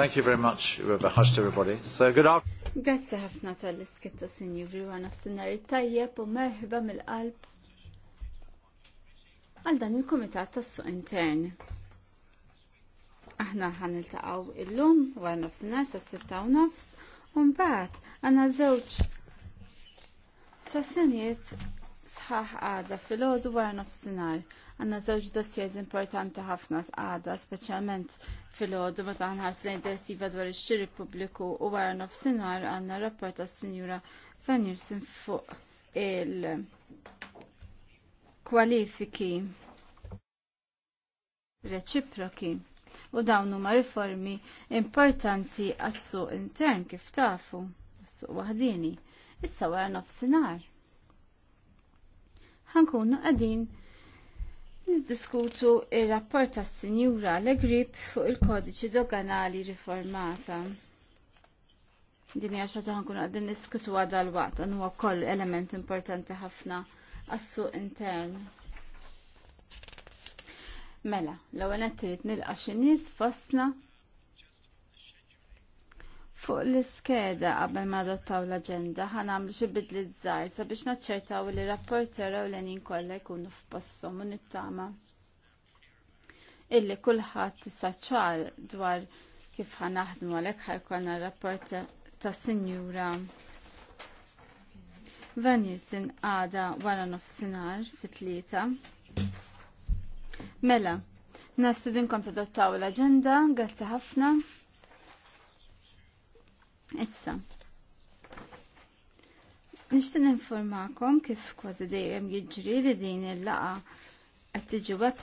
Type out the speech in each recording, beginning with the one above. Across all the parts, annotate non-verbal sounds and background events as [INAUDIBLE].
Thank you very much, hush to everybody. So good afternoon. Grazzi ħafna tal iskitta sinjuri għana f-sinari tajjeb u merħba mill-qalb għal dan il-Komitat tas-Suq Intern. Aħna ħan il-taqaw il-lum għal nofsinar sa' sitta u nofs un bat għana zewċ sessjonijiet saħħaħ għada fil-ħodu wara nofsinhar. Għandna żewġ dossiers importanti ħafna għada, speċjalment fil-ħodu meta nħarsu lejn direttiva dwar ix-xiri pubbliku u wara nofsinhar għandna rapporta s sinjura Van fuq il-kwalifiki reċiproki u dawn huma riformi importanti għas-suq intern kif tafu, għas-suq waħdini. Issa wara nofsinhar ħankunu għadin niddiskutu il-rapport tas sinjura Legrip fuq il-kodiċi doganali riformata. Din hija xi ħankunu għadin niskutu għadha l-waqt għan huwa wkoll element importanti ħafna għas-suq intern. Mela, l-ewwel qed trid nilqa' xi nies fostna Fuq l-iskeda qabel ma adottaw l-agenda ħan għamlu xi bidli żgħar sabiex naċċertaw li rapporter u l-għenin kollha jkunu f'posthom u nittama. Illi kulħadd ċar dwar kif ħan naħdmu għalhekk r rapporter ta' Sinjura Van għada wara nofsinhar fit-tlieta. Mela, nastudinkom tadottaw l-agenda, grazzi ħafna. Issa. Nishtin informakom kif kważi dejjem jiġri li din il-laqa qed tiġi web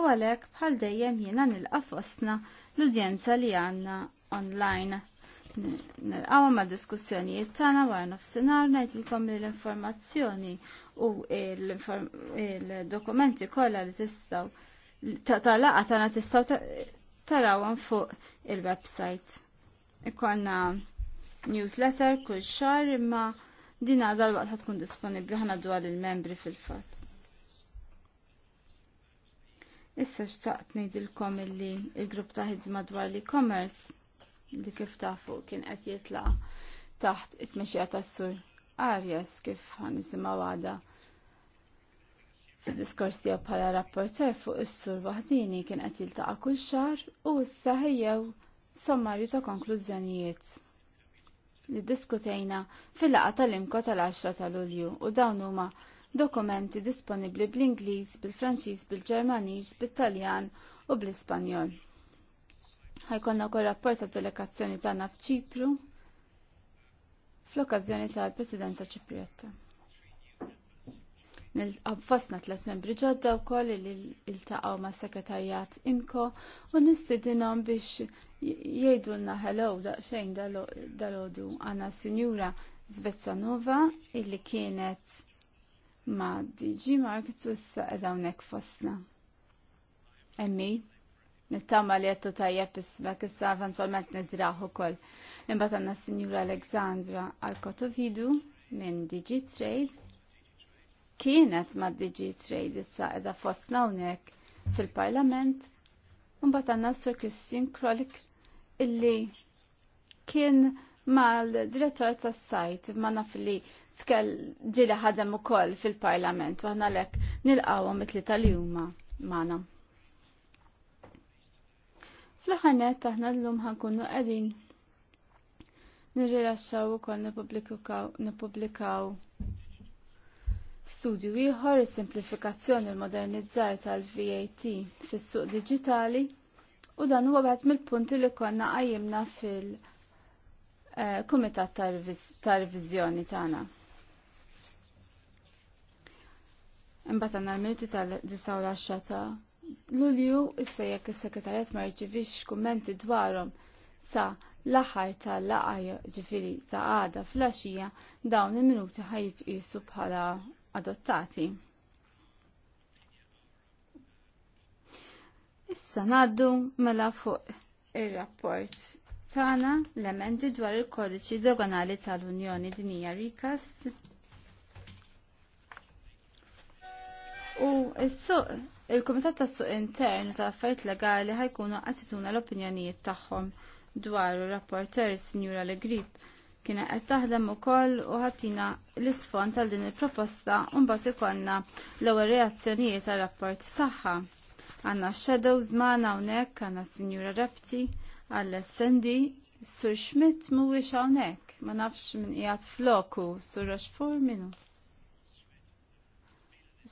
u għalhekk bħal dejjem jiena nilqa' fostna l-udjenza li għandna online. Nilqgħu ma' diskussjonijiet tagħna wara nofsinhar ngħidilkom li l-informazzjoni u l-dokumenti kollha li tistgħu tal-laqa tagħna tistgħu tarawhom fuq il-website ikonna newsletter kull xar imma din għadha waqt tkun disponibbli ħana dwar il-membri fil-fatt. Issa xtaqt ngħidilkom illi il-grupp ta' ħidma dwar l-e-commerce li kif tafu kien qed jitla' taħt it-mexija tas-sur Arias kif ħanisimgħu għada fil-diskors tiegħu bħala rapporter fuq is-sur waħdini kien qed jiltaqa' kull xahar u issa ħejjew sommarju ta' konklużjonijiet li diskutejna fil-laqa tal-imko tal-10 ta' Lulju u dawn huma dokumenti disponibbli bl-Ingliż, bil-Franċiż, bil-Ġermaniż, bit-Taljan u bl-Ispanjol. Ħajkonna wkoll rapport ta' delegazzjoni tagħna f'Ċipru fl-okkażjoni tal-Presidenza Ċipriotta. Nil-abfasna tlet membri ġodda u koll il-taqaw ma' sekretarjat imko u nistidinom biex jgħidulna hello daqsxejn dal-ħodu għana sinjura Svezzanova illi kienet ma DG Markets u issa edawnek fosna. Emmi, nittama li għattu tajjeb ismek kissa eventualment nidraħu kol. Imbat għanna sinjura Alexandra Alkotovidu minn DG Trade kienet ma DG Trade issa edha fosna unek fil-parlament Mbagħad għandna Sir Christian Krolik illi kien mal-direttor tas sajt ma naf li tkel ġili ħadem ukoll fil-parlament u għana lek nil-qawa mitli tal-juma maħna. Fl-ħanet taħna l-lum ħankunu għedin nirrilaxxaw ukoll nipublikaw studju ieħor is-simplifikazzjoni l-modernizzar tal-VAT fis-suq digitali U dan huwa wieħed mill-punti li konna qajjimna fil-Kumitat tal-Revizjoni tagħna. Imbagħad għandna l-minuti tal-19 ta' Lulju issa jekk is-Sekretarjat ma jirċivix kummenti dwarhom sa l-aħħar tal-laqgħa ġifieri ta' għada flaxija dawn il-minuti ħajjitqisu bħala adottati. Issa naddu mela fuq ir-rapport tagħna l-emendi dwar il-kodiċi doganali tal-Unjoni din hija rikast. U s-suq il-Kumitat tas-Suq Intern tal-Affarijiet Legali ħajkunu isuna l-opinjonijiet tagħhom dwar ir-rapporter Sinjura Legrip kienet qed taħdem ukoll u ħatina l-isfond tal din il-proposta u mbagħad ikollna l-ewwel reazzjonijiet tar-rapport tagħha. Għanna Shadows zmana unek, għanna Signora Rapti, għalla Sandy, Sur Schmidt mhuwiex hawnhekk, ma nafx min qiegħed floku, Sur Rochefort minnu.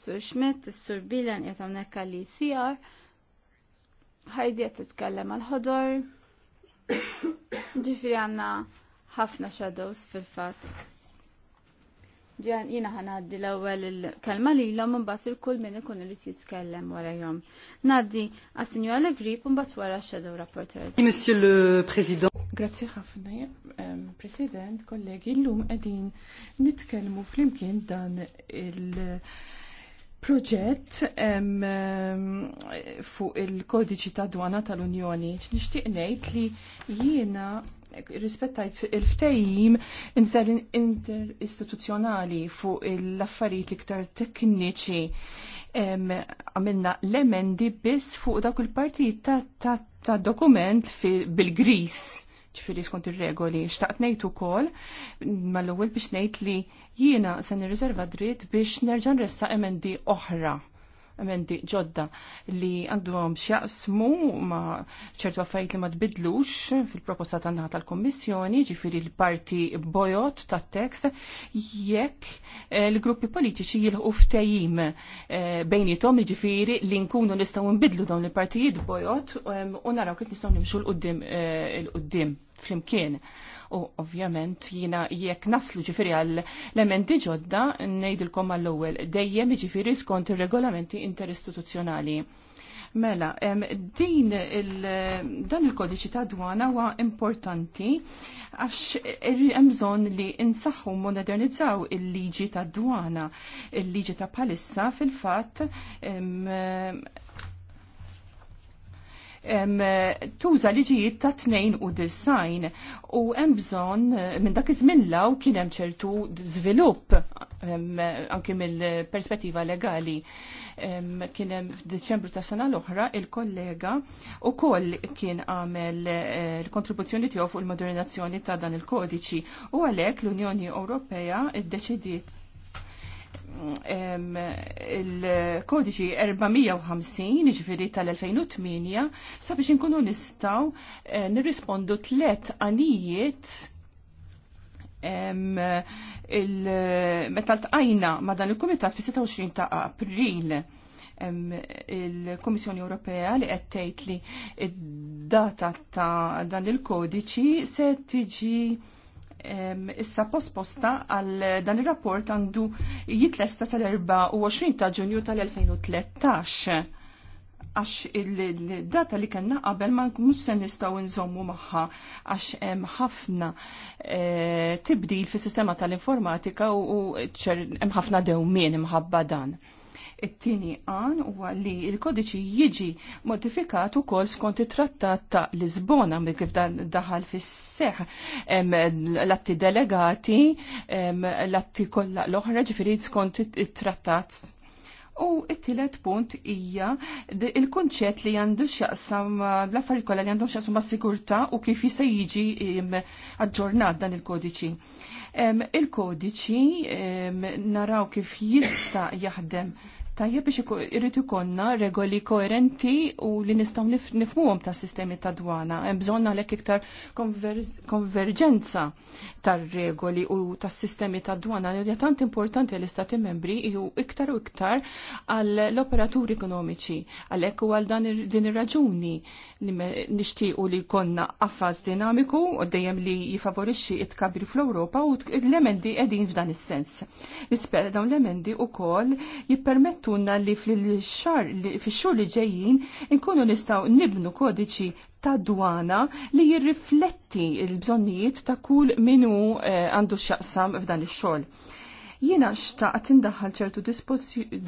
Sur Schmidt, Sur Bilan jgħat hawnhekk għalli sijar, e ħajdi t-tkallem għal ħodor. [COUGHS] ġifri għandna ħafna shadows fil-fatt ġan jina ħanaddi l-ewwel il-kelma l-om mbagħad il-kull min ikun irid jitkellem wara jom. Naddi għas-Sinjora Allegri, u mbagħad wara shadow rapporters. Monsieur le President. Grazzi ħafna, ehm, President, kollegi, llum qegħdin nitkellmu flimkien dan il- proġett ehm, fuq il-kodiċi ta' dwana tal-Unjoni. Nixtieq ngħid li jiena rispettajt il-ftejim interistituzzjonali fuq l-affarijiet iktar tekniċi għamilna l-emendi biss fuq dak il parti ta', ta, ta dokument bil-gris ċifiri skont ir-regoli. Xtaqt ngħid ukoll mal-ewwel biex ngħid li jiena se nirriserva dritt biex nerġa' nressa emendi oħra emendi ġodda li għandhom xjaqsmu ma ċertu għaffajt li ma tbidlux fil-proposta tanna tal-Kommissjoni, ġifiri l-parti bojot ta' tekst, jekk eh, l-gruppi politiċi jilħu ftejim eh, bejnietom ġifiri li nkunu nistaw nbidlu dawn il-partijiet bojot eh, u naraw kif nistaw nimxu l-qoddim fl-imkien u ovvjament jina jekk naslu ġifiri għal emendi ġodda nejdilkom għall ewwel dejjem ġifiri skont ir-regolamenti interistituzzjonali. Mela, din il, dan il-kodiċi ta' dwana huwa importanti għax er-, hemm bżonn li insaħħu modernizzaw il-liġi ta' dwana, il-liġi ta' palissa fil-fatt tuża liġijiet ta' tnejn u design u hemm bżonn eh, minn dak iż-żmien law kien hemm ċertu żvilupp anke mill-perspettiva legali. Kien hemm f'Diċembru ta' sena l-oħra il-kollega koll kien għamel eh, l-kontribuzzjoni tiegħu fuq il-modernizzazzjoni ta' dan il-kodiċi u għalhekk l-Unjoni Ewropea ddeċidiet il-kodiċi 450 ġifiri tal-2008 sabiex inkunu nistaw eh, nirrispondu tlet għanijiet meta metalt tqajna ma dan il-Kumitat fi 26 ta' April il-Komissjoni Ewropea li qed li d-data ta' dan il-kodiċi se tiġi issa posposta għal dan ir-rapport għandu jitlesta sal-24 ta' ġunju tal-2013 għax il-data li kanna qabel ma mhux se nistgħu nżommu magħha għax hemm ħafna e, tibdil fis-sistema tal-informatika u hemm ħafna dewmien imħabba dan. It-tieni għan huwa li l-kodiċi jiġi modifikat ukoll skont it-trattat ta' Lisbona minn kif dan daħal fis-seħ l-atti delegati l-atti kollha l-oħra ġifieri skont it-trattat U it-tielet punt hija il-kunċett li għandu x'jaqsam l-affarijiet kollha li għandhom x'jaqsam mas-sigurtà u kif jista' jiġi aġġornat dan il-kodiċi. Il-kodiċi naraw kif jista' jaħdem Tajjeb biex irrid ikonna regoli koerenti u li nistgħu nifhmuhom ta' sistemi ta' dwana. Hemm bżonn għalhekk iktar konverġenza tar-regoli u tas-sistemi ta' dwana li tant importanti l-Istati membri u iktar u iktar għall operaturi ekonomiċi. Għalhekk u għal dan din ir-raġuni li nixtiequ li jkollna qafas dinamiku u dejjem li jifavorixxi it-kabri fl-Ewropa u l-emendi qegħdin f'dan is-sens. Nispera dawn l-emendi wkoll jippermettu jippermettuna li fil-xar fix-xhur li ġejjin inkunu nistgħu nibnu kodiċi ta' dwana li jirrifletti l-bżonnijiet ta' kull minu eh, għandu xaqsam x'jaqsam f'dan ix-xogħol Jiena xtaqt indaħħal ċertu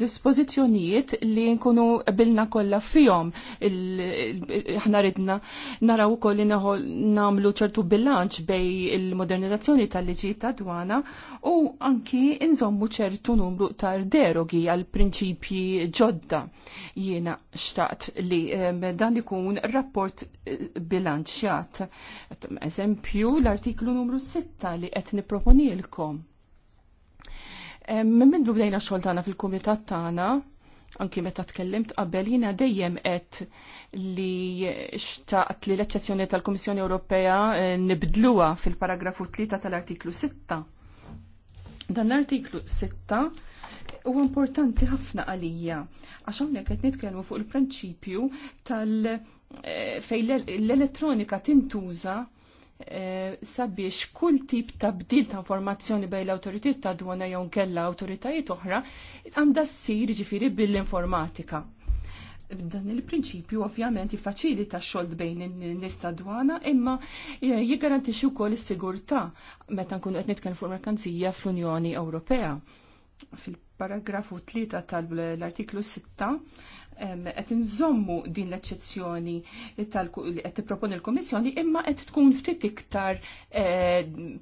dispożizzjonijiet li nkunu bilna kollha fihom aħna ridna naraw ukoll li nagħmlu ċertu bilanċ bej il-modernizzazzjoni tal-liġi ta' dwana u anki nżommu ċertu numru ta' derogi għal prinċipji ġodda. Jiena xtaqt li dan ikun rapport eh, bilanċjat. Eżempju l-artiklu numru 6 li qed niproponilkom Mindu bdejna xogħol tagħna fil-kumitat tagħna, anki meta tkellimt qabel jiena dejjem qed li xtaqt li l-eċċezzjoni tal-Kummissjoni Ewropea eh, nibdluha fil-paragrafu 3 tal-artiklu 6. Dan l-artiklu 6 huwa importanti ħafna għalija għax hawnhekk qed nitkellmu fuq il-prinċipju tal eh, fejn l-elettronika tintuża Eh, sabiex kull tip ta' bdil ta' informazzjoni bejn l-autoritet ta' dwana jew kella autoritajiet oħra għandha ssir ġifiri bil-informatika. Dan il-prinċipju ovvjament jiffaċilita ta' xogħol bejn in-nies ta' dwana imma eh, jiggarantixxi wkoll is-sigurtà meta nkunu qed nitkellmu fuq merkanzija fl-Unjoni Ewropea. Fil-paragrafu 3 tal-artiklu 6 qed nżommu din l-eċċezzjoni li qed tipproponi l-Kummissjoni imma qed tkun ftit iktar eh,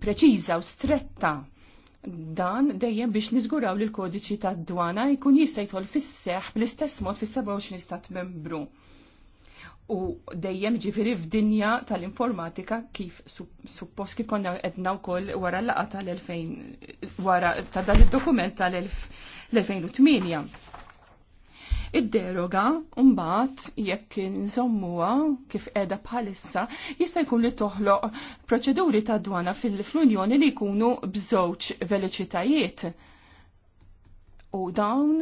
preċiża u stretta dan dejjem biex niżguraw li l-kodiċi tad-dwana jkun jista' jidħol fis bl-istess mod fis-27 stat membru. U dejjem ġifiri f'dinja tal-informatika kif suppost kif konna edna wkoll wara l-laqa tal-2000 wara ta' dan id-dokument tal-2008 Id-deroga mbagħad jekk nżommuha kif qiegħda bħalissa jista' jkun li toħloq proċeduri ta' dwana fil-Unjoni li jkunu bżewġ veloċitajiet. U dawn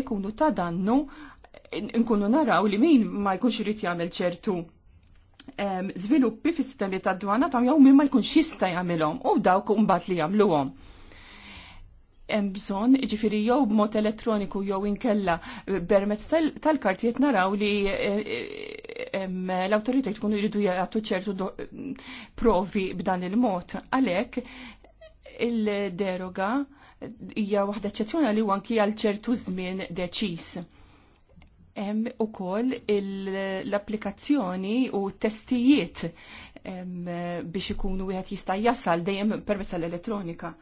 ikunu ta' dannu nkunu naraw li min ma jkunx irid jagħmel ċertu żviluppi fis-sistemi tad dwana ta' jew min ma jkunx jista' jagħmilhom u dawk mbagħad li jagħmluhom hemm bżonn, jiġifieri jew b'mod elettroniku jew inkella permezz tal-kartijiet naraw li eh, eh, l-awtoritajiet tkunu jridu jagħtu ċertu provi b'dan il-mod. Għalhekk il-deroga hija waħda eċċezzjonali u anki għal ċertu żmien deċiż. Hemm ukoll l-applikazzjoni u testijiet biex ikunu wieħed jista' jasal dejjem permezz tal-elettronika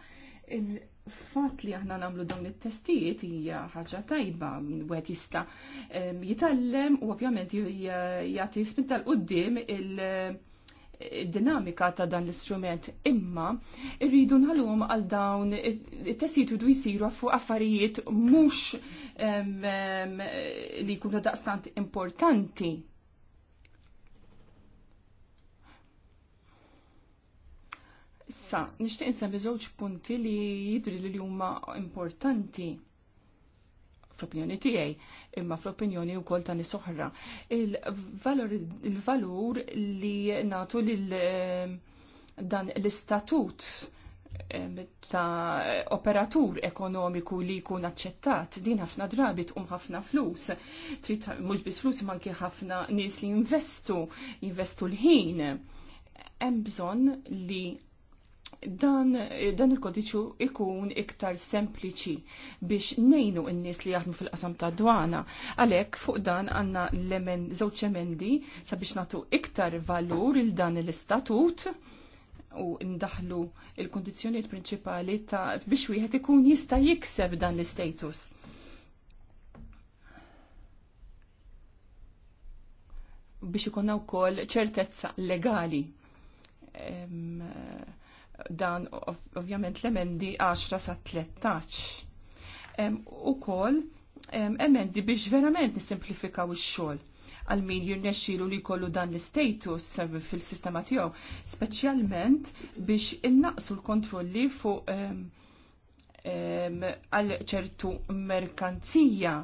fatt li aħna nagħmlu dawn it-testijiet hija ħaġa tajba, wieħed jista' ehm, jitallem u ovvjament jagħti spinta l qudiem il-dinamika ta' dan l-istrument imma rridu nħallum għal dawn it-testijiet rridu jsiru fuq affarijiet mhux ehm, ehm, li jkunu daqstant importanti Issa, nixtieq insemmi żewġ punti li jidri li huma importanti fl-opinjoni tiegħi, imma fl-opinjoni wkoll kol nies soħra, Il-valur li nagħtu lil ehm, dan l-istatut ehm, ta' operatur ekonomiku li jkun aċċettat din ħafna drabi um ħafna flus. Trid mhux biss flus manki ħafna nies li jinvestu, investu l-ħin. Hemm bżonn li dan, dan il-kodiċu ikun iktar sempliċi biex nejnu n-nis li jaħdmu fil-qasam ta' dwana. Għalek fuq dan għanna l-emen zewċ emendi sabiex natu iktar valur il dan l-istatut u ndaħlu il-kondizjoniet prinċipali ta' biex wieħed ikun jista' jikseb dan l istatus biex ikonna wkoll ċertezza legali. Um, dan ovvjament l-emendi 10 sa 13. u kol emendi biex verament nisimplifikaw ix-xogħol għal min jirnexxielu li jkollu dan l-status fil-sistema tiegħu, speċjalment biex innaqsu l-kontrolli fuq għal ċertu merkanzija.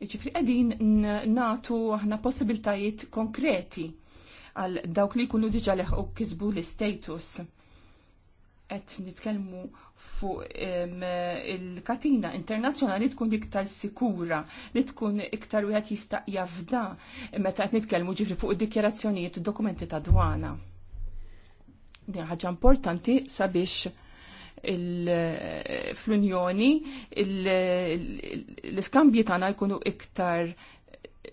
Ġifri qegħdin natu aħna possibiltajiet konkreti għal dawk li jkunu diġa u kisbu l-status. għet nitkellmu fuq il-katina internazzjonali tkun iktar sikura, li tkun iktar wieħed jista' jafda meta qed nitkellmu ġifri fuq id-dikjarazzjonijiet dokumenti ta' dwana. Din ħaġa importanti sabiex fl-Unjoni l-iskambji tagħna jkunu iktar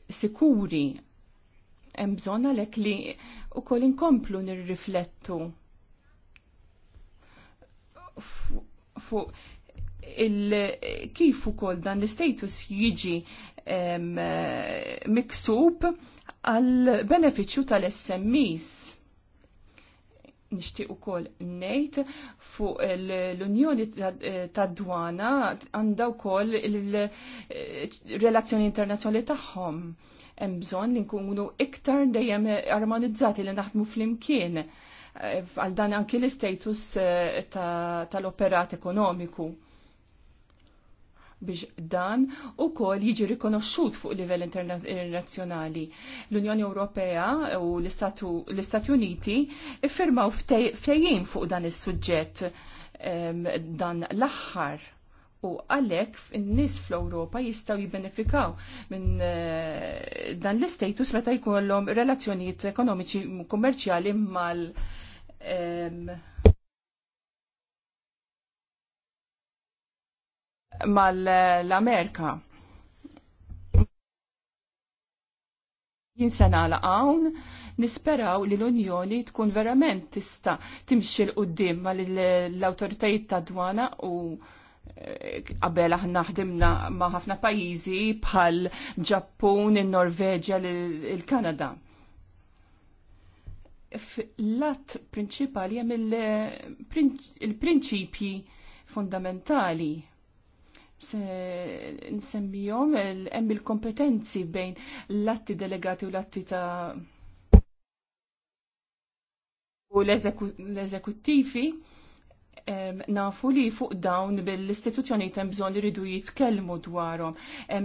sikuri hemm bżonn għalhekk li wkoll inkomplu nirriflettu fuq kif ukoll dan l istatus jiġi miksub għal benefiċċju tal-SMEs nishtiq ukoll nejt fuq l-Unjoni tad Dwana għandha wkoll il-relazzjoni eh, internazzjonali tagħhom. Hemm bżonn li nkunu iktar dejjem armonizzati li naħdmu flimkien eh, għal dan anki l istatus eh, tal-operat ekonomiku biex dan u kol jiġi rikonoxxut fuq livell internazzjonali. L-Unjoni Ewropea u l-Istati Uniti iffirmaw ftejjim fuq dan is-suġġett dan l-aħħar u għalek n-nis fl-Europa jistaw jibbenefikaw minn eh, dan l-istatus meta jkollhom relazzjonijiet ekonomiċi kummerċjali mal mal-Amerika. Jinsena l-għawn, nisperaw li l-Unjoni tkun verament tista timxi l-qoddim ma l-autoritajiet ta' dwana u eh, qabel aħna ħdimna ma' ħafna pajjiżi bħal Ġappun, il-Norveġja, il-Kanada. L-att prinċipali hemm il-prinċipji fundamentali se nsemmijom hemm il-kompetenzi bejn l-atti delegati u l-atti ta' u l-eżekuttivi nafu li fuq dawn bil-istituzzjoni hemm bżonn iridu jitkellmu dwarhom.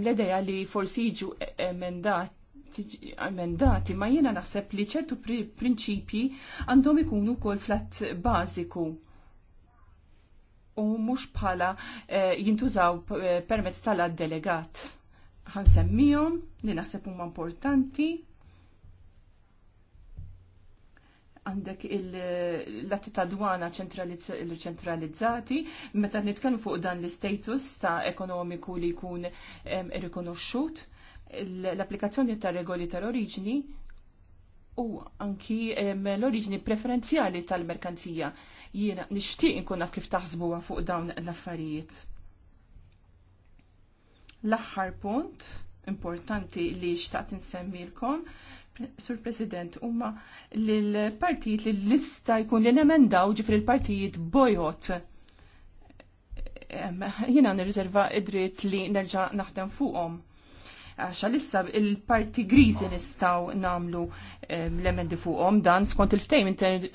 L-idea li forsi jiġu emendati ma jiena naħseb li ċertu prinċipji għandhom ikunu kol flat bażiku u mhux bħala eh, jintużaw eh, permezz tal-għad delegat. Ħansemmihom li naħseb huma importanti għandek eh, l-atti ta' dwana ċentralizzati, meta nitkellmu fuq dan l-status ta' ekonomiku li jkun rikonoxxut, l-applikazzjoni ta' regoli tal-oriġni u anki l-oriġni preferenzjali tal-merkanzija jiena nixtieq inkunna naf kif taħsbuha fuq dawn l-affarijiet. L-aħħar punt importanti li xtaqt insemmilkom, Sur President, umma l-partijiet li l-lista jkun li nemendaw ġifri l-partijiet bojot jina nirriserva id-dritt li nerġa' naħdem fuqhom għaxa lissa il-parti grizi nistaw namlu ehm, l-emendi fuqom dan skont il-ftejm inter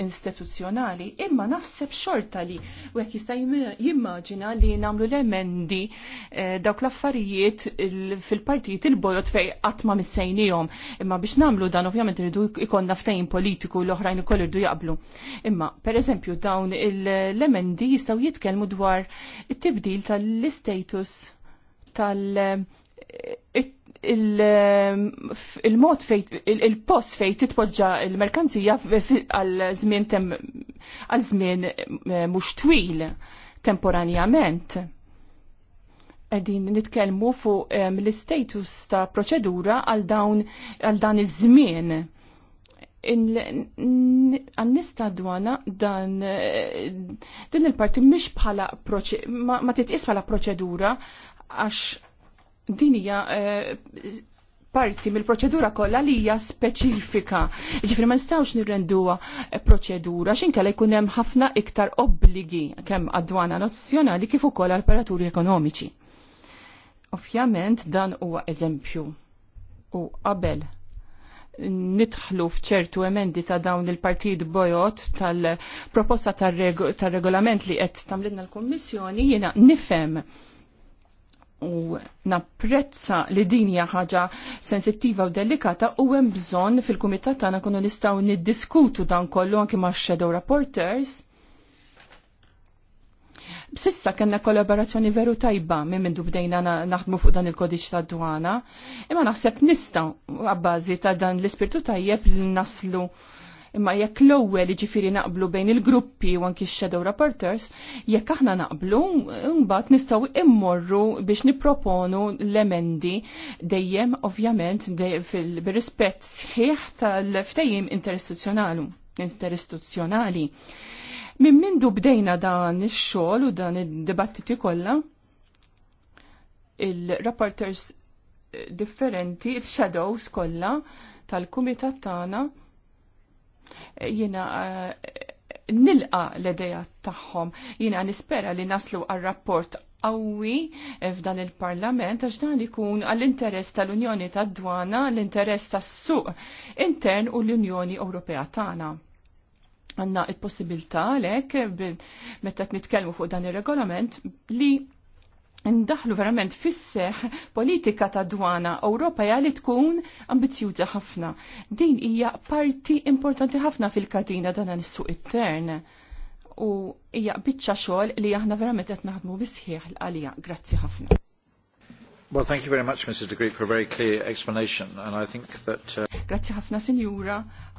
imma naħseb xorta li u għek jista jimmaġina li namlu l-emendi eh, dawk l-affarijiet fil-partijiet il-bojot fej għatma missejnijom imma biex namlu dan ovvjament rridu ikonna ftejn politiku l-oħrajn ukoll irdu jaqblu imma per eżempju dawn l-emendi jistaw jitkelmu dwar it-tibdil tal-status tal- Ehm, il-mod fejn il-post fejn titpoġġa il-merkanzija għal żmien għal żmien eh, mhux twil temporanjament. Għedin nitkelmu fuq ehm, l status ta' proċedura għal dawn għal dan iż-żmien. Għannista dwana dan eh, din il-parti mhix bħala ma titqis bħala proċedura għax din hija eh, parti mill-proċedura kollha li hija speċifika. Ġifri ma nistgħux nirrenduha eh, proċedura x'inkella jkun hemm ħafna iktar obbligi kemm għadwana nozzjonali nazzjonali kif ukoll għall operaturi ekonomiċi. Ovvjament dan huwa eżempju. U qabel nidħlu fċertu emendi ta' dawn il partit bojot tal-proposta tal-regolament li qed tamlidna l kummissjoni jiena nifhem u napprezza li din hija ħaġa sensittiva u delikata u hemm bżonn fil-kumitat tagħna kunu nistgħu niddiskutu dan kollu anke ma' shadow reporters. B'sissa kellna kollaborazzjoni veru tajba minn minn bdejna naħdmu fuq dan il-kodiċ tad dwana, imma naħseb nista' għabbażi ta' dan l-ispirtu tajjeb li naslu Imma jekk l-ewwel jiġifieri naqblu bejn il-gruppi u anki shadow rapporters, jekk aħna naqblu, mbagħad nistgħu immorru biex nipproponu l-emendi dejjem ovvjament fil-rispett sħiħ tal-ftehim interistituzzjonali. interistituzzjonali. Min mindu bdejna dan ix-xogħol u dan id-dibattiti kollha, il-rapporters differenti, il-shadows kollha tal-kumitat tagħna Jiena eh, nilqa l edeja tagħhom. Jiena nispera li naslu għal-rapport qawwi eh, f'dan il-Parlament għax dan ikun għall-interess tal-Unjoni tad-Dwana, l-interess tas-suq intern u l-Unjoni Ewropea tagħna għanna il-possibilità għalek meta nitkellmu fuq dan ir regolament li ndaħlu verament fisseħ politika ta' dwana Ewropea li tkun ambizjuża ħafna. Din hija parti importanti ħafna fil-katina dan is-suq intern. U hija biċċa xogħol li aħna verament qed naħdmu bisħieħ għalija. Grazzi ħafna. Well, thank you very much, Mrs. De Greek, for a very clear explanation, and I think that... Uh... Grazzi ħafna, Sinjura,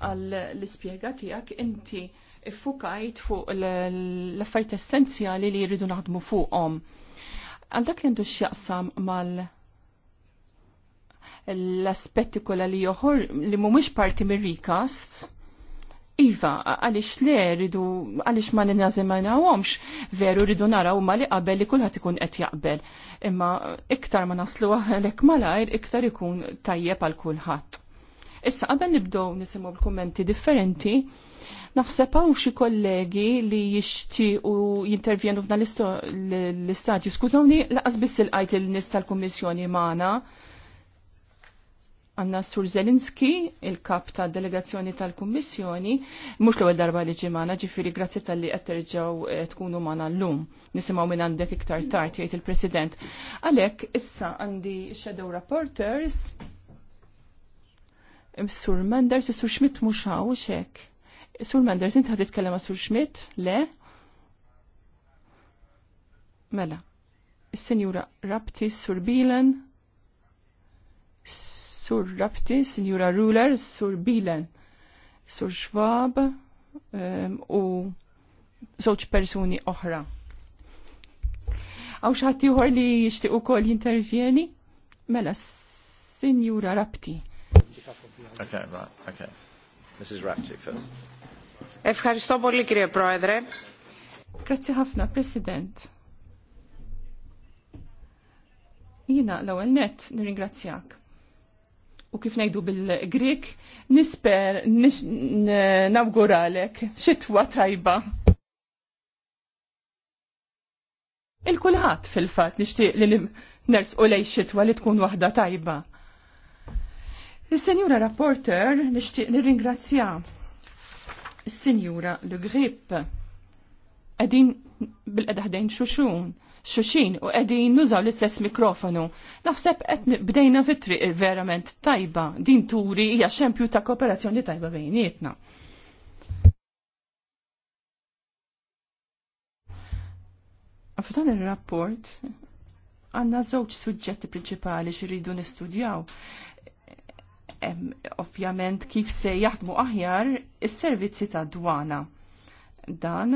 għall-ispiega tijak inti fukajt fuq l-affarijiet essenzjali li jridu naħdmu fuqhom Għal dak li għandu x'jaqsam mal l-aspetti kolla li joħor li mumiex parti mir rikast Iva, għalix le, ridu, għalix ma ninazimanawomx, veru ridu naraw ma li qabel li kullħat ikun qed jaqbel. Imma iktar ma naslu għalek malajr, iktar ikun tajjeb għal kullħat. Issa qabel nibdow nisimu l-kommenti differenti, Naħseb hawn xi kollegi li jixtiequ jintervjenu f'dan l-istadju. Skużawni, laqas biss il-qajt il-nies tal-Kummissjoni magħna. Anna Sur Zelinski, il-kap ta' delegazzjoni tal-Kummissjoni, mhux l-ewwel darba li ġimana, ġifieri grazzi tal-li qed terġgħu eh, tkunu magħna llum. Nisimgħu minn għandek iktar tard jgħid il-President. Għalhekk issa għandi shadow reporters. Sur Menders, Sur Schmidt mhux hawn Sur Manders, inti ħad titkellem ma' Sur Schmidt? Le? Mela. Is-Sinjura Raptis, Sur Bilen. Sur Raptis, Sinjura Ruler, Sur Bilen. Sur Schwab um, u żewġ personi oħra. Għaw xaħti uħor li jishti u kol jintervjeni? Mela, Sinjura Rapti. Okay, right, okay. Mrs. Rapti first. Ευχαριστώ πολύ κύριε Πρόεδρε. Grazie ħafna, President. Jina l-ewwel net nirringrazzjak. U kif ngħidu bil-Grik, nisper nawguralek xitwa tajba. Il-kulħadd fil-fatt nixtieq li ners u lej xitwa li tkun waħda tajba. Is-Senjura Rapporter nixtieq nirringrazzjak Sinjura Le grip Qegħdin bil-qedaħdejn xuxun, xuxin u qegħdin nużaw l-istess mikrofonu. Naħseb qed bdejna fit-triq verament tajba, din turi hija xempju ta' kooperazzjoni tajba bejnietna. F'dan ir-rapport għandna żewġ suġġetti prinċipali xi rridu nistudjaw ovvjament kif se jaħdmu aħjar is-servizzi ta' dwana. Dan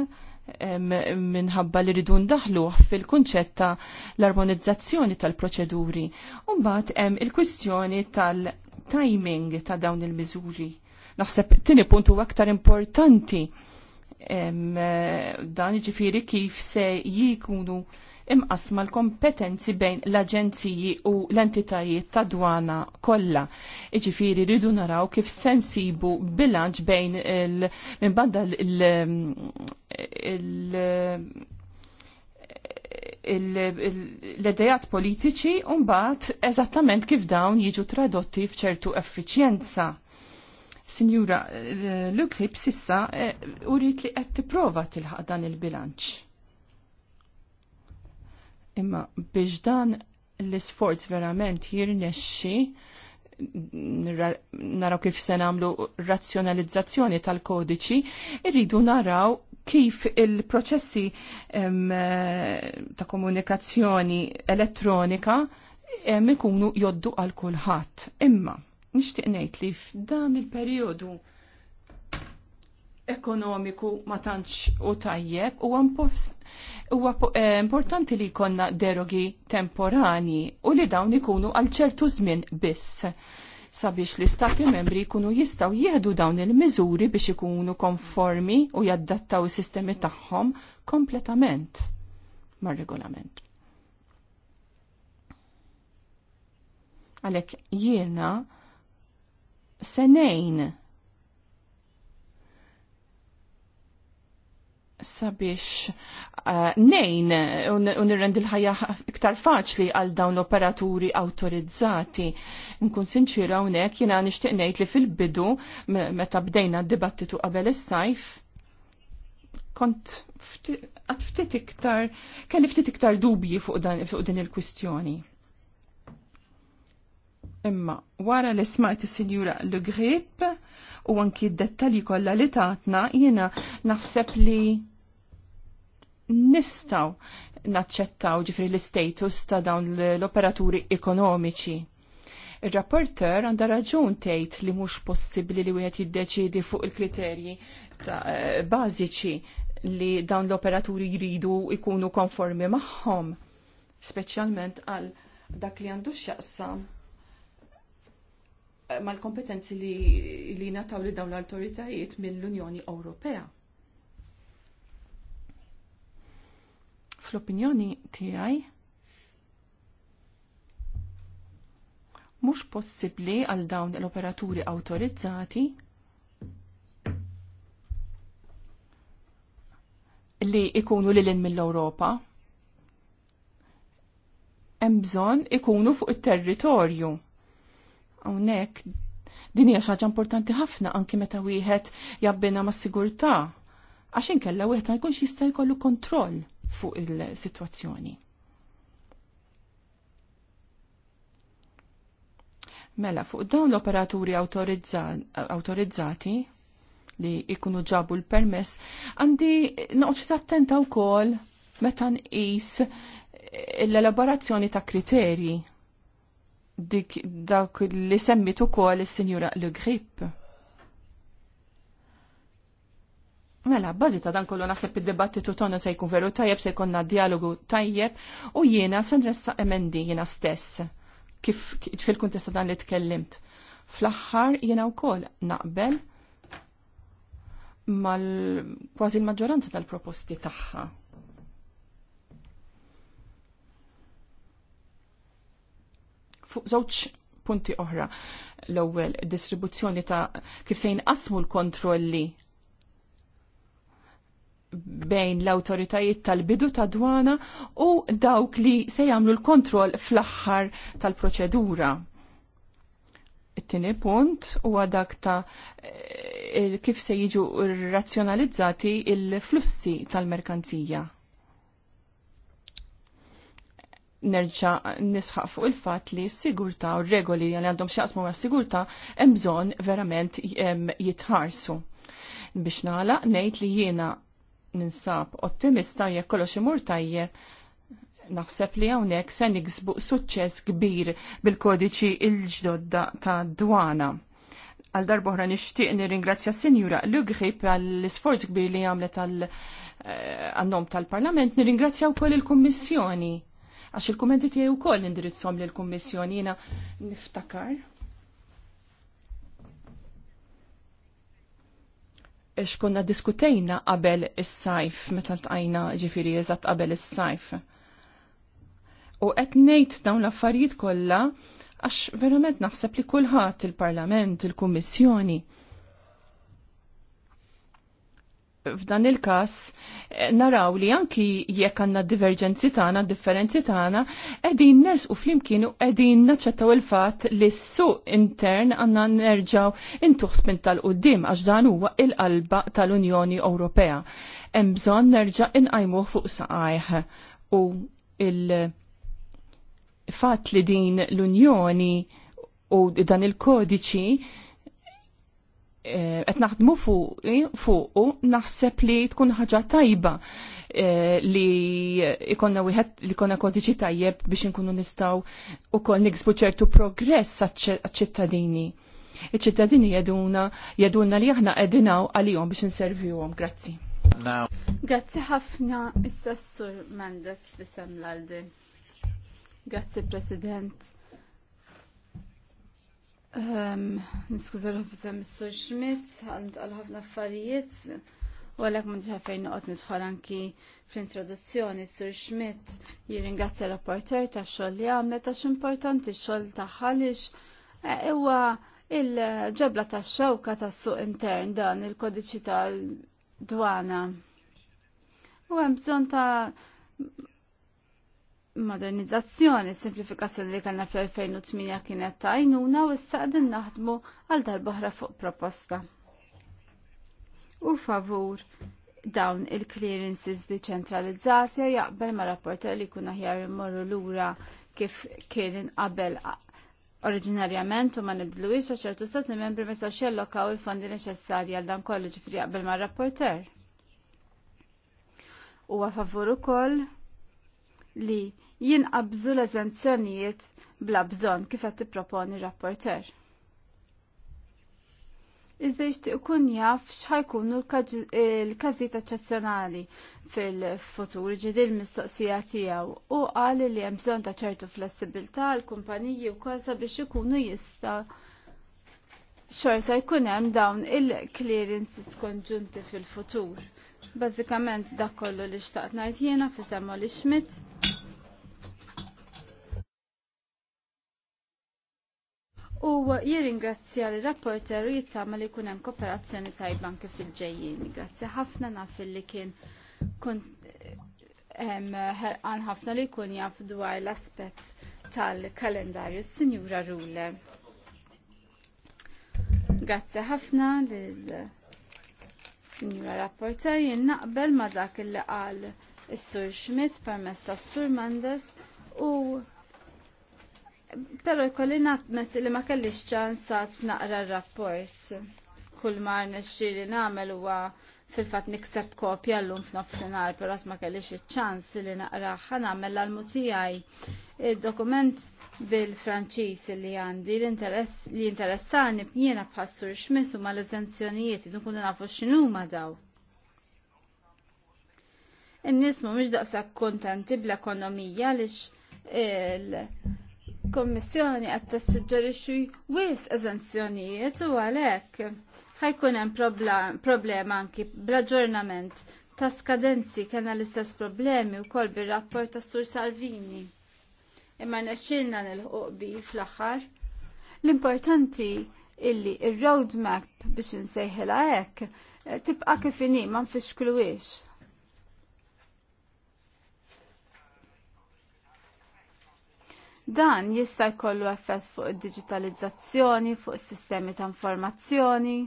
minħabba li ridu ndaħlu fil-kunċett ta' l-armonizzazzjoni tal-proċeduri. Umbat hemm il-kwistjoni tal-timing ta' dawn il-miżuri. Naħseb tini punt huwa aktar importanti dan ġifiri kif se jikunu imqasma l-kompetenzi bejn l-aġenziji u l-entitajiet ta' dwana kollha. Iġifieri rridu naraw kif sensibu bilanċ bejn minn banda l-edejat politiċi u mbagħad eżattament kif dawn jiġu tradotti f'ċertu effiċjenza. Sinjura, eh, l ukħib sissa eh, urit li qed tipprova tilħaq dan il-bilanċ. Imma biex dan l-isforz verament jirnexxi naraw kif se nagħmlu razzjonalizzazzjoni tal-kodiċi, irridu naraw kif il-proċessi eh, ta' komunikazzjoni elettronika ikunu joddu għal kulħadd. Imma nixtieq ngħid li f'dan il-perjodu ekonomiku ma tantx u tajjeb u huwa eh, importanti li jkollna derogi temporani u li dawn ikunu għal ċertu żmien biss sabiex l-istati membri jkunu jistaw jieħdu dawn il-miżuri biex ikunu konformi u jaddattaw is-sistemi tagħhom kompletament mar-regolament. Għalhekk jiena senejn sabiex uh, nejn u nirrendi l-ħajja iktar faċli għal dawn operaturi autorizzati. Nkun sinċira unek jina nishtiq ngħid li fil-bidu meta bdejna d-dibattitu qabel is-sajf kont għat ftit iktar, kelli ftit iktar dubji fuq din il-kwistjoni. Imma wara li smajt il sinjura l Grip u anki d-dettalji kollha li tatna jiena naħseb li nistaw naċċettaw ġifri l-status ta' dawn l-operaturi ekonomiċi. Il-rapporter għandha raġun tgħid li mhux possibbli li wieħed jiddeċidi fuq il-kriterji eh, bażiċi li dawn l-operaturi jridu jkunu konformi magħhom, speċjalment għal dak li għandu x'jaqsam eh, mal-kompetenzi li, li nataw li dawn l-autoritajiet mill-Unjoni Ewropea. Fl-opinjoni tiegħi mhux possibbli għal dawn l-operaturi awtorizzati li ikunu lilin mill-Ewropa. Hemm bżonn ikunu fuq it-territorju. Hawnhekk din hija xi ħaġa importanti ħafna anki meta wieħed jabbina mas-sigurtà għax inkella wieħed ma jkunx jista' jkollu kontroll fuq il-situazzjoni. Mela, fuq dawn l-operaturi autorizzati li ikunu ġabu l-permess, għandi noqċi attenta u kol meta nqis l-elaborazzjoni ta' kriteri dik dak li semmit ukoll is-Sinjura Le Grip. Mela, bazi ta' dan kollu naħseb id-dibattitu tonna se jkun veru tajjeb se jkonna dialogu tajjeb u jiena se nressa emendi jiena stess kif fil-kuntesta dan li tkellimt. Fl-aħħar jiena wkoll naqbel mal kważi l-maġġoranza tal-proposti tagħha. Fuq żewġ punti oħra. L-ewwel distribuzzjoni ta' kif se jinqasmu l-kontrolli bejn l-autoritajiet tal-bidu ta' dwana u dawk li se jagħmlu l-kontroll fl-aħħar tal-proċedura. It-tieni punt huwa dak ta' eh, kif se jiġu razzjonalizzati il-flussi tal-merkanzija. Nerġa nisħaq fuq il-fat li s-sigurta u regoli li għandhom xaqsmu għas-sigurta hemm bżonn verament jitħarsu. Biex nagħlaq ngħid li jiena ninsab ottimista jekk kollox imur tajjeb naħseb li hawnhekk se niksbu suċċess kbir bil-kodiċi il-ġdodda ta' dwana. Għal darbohra nixtieq nirringrazzja Sinjura Lugrip għall-isforz kbir li għamlet għal-nom eh, tal-Parlament, nirringrazzja wkoll il-Kummissjoni għax il-kummenti tiegħi wkoll indirizzhom lill-Kummissjoni jiena niftakar xkonna diskutejna qabel is-sajf, meta tqajna ġifiri eżatt qabel is-sajf. U qed ngħid dawn l-affarijiet kollha għax verament naħseb li kulħadd il-Parlament, il-Kummissjoni, il parlament il kummissjoni f'dan il-kas eh, naraw li anki jekk għanna divergenzi tagħna, differenzi tagħna, qegħdin ners u qegħdin naċċettaw il-fatt li s-suq intern għandna nerġaw intuħ spin tal-qudiem għax dan huwa l qalba tal-Unjoni Ewropea. Hemm bżonn nerġa' inqajmu fuq saqajh u il fatt li din l-Unjoni u dan il-kodiċi Eh, qed naħdmu fuq naħseb li tkun ħaġa tajba eh, li ikonna wieħed li ikonna kodiċi tajjeb biex inkunu nistgħu ukoll niksbu ċertu progress għaċ-ċittadini. Iċ-ċittadini jeduna jeduna li aħna qegħdinaw għalihom biex inservjuhom. Grazzi. Grazzi ħafna istessur Mendes bisem l-Aldi. Grazzi President Ehm, Niskuża l-ħufza Mr. Schmidt, għal ħafna affarijiet, u għalek mundi fejn nuqot nidħol anki fl-introduzzjoni, Sir Schmidt jirringrazzja l-rapporter ta' xoll li għamlet ta' importanti xoll ta' xalix, ewa eh, il-ġebla ta' xawka ta' suq intern dan il-kodiċi ta' dwana. U hemm bżonn ta' modernizzazzjoni, simplifikazzjoni li kellna fl-2008 kienet ta' għajnuna u issa qegħdin naħdmu għal darbohra fuq proposta. U favur dawn il-clearances ċentralizzati jaqbel ma' rapporter li kuna ħjar immorru lura kif kien qabel oriġinarjament u ma nibdlu għax ċertu li membri ma jistax il-fondi neċessarji għal dan kollu ġifri jaqbel ma' rapporter. U għafavur ukoll li jinqabżu l-eżenzjonijiet bla bżonn kif qed tipproponi r-rapporter. Iżda jixtieq ikun jaf x'ħajkunu l-każijiet eċċezzjonali fil-futur ġidil l-mistoqsija tiegħu u qal li hemm bżonn ta' ċertu flessibilità l-kumpaniji wkoll sabiex ikunu jista' xorta jkun hemm dawn il-clearances konġunti fil-futur. Bażikament dak kollu li xtaqt ngħid jiena fi semmu li Schmidt u jirringrazzja l rapporter u jittama li kunem kooperazzjoni tajba anke fil-ġejjin. Grazzi ħafna naf li kien ħerqan ħafna li kun jaf dwar l-aspett tal-kalendarju s Sinjura Rule. Grazzi ħafna lil Sinjura Rapporter jien ma dak il-li qal is-Sur Schmidt permess tas-Sur Mandas. u Pero jkolli naħmet li ma kellix ċansat naqra r-rapport. Kull ma nexxi li nagħmel huwa fil-fatt nikseb kopja llum f'nofsinhar, però ma kellix iċ-ċans li naqra ħanamel l mutijaj tiegħi. dokument bil franċis li għandi li interessani jiena bħassur xmiss huma l-eżenzjonijiet nkunu nafu x'inhuma daw. In-nies mhumiex daqshekk bl-ekonomija għaliex il-Kommissjoni qed tissuġġerixxi wis eżenzjonijiet u għalhekk ħajkun hemm problema anki bl-aġġornament ta' skadenzi kellna l-istess problemi wkoll bir-rapport tas Sur Salvini. Imma rnexxielna nilħuq bi fl-aħħar. L-importanti illi ir-roadmap biex insejħilha hekk tibqa' kif inhi ma nfixkluwiex Dan jista' jkollu effett fuq id-digitalizzazzjoni, fuq is-sistemi ta' informazzjoni.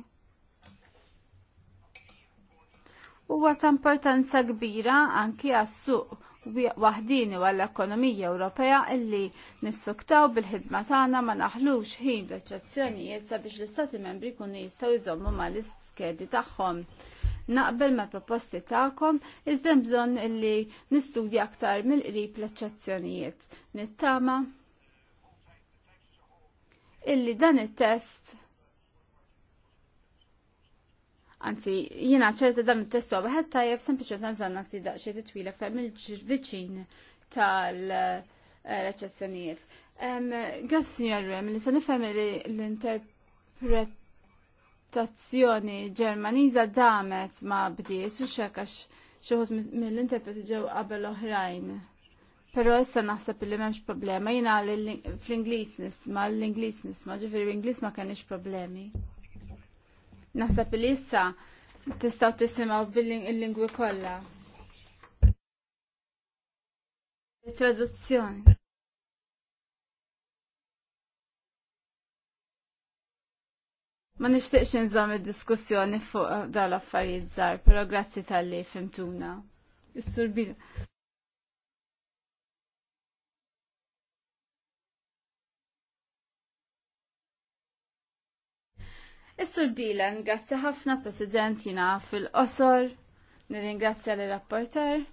Huwa ta' importanza kbira anki għas-suq waħdini u għall-ekonomija Ewropea illi nissuktaw bil-ħidma tagħna ma naħlux ħin b'eċċezzjonijiet sabiex l-Istati membri jkunu jistgħu jżommu mal-iskedi tagħhom naqbel ma' proposti ta'kom, iżda bżon illi nistudja aktar mill-qrib l-eċċezzjonijiet. Nittama illi dan it-test Anzi, jina ċerta dan il-test u għabħed tajjeb sempliċu ta' zanna ti daqxie titwila fem mill ġirviċin tal-eċezzjonijiet. Grazie, signor Rem, li s nifem li l-interpret l-interpretazzjoni ġermaniza damet ma bdiet u xekax xoħut mill-interpreti ġew qabel oħrajn. Pero issa naħseb li memx problema, jina fl-Inglis nisma, l-Inglis nisma, ġifir l-Inglis ma kenix problemi. Naħseb li issa tistaw tisimaw bil-lingwi kolla. Traduzzjoni. Ma nixtieqx nżom id-diskussjoni fuq eh, dawn l-affarijiet żgħar, però grazzi tal-li fimtuna. Is-sur Is-Sur Bilen, grazzi ħafna President jina fil-qosor, nirringrazzja l rapporter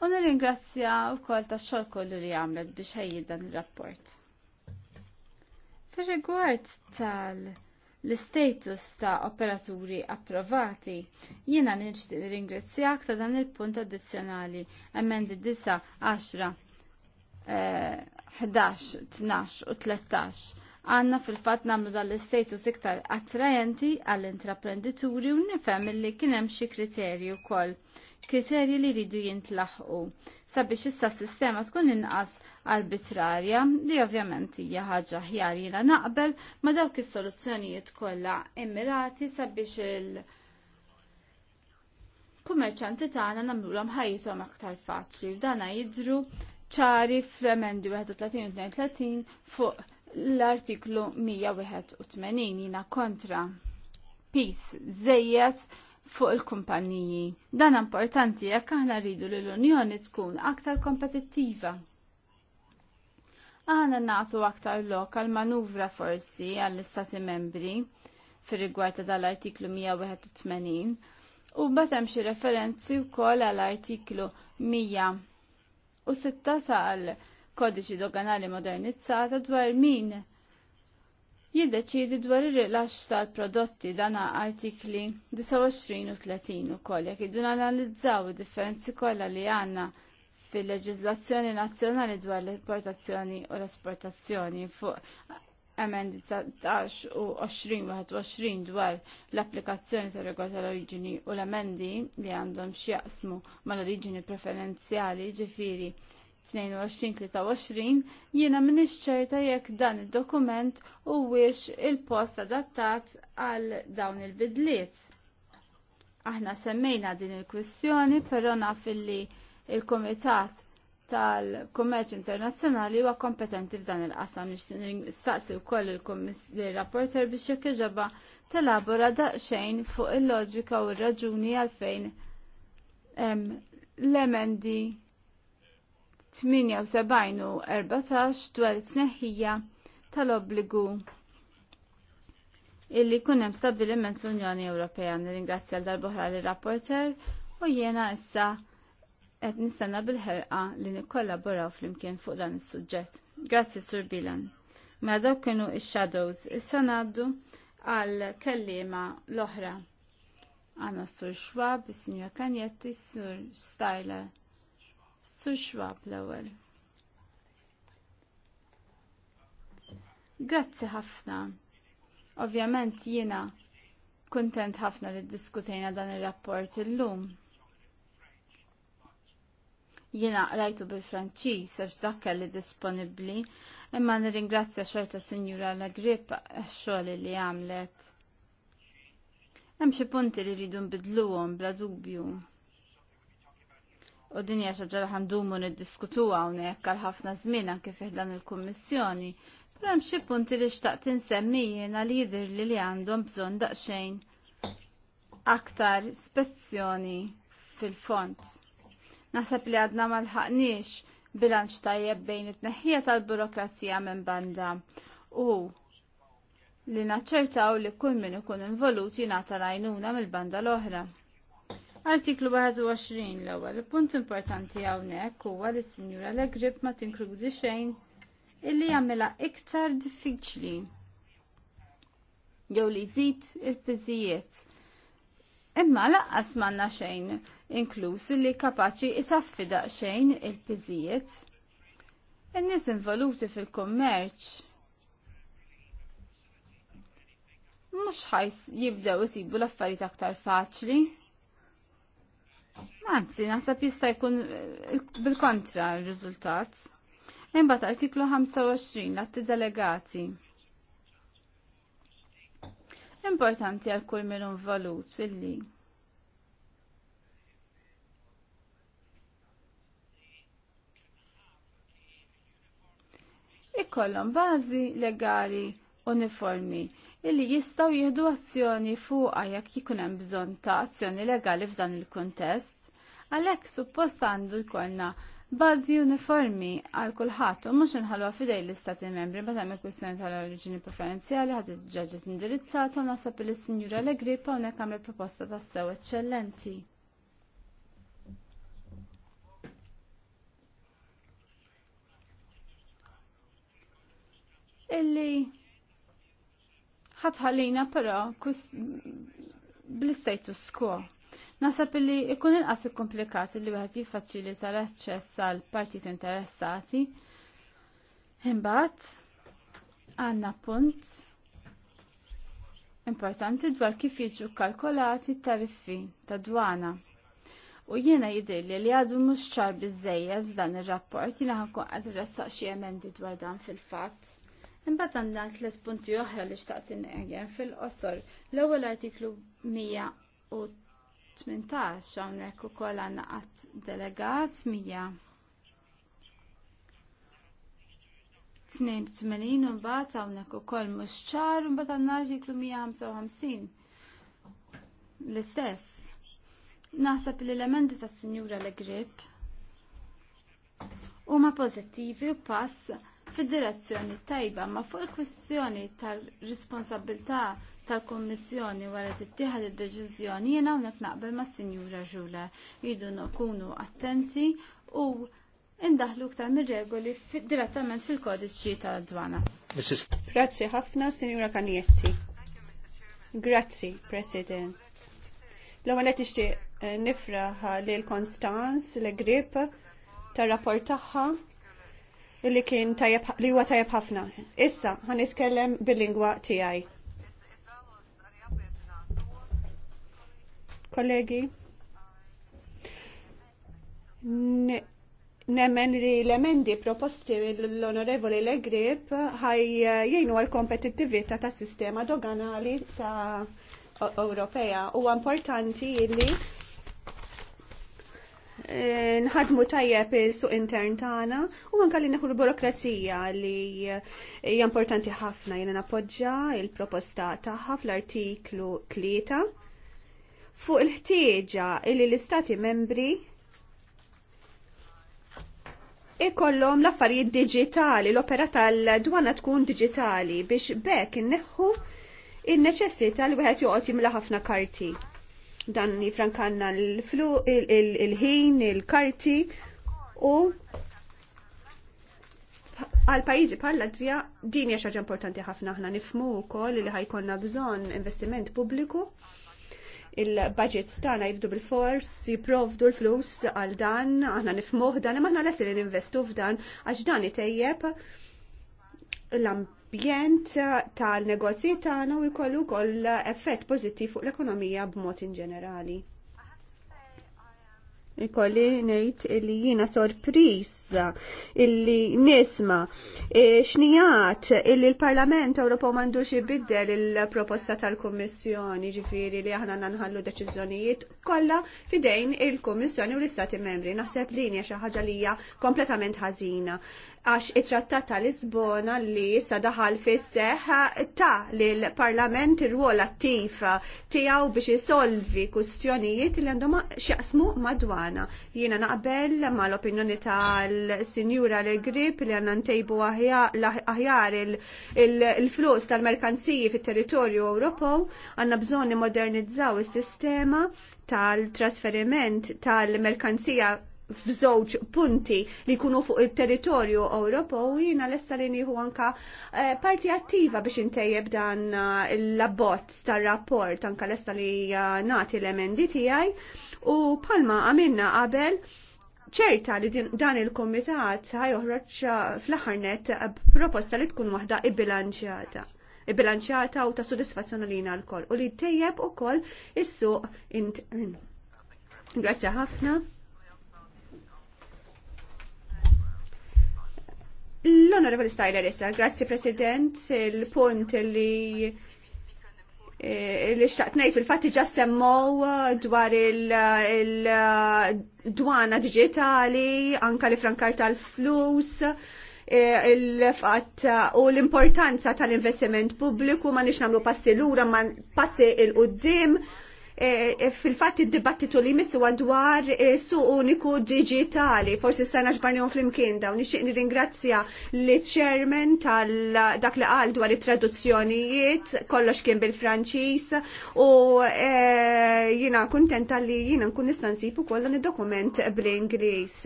u nirringrazzja u kol ta' xol kollu li għamlet biex ħejji dan il-rapport. Fir-rigward tal- l-status ta' operaturi approvati. Jiena nixtieq ringrazzjak ta' dan il-punt addizzjonali emendi 9, 10, 11, 12 u 13 għanna fil-fat namlu dal-status iktar attrajenti għall-intraprendituri u nifem li kienem xie kriterji wkoll. Kriterji li ridu jintlaħqu. Sabiex issa s sistema tkun inqas arbitrarja li ovvjament hija ħaġa ħjar jiena naqbel ma dawk is-soluzzjonijiet kollha immirati sabiex il- kummerċanti tagħna nagħmluhom ħajjithom aktar faċli dana jidru ċari fl-emendi 31-32 fuq l-artiklu 181 jina kontra PIS żejjed fuq il-kumpanniji. Dan importanti jekk aħna rridu li l-Unjoni tkun aktar kompetittiva għana nagħtu aktar lokal manuvra forsi għall-istati membri fir rigward dal-artiklu 181 u batem xi referenzi wkoll għall-artiklu 106 sal kodiċi doganali modernizzata dwar min jiddeċidi dwar ir-rilax tal-prodotti dan artikli 29 u 30 ukoll jekk dun analizzaw id-differenzi kollha li għandna fil-leġizlazzjoni nazzjonali dwar l-importazzjoni u l-esportazzjoni fuq emendi 19 u 20 dwar l-applikazzjoni ta' regola tal-oriġini u l-emendi li għandhom x'jaqsmu mal-oriġini preferenzjali ġifiri 22-23 jiena minix ċerta jekk dan id-dokument u wiex il-post adattat għal dawn il-bidliet. Aħna semmejna din il-kwistjoni, però naf li il-Komitat tal-Kummerċ Internazzjonali huwa kompetenti f'dan il-qasam nistaqsi wkoll il-rapporter biex jekk iġaba telabora daqsxejn fuq il-loġika u r-raġuni għalfejn l-emendi 78 u 14 dwar it-tneħħija tal-obbligu illi kunem stabiliment l-Unjoni Ewropea. Nirringrazzja l-darbohra l-rapporter u jiena issa qed nistenna bil-ħerqa li fl flimkien fuq dan is-suġġett. Grazzi Sur Bilan. Ma mela dawk kienu ix-shadows, issa ngħaddu għal kelliema l-oħra. Għanna Sur Schwab, is-Sinjor Kanjetti, Sur Styler. Sur Schwab l-ewwel. Grazzi ħafna. Ovvjament jiena kuntent ħafna li ddiskutejna dan ir-rapport illum. Jiena rajtu bil-Franċiż għax dak kelli disponibbli, imma nirringrazzja xorta Sinjura La Grip għax-xogħol li għamlet. Hemm xi punti li rridu nbidluhom bla dubju. U din hija xi ġara ħandumu niddiskutuha hawnhekk għal ħafna żmien anke fih dan il-Kummissjoni, Però hemm xi punti li xtaqt insemmi jiena li jidher li li għandhom bżonn daqsxejn aktar spezzjoni fil-font. Naħseb li għadna malħaqniex bilanċ tajjeb bejn it-neħħija tal-burokrazija minn banda u li naċċertaw li kull min ikun involut jingħata l-għajnuna mill-banda l-oħra. Artiklu 21 l-ewwel punt importanti hawnhekk huwa li s-Sinjura Legrib ma tinkludi xejn illi jagħmilha iktar diffiċli jew li jżid il-piżijiet. Imma laqqas m'għandna xejn inkluż li kapaċi itaffi daqsxejn il-piżijiet. In-nies involuti fil-kummerċ mhux ħajs jibdew isibu l-affarijiet aktar faċli. Anzi, naħseb jista' jkun eh, bil-kontra r-riżultat. Imbagħad artiklu 25 l-atti delegati importanti għal kull minn valut illi ikollhom bażi legali uniformi illi jistgħu jieħdu azzjoni fuqha jekk jikun hemm bżonn ta' azzjoni legali f'dan il-kuntest. Għalhekk suppost għandu jkollna bażi uniformi għal kulħadd u mhux inħallwa fidej l-istati membri meta hemm il-kwistjoni tal-oriġini preferenzjali ħaġa ġaġet indirizzata u nasab li s-Sinjura Legripa hawnhekk għamel proposta tas-sew eċċellenti. illi ħatħallina però bl-status quo. Nasab illi ikun inqas komplikat li wieħed jiffaċilita l-aċċess għal partit interessati. Imbagħad għandna punt importanti dwar kif jiġu kalkolati tariffi ta' dwana. U jiena jidilli li għadu mhux ċar bizzejja f'dan ir-rapport jiena ħankun għad irressaq xi emendi dwar dan fil-fatt. Imbagħad għandna tliet punti oħra li xtaqt inqegħen fil-qosor. L-ewwel artiklu 118 hawnhekk ukoll għandna qatt delegat 182 u mbagħad hawnhekk ukoll mhux ċar u mbagħad għandna artiklu 155 l-istess. Naħseb li l-elementi tas-Sinjura Legrip huma pożittivi u pass fid-direzzjoni tajba, ma fuq il-kwistjoni tal-responsabilità tal-Kommissjoni wara tittieħed id-deċiżjoni jiena hawnhekk naqbel mas-Sinjura Ġula jridu nkunu attenti u indaħlu iktar mir-regoli direttament fil-kodiċi tal-dwana. Grazzi ħafna, Sinjura Kanietti. Grazzi, President. L-ewwel qed nixtieq eh, nifraħ l Konstanz l grip tar-rapport tagħha illi kien tajab, li huwa tajab ħafna. Issa ħan nitkellem bil-lingwa tiegħi. Kollegi, nemmen li l-emendi proposti l-Onorevoli Legrip ħaj eh, jgħinu għal-kompetittivita ta' sistema doganali ta' Ewropea. Huwa importanti li Eh, nħadmu tajjeb il-suq intern tagħna u anke li neħu l-burokrazija li hija importanti ħafna jiena nappoġġa il-proposta tagħha fl-artiklu 3 fuq il-ħtieġa li l-istati membri ikollhom l-affarijiet diġitali, l-opera tal-dwana tkun diġitali biex bekk inneħħu in-neċessità li wieħed joqgħod jimla ħafna karti dan jifrankanna l-flu, il-ħin, il-karti u għal pajizi bħal Latvija din hija xaġa importanti ħafna aħna nifmu wkoll li ħajkonna bżonn investiment pubbliku. Il-budgets tagħna jibdu bil-fors, jipprovdu l-flus għal dan, aħna nifmuh dan, imma aħna lesti li ninvestu f'dan għax dan itejjeb l-ambizzjoni Bjent tal-negozji tagħna u jkollu wkoll effett pożittiv fuq l-ekonomija b'mod inġenerali. Ikolli ngħid li jiena sorpriż illi nisma e, xnijat illi l-Parlament Ewropew m'għandux ibiddel il-proposta tal-Kummissjoni ġifieri li aħna nħallu deċiżjonijiet kollha fidejn il-Kummissjoni u l-Istati Membri. Naħseb li hija xi ħaġa li hija kompletament ħażina għax it-trattat ta' Lisbona li issa daħal fis seħħ ta' li l-Parlament ir-rwol attiv tiegħu biex isolvi kwistjonijiet li għandhom x'jaqsmu madwana. Jiena naqbel mal-opinjoni tal-Sinjura Le Grip li għandna ntejbu aħjar il-flus tal-merkanziji fit-territorju Ewropew, għandna bżonn modernizzaw is-sistema tal-trasferiment tal-merkanzija f'żewġ punti li jkunu fuq il-territorju Ewropew jiena lesta li nieħu anka eh, parti attiva biex intejjeb dan eh, l-abbozz tar-rapport anka lesta li eh, nagħti l-emendi tiegħi u palma għamilna qabel ċerta li dan il-komitat uħroċ fl-aħħar net proposta li tkun waħda i ibbilanċjata u ta' sodisfazzjoni lina l-koll u li tejjeb u koll is-suq intern. Grazie ħafna. L-Onorevoli Styler issa, grazzi President, il-punt li eh, li xtaqtnejt fil-fatti ġa semmow dwar il-dwana digitali, anka li frankar tal-flus, eh, il-fatt u l-importanza tal-investiment pubbliku ma nix namlu passi l-ura, ma passi il-qoddim, Eh, eh, fil-fatt id-dibattitu li missu dwar eh, su uniku digitali, forsi stana għon fl-imkien daw, nixtieq nirringrazzja li chairman tal-dak li qal dwar it-traduzzjonijiet, kollox kien bil-Franċiż u jina kuntenta li jina nkun nista' nsib ukoll id-dokument bl-Ingliż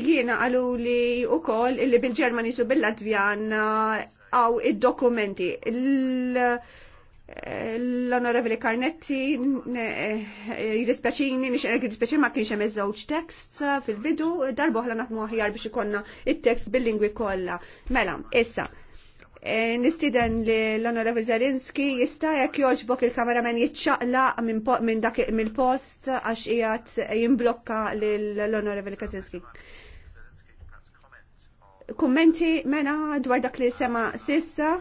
jiena għalu li u koll li bil-ġermani su bil-Latvjan għaw id-dokumenti l-onorevoli Karnetti eh, jirrispeċini, nix ergi dispeċini ma kienx hemm iż-żewġ tekst fil-bidu, darboħla naħmu aħjar biex ikonna it-tekst bil-lingwi kollha. Mela, issa, eh, nistiden li l-onorevoli Zarinski jista' jekk joġbok il-kameramen jitċaqla minn dak mill-post għax qiegħed jimblokka l-onorevoli Kazinski. Kummenti mena dwar dak li sema sissa.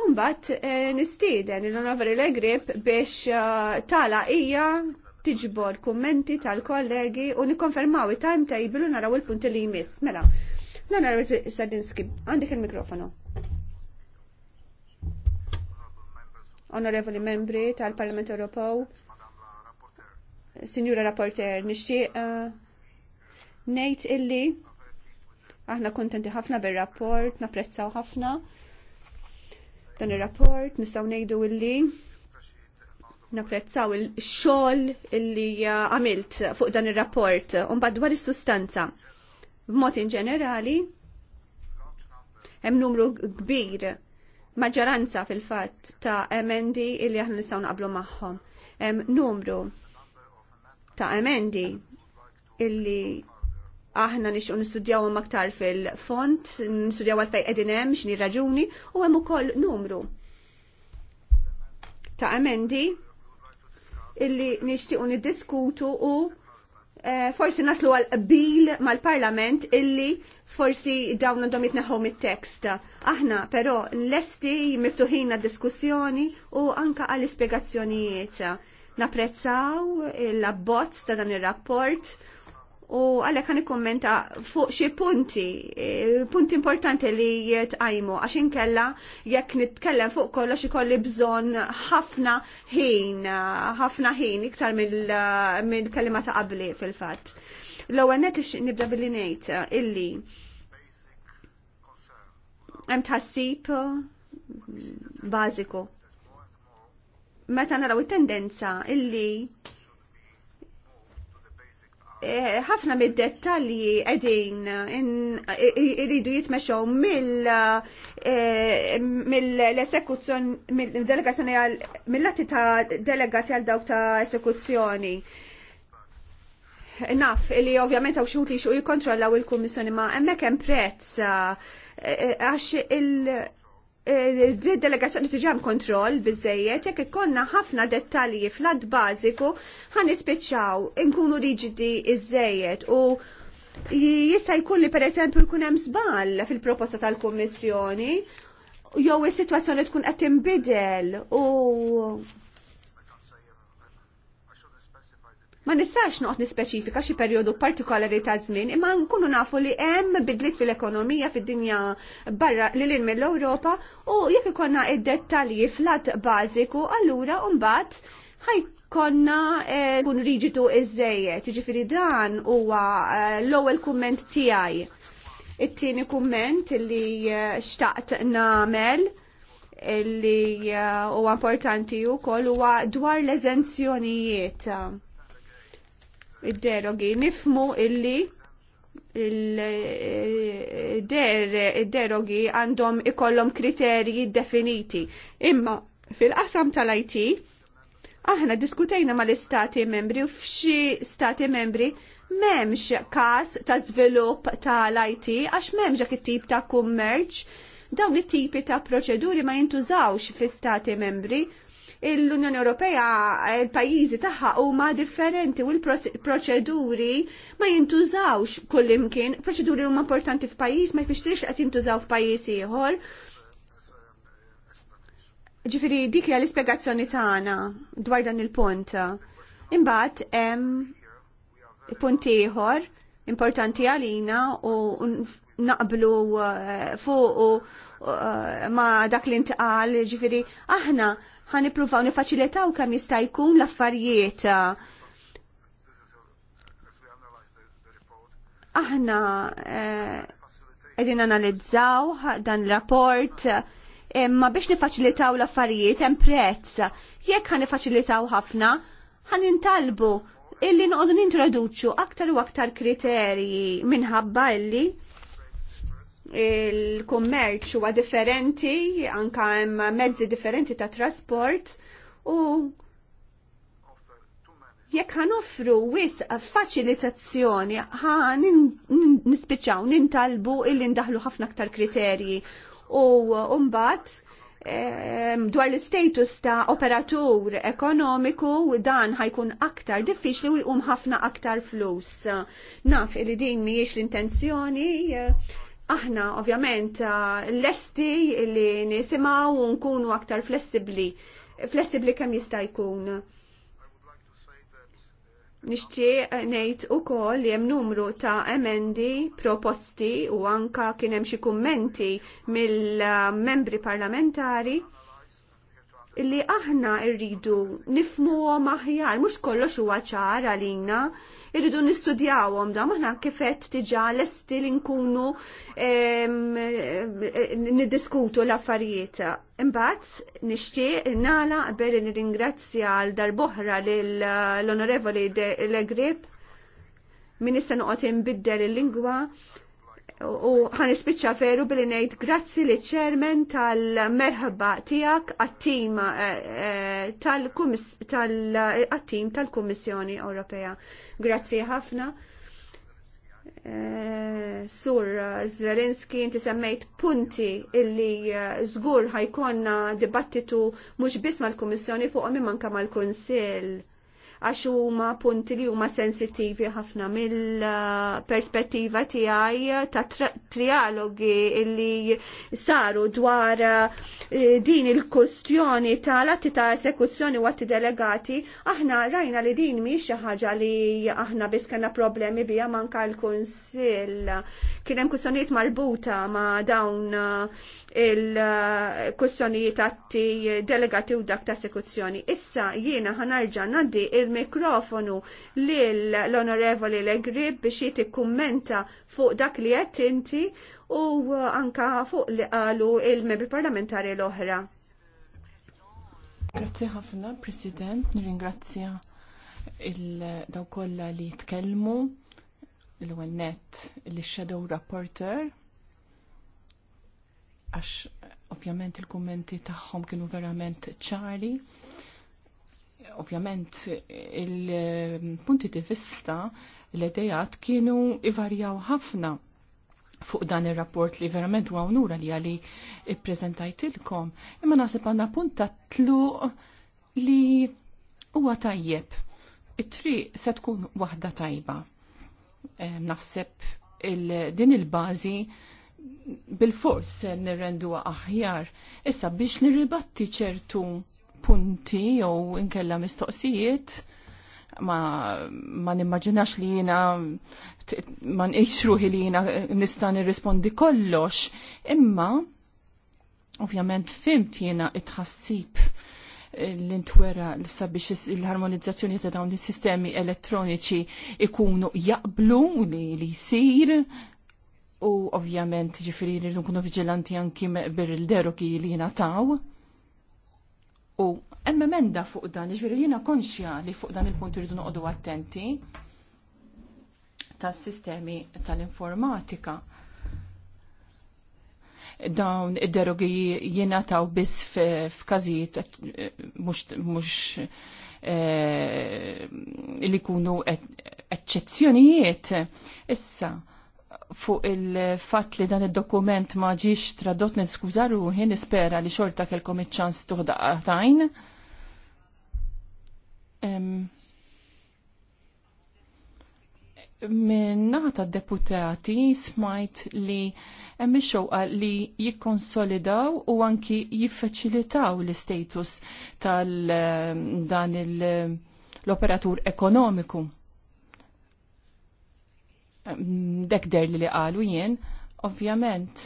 Umbat eh, nistieden il-onovri l-egrib biex eh, tala ija tiġbor kummenti tal-kollegi u nikonfermaw il-timetable u naraw il-punti li jmiss. Mela, l-onorri Sadinski, għandik il mikrofono onorevoli membri tal-Parlament Ewropew, Signora Rapporter, nixtieq nejt eh, ngħid illi aħna kontenti ħafna bil rapport napprezzaw ħafna dan ir-rapport nistgħu ngħidu illi napprezzaw il-xogħol illi uh, għamilt fuq dan ir-rapport u mbagħad dwar is-sustanza. B'mod in ġenerali hemm numru kbir maġġoranza fil-fatt ta' emendi illi aħna nistgħu naqblu magħhom. Hemm numru ta' emendi illi aħna nixqu nistudjaw maktar fil-font, nistudjaw għal fej hemm x'ni raġuni u hemm ukoll numru ta' emendi illi nixtiequ niddiskutu u e, forsi naslu għal qbil mal-parlament illi forsi dawn għandhom jitneħħu mit-tekst. Aħna però lesti miftuħin diskussjoni u anka għal ispjegazzjonijiet. Napprezzaw l-abbozz ta' dan ir-rapport u għalek għan ikkummenta fuq xi punti, e, punti importanti li jitqajmu għax inkella jekk nitkellem fuq kollox ikolli bżonn ħafna ħin, ħafna ħin iktar mill-kelima ta' qabli fil-fatt. L-ewwel nibda billi ngħid illi hemm tħassib bażiku. Meta naraw it-tendenza illi Eh, ħafna mid-dettalji għedin iridu jitmexxew eh, mill-esekuzzjoni mill-delegazzjoni għal mill-lati ta' delegati għal dawk ta' esekuzzjoni. Naf li ovvjament għaw xi li jkontrollaw il-kummissjoni ma' hemmhekk hemm prezz eh, għax il- il-delegazzjoni tiġam kontroll bizzejiet, jekk ikkonna ħafna dettalji fl-ad bażiku, ħan ispiċċaw, inkunu riġidi iżżejjed u jista' jkun li pereżempju jkun hemm żball fil-proposta tal-Kummissjoni jew is-sitwazzjoni tkun qed tinbidel u Ma nistax noqt nispeċifika xi perjodu partikolari ta' żmien, imma nkunu nafu li hemm bidliet fil-ekonomija fid-dinja barra lil mill-Ewropa u jekk ikonna id-dettalji flat bażiku, allura mbagħad ħajkonna eh, kun riġitu iż-żejjed. Jiġifieri dan huwa eh, l-ewwel kumment tiegħi. It-tieni kumment li eh, xtaqt nagħmel li huwa importanti wkoll huwa dwar l-eżenzjonijiet id-derogi. Nifmu illi il-derogi għandhom ikollhom kriterji definiti. Imma fil-qasam tal-IT, aħna diskutejna mal-istati membri u f'xi stati membri memx kas ta' svilupp tal-IT għax memx dak it-tip ta' kummerċ dawn it-tipi ta' proċeduri ma jintużawx fi stati membri l-Unjoni Ewropea il-pajjiżi tagħha huma differenti u l-proċeduri ma jintużawx kullimkien, proċeduri huma importanti f'pajjiż ma jfixtiex qed jintużaw f'pajjiż ieħor. Ġifieri dik hija l-ispjegazzjoni tagħna dwar dan il-punt. Imbagħad hemm punt ieħor importanti għalina u naqblu eh, fuq eh, ma dak li ntqal, ġifiri, aħna ħani pruvaw nifaċilitaw kemm jista' jkun l-affarijiet. Aħna qegħdin eh, analizzaw dan il-rapport imma eh, biex nifaċilitaw l-affarijiet hemm prezz. Jekk ħani nifaċilitaw ħafna, ħan intalbu illi nqogħdu nintroduċu aktar u aktar kriterji minħabba illi il-kummerċ huwa differenti, anka hemm mezzi differenti ta' trasport u jekk ħanoffru wis faċilitazzjoni ħan nispiċċaw nintalbu illi ndaħlu ħafna aktar kriterji u mbagħad ehm, dwar l-status ta' operatur ekonomiku dan ħajkun aktar diffiċli u jqum ħafna aktar flus. Naf li din mhijiex l-intenzjoni Aħna ovvjament eh, lesti li nisimaw u nkunu aktar flessibli, flessibli kemm jista' jkun. Nixtieq ngħid ukoll li hemm numru ta' emendi proposti u anka kien hemm xi kummenti mill-membri parlamentari illi aħna rridu nifmuhom aħjar, mhux kollox huwa ċar għalina, irridu nistudjawhom da aħna kifet tiġa lesti li nkunu niddiskutu l-affarijiet. Imbagħad nixtieq nala qabel nirringrazzja għal darboħra l-Onorevoli Legrib min issa noqgħod inbiddel il-lingwa u ħan ispiċċa veru billi ngħid grazzi li ċermen tal-merħba tiegħek għat-tim eh, eh, tal-tim tal-Kummissjoni Ewropea. Grazzi ħafna. Eh, Sur Zverinski, inti semmejt punti illi żgur ħajkonna dibattitu mhux biss mal-Kummissjoni fuqhom imma anke mal-Kunsill għax huma punti li huma sensittivi ħafna mill-perspettiva tiegħi ta' trialogi li saru dwar eh, din il-kustjoni tal-atti ta' esekuzzjoni u atti delegati, aħna rajna li din mhix xi ħaġa li aħna biss kellna problemi bija manka l-Kunsill. Kien hemm kustjonijiet marbuta ma' dawn eh, il-kustjonijiet atti delegati u dak ta' esekuzzjoni. Issa jiena ħanarġa ngħaddi il il-mikrofonu l-onorevoli Legrib biex jiti kummenta fuq dak li qed inti u uh, anka fuq li qalu il-membri parlamentari l-oħra. Grazzi ħafna, President, ringrazzja il-daw kolla li tkellmu l-għannet li shadow Reporter għax ovvjament il-kummenti tagħhom kienu verament ċari Ovvjament, il-punti di vista l-idejat kienu ivarjaw ħafna fuq dan il-rapport li verament u għawnura li għali prezentajtilkom. Imma nasib għanna punta tlu li huwa tajjeb. It-triq se tkun waħda tajba. Naħseb din il-bazi bil-fors se nirrenduha aħjar. Issa biex nirribatti ċertu punti jew inkella mistoqsijiet ma, ma nimmaġinax li jina ma nqix ruħi li jina nista' nirrispondi kollox, imma ovvjament fimt jiena itħassib l-intwera li sabiex l-harmonizzazzjoni ta' dawn is-sistemi elettroniċi ikunu jaqblu li, li u ovvjament ġifiri rridu nkunu vigilanti anki bir il-deroki li jingħataw U hemm emenda fuq dan, iġveri jiena konxja li fuq dan il-punt rridu noqogħdu attenti tas-sistemi tal-informatika dawn id-derogi jiena taw biss f'każijiet eh, mhux eh, li kunu eccezzjonijiet. Issa, fuq il-fatt li dan id-dokument ma n-skużar niskuża ruħi nispera li xorta kelkom iċ-ċans tuħdaqatajn. Minna ta' deputati smajt li hemm xoqa li jikkonsolidaw u anki jiffaċilitaw l-istatus tal dan l-operatur ekonomiku dek der li li qalu jien, ovvjament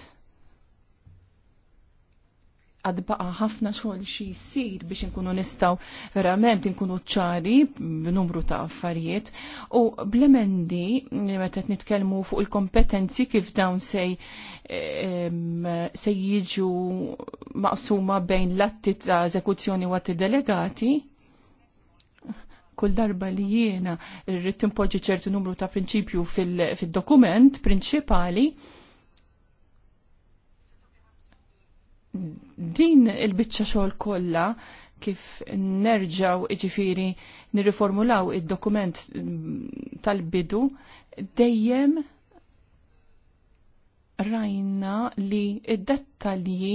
għad baqa ħafna xogħol xi jsir biex inkunu nistgħu verament inkunu ċari b'numru ta' affarijiet u blemendi meta qed nitkellmu fuq il-kompetenzi kif dawn sej se jiġu maqsuma bejn l-atti ta' eżekuzzjoni u għatti delegati kull darba li jiena rrid timpoġġi ċertu numru ta' prinċipju fil-dokument fil prinċipali din il-biċċa xogħol kollha kif nerġaw iġifiri nirriformulaw id-dokument mm, tal-bidu dejjem rajna li id-dettalji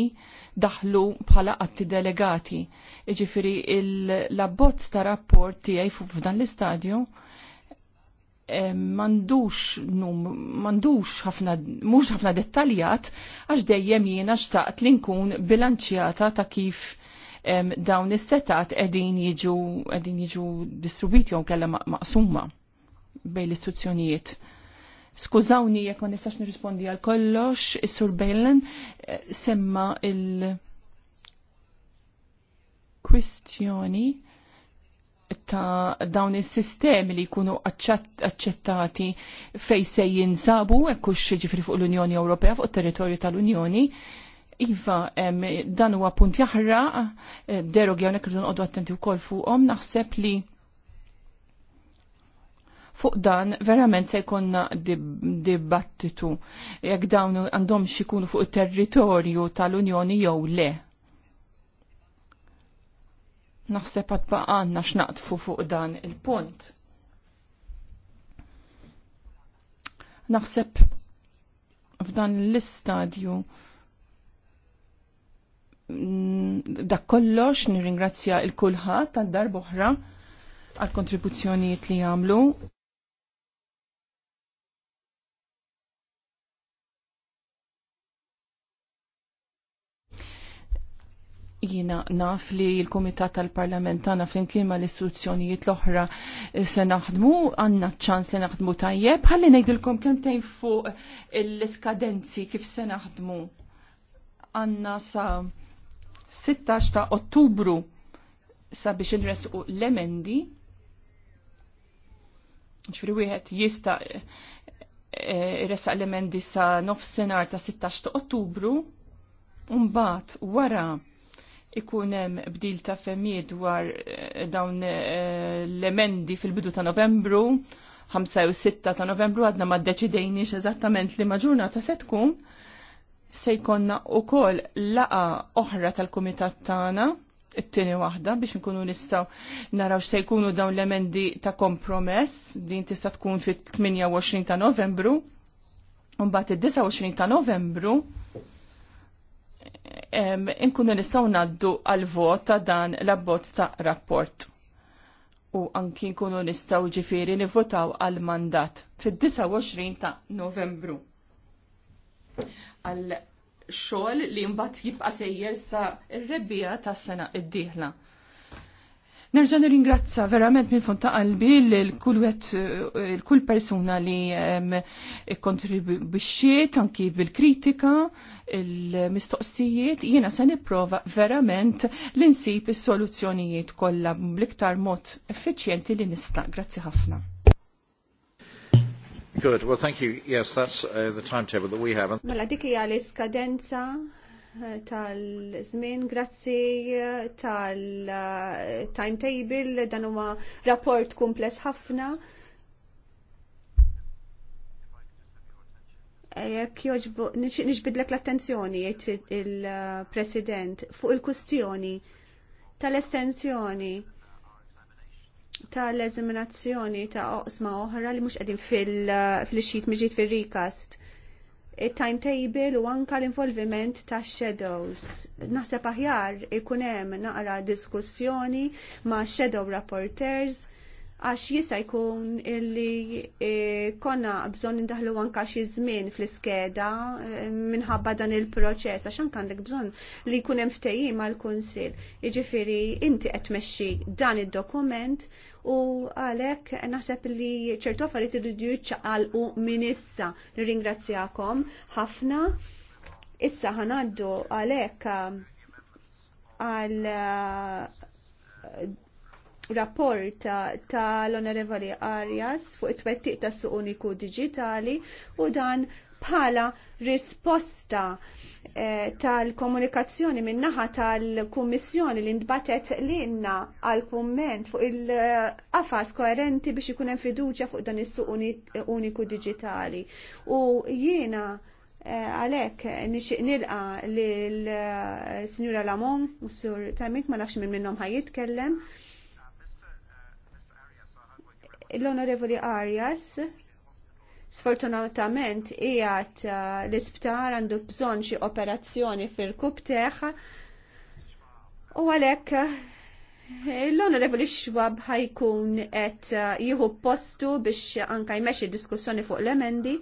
daħlu bħala atti delegati. Iġifiri l-abbozz ta' rapport tiegħi f'dan l-istadju eh, mandux num, mandux ħafna, mux ħafna dettaljat, għax dejjem jiena xtaqt li nkun bilanċjata ta' kif em, dawn is-setat qegħdin jiġu qegħdin jiġu distribuiti jew kellha maqsuma bejn l-istituzzjonijiet Skużawni jekk ma nistax nirrispondi għal kollox, is-Sur Bejlen eh, semma il- kwistjoni ta' dawn is-sistemi li jkunu aċċettati fej se jinsabu ekkux ġifri fuq l-Unjoni Ewropea fuq territorju tal-Unjoni. Iva, dan huwa punt jaħra, eh, derogja għonek rridu nqodu attenti wkoll fuqhom, naħseb li fuq dan verament se jkunna dibattitu jekk dawn għandhom xikunu fuq territorju tal-Unjoni jew le. Naħseb għad baqanna x'naqtfu fuq dan il-punt. Naħseb f'dan l-istadju mm, dak kollox nirringrazzja il-kulħadd għal oħra għal kontribuzzjonijiet li jagħmlu. jina naf li l-Komitat tal-Parlament tagħna flimkien mal istruzzjonijiet l-oħra eh, se naħdmu, għandna ċans li naħdmu tajjeb, ħalli ngħidilkom kemm tajn fuq eh, l-iskadenzi kif se naħdmu. Għandna sa 16 ta' Ottubru sabiex inresqu l-emendi. ċfri wieħed jista' eh, irresaq l-emendi sa nofsinhar ta' 16 ta' Ottubru, un mbagħad wara ikun hemm bdil ta' femmijiet dwar eh, dawn eh, l-emendi fil-bidu ta' Novembru, 5 u 6 ta' Novembru għadna ma' deċidejni eżattament li ma' ġurnata se tkun se jkonna u kol laqa oħra tal-komitat tagħna it-tieni waħda biex nkunu nistgħu naraw x'se jkunu dawn l-emendi ta' kompromess din tista' tkun fit-28 ta' Novembru. Mbagħad id-29 ta' Novembru inkunu nistgħu naddu għal vot ta' dan l-abbozz ta' rapport. U anki nkunu nistgħu ġifieri nivvotaw għal mandat fid-29 ta' Novembru. Għal xogħol li mbagħad jibqa' sejjer sa' ir-rebbija tas-sena d-dieħla. Nerġa nir-ingrazza verament minn fond ta' qalbi l-kull eh, persuna li kontribuxiet anki bil-kritika, il-mistoqsijiet, jiena se nipprova verament l-insib is-soluzzjonijiet kollha bl-iktar mod effiċjenti li nista'. Grazzi ħafna. Good. Well, thank you. Yes, that's uh, the timetable that we have. Mela dik hija l-iskadenza tal-żmien, grazzi tal-timetable, dan huwa rapport kumpless ħafna. Jekk joġbu, nixbidlek l-attenzjoni, jgħid il-President, fuq il-kustjoni tal-estensjoni tal-eżaminazzjoni ta' oqsma oħra li mhux qegħdin fil-xit miġiet fil-rikast il-timetable u anka l-involviment ta' shadows. Naħseb aħjar ikun hemm naqra diskussjoni ma' shadow rapporteurs għax jista' jkun illi eh, konna bżonn indaħlu anka xi żmien fl-iskeda eh, minħabba dan il-proċess għax anke għandek bżonn li jkun hemm ftehim għall kunsill Jiġifieri inti qed tmexxi dan id-dokument u għalhekk naħseb li ċertu affarijiet irridu jiċċaqalqu minn issa. Nirringrazzjakom ħafna. Issa ħanaddu għalhekk għal eh, rapport tal-Onorevoli Arias fuq it-twettiq tas suq uniku digitali u dan bħala risposta eh, tal-komunikazzjoni minnaħa tal-Kummissjoni li ndbatet l-inna għal-komment fuq il-qafas koerenti biex ikun hemm fiduċja fuq dan is-suq uniku digitali. U jiena eh, għalek nixiq nilqa l-Sinjura eh, Lamon u Sur Tamik ma nafx minn minnhom ħajjitkellem. kellem l-Onorevoli Arias sfortunatament ijat uh, l-isptar għandu bżon xi operazzjoni fil-kub teħ u għalek l-onorevoli xwab ħajkun et uh, jihu postu biex anka jmexi diskussjoni fuq l-emendi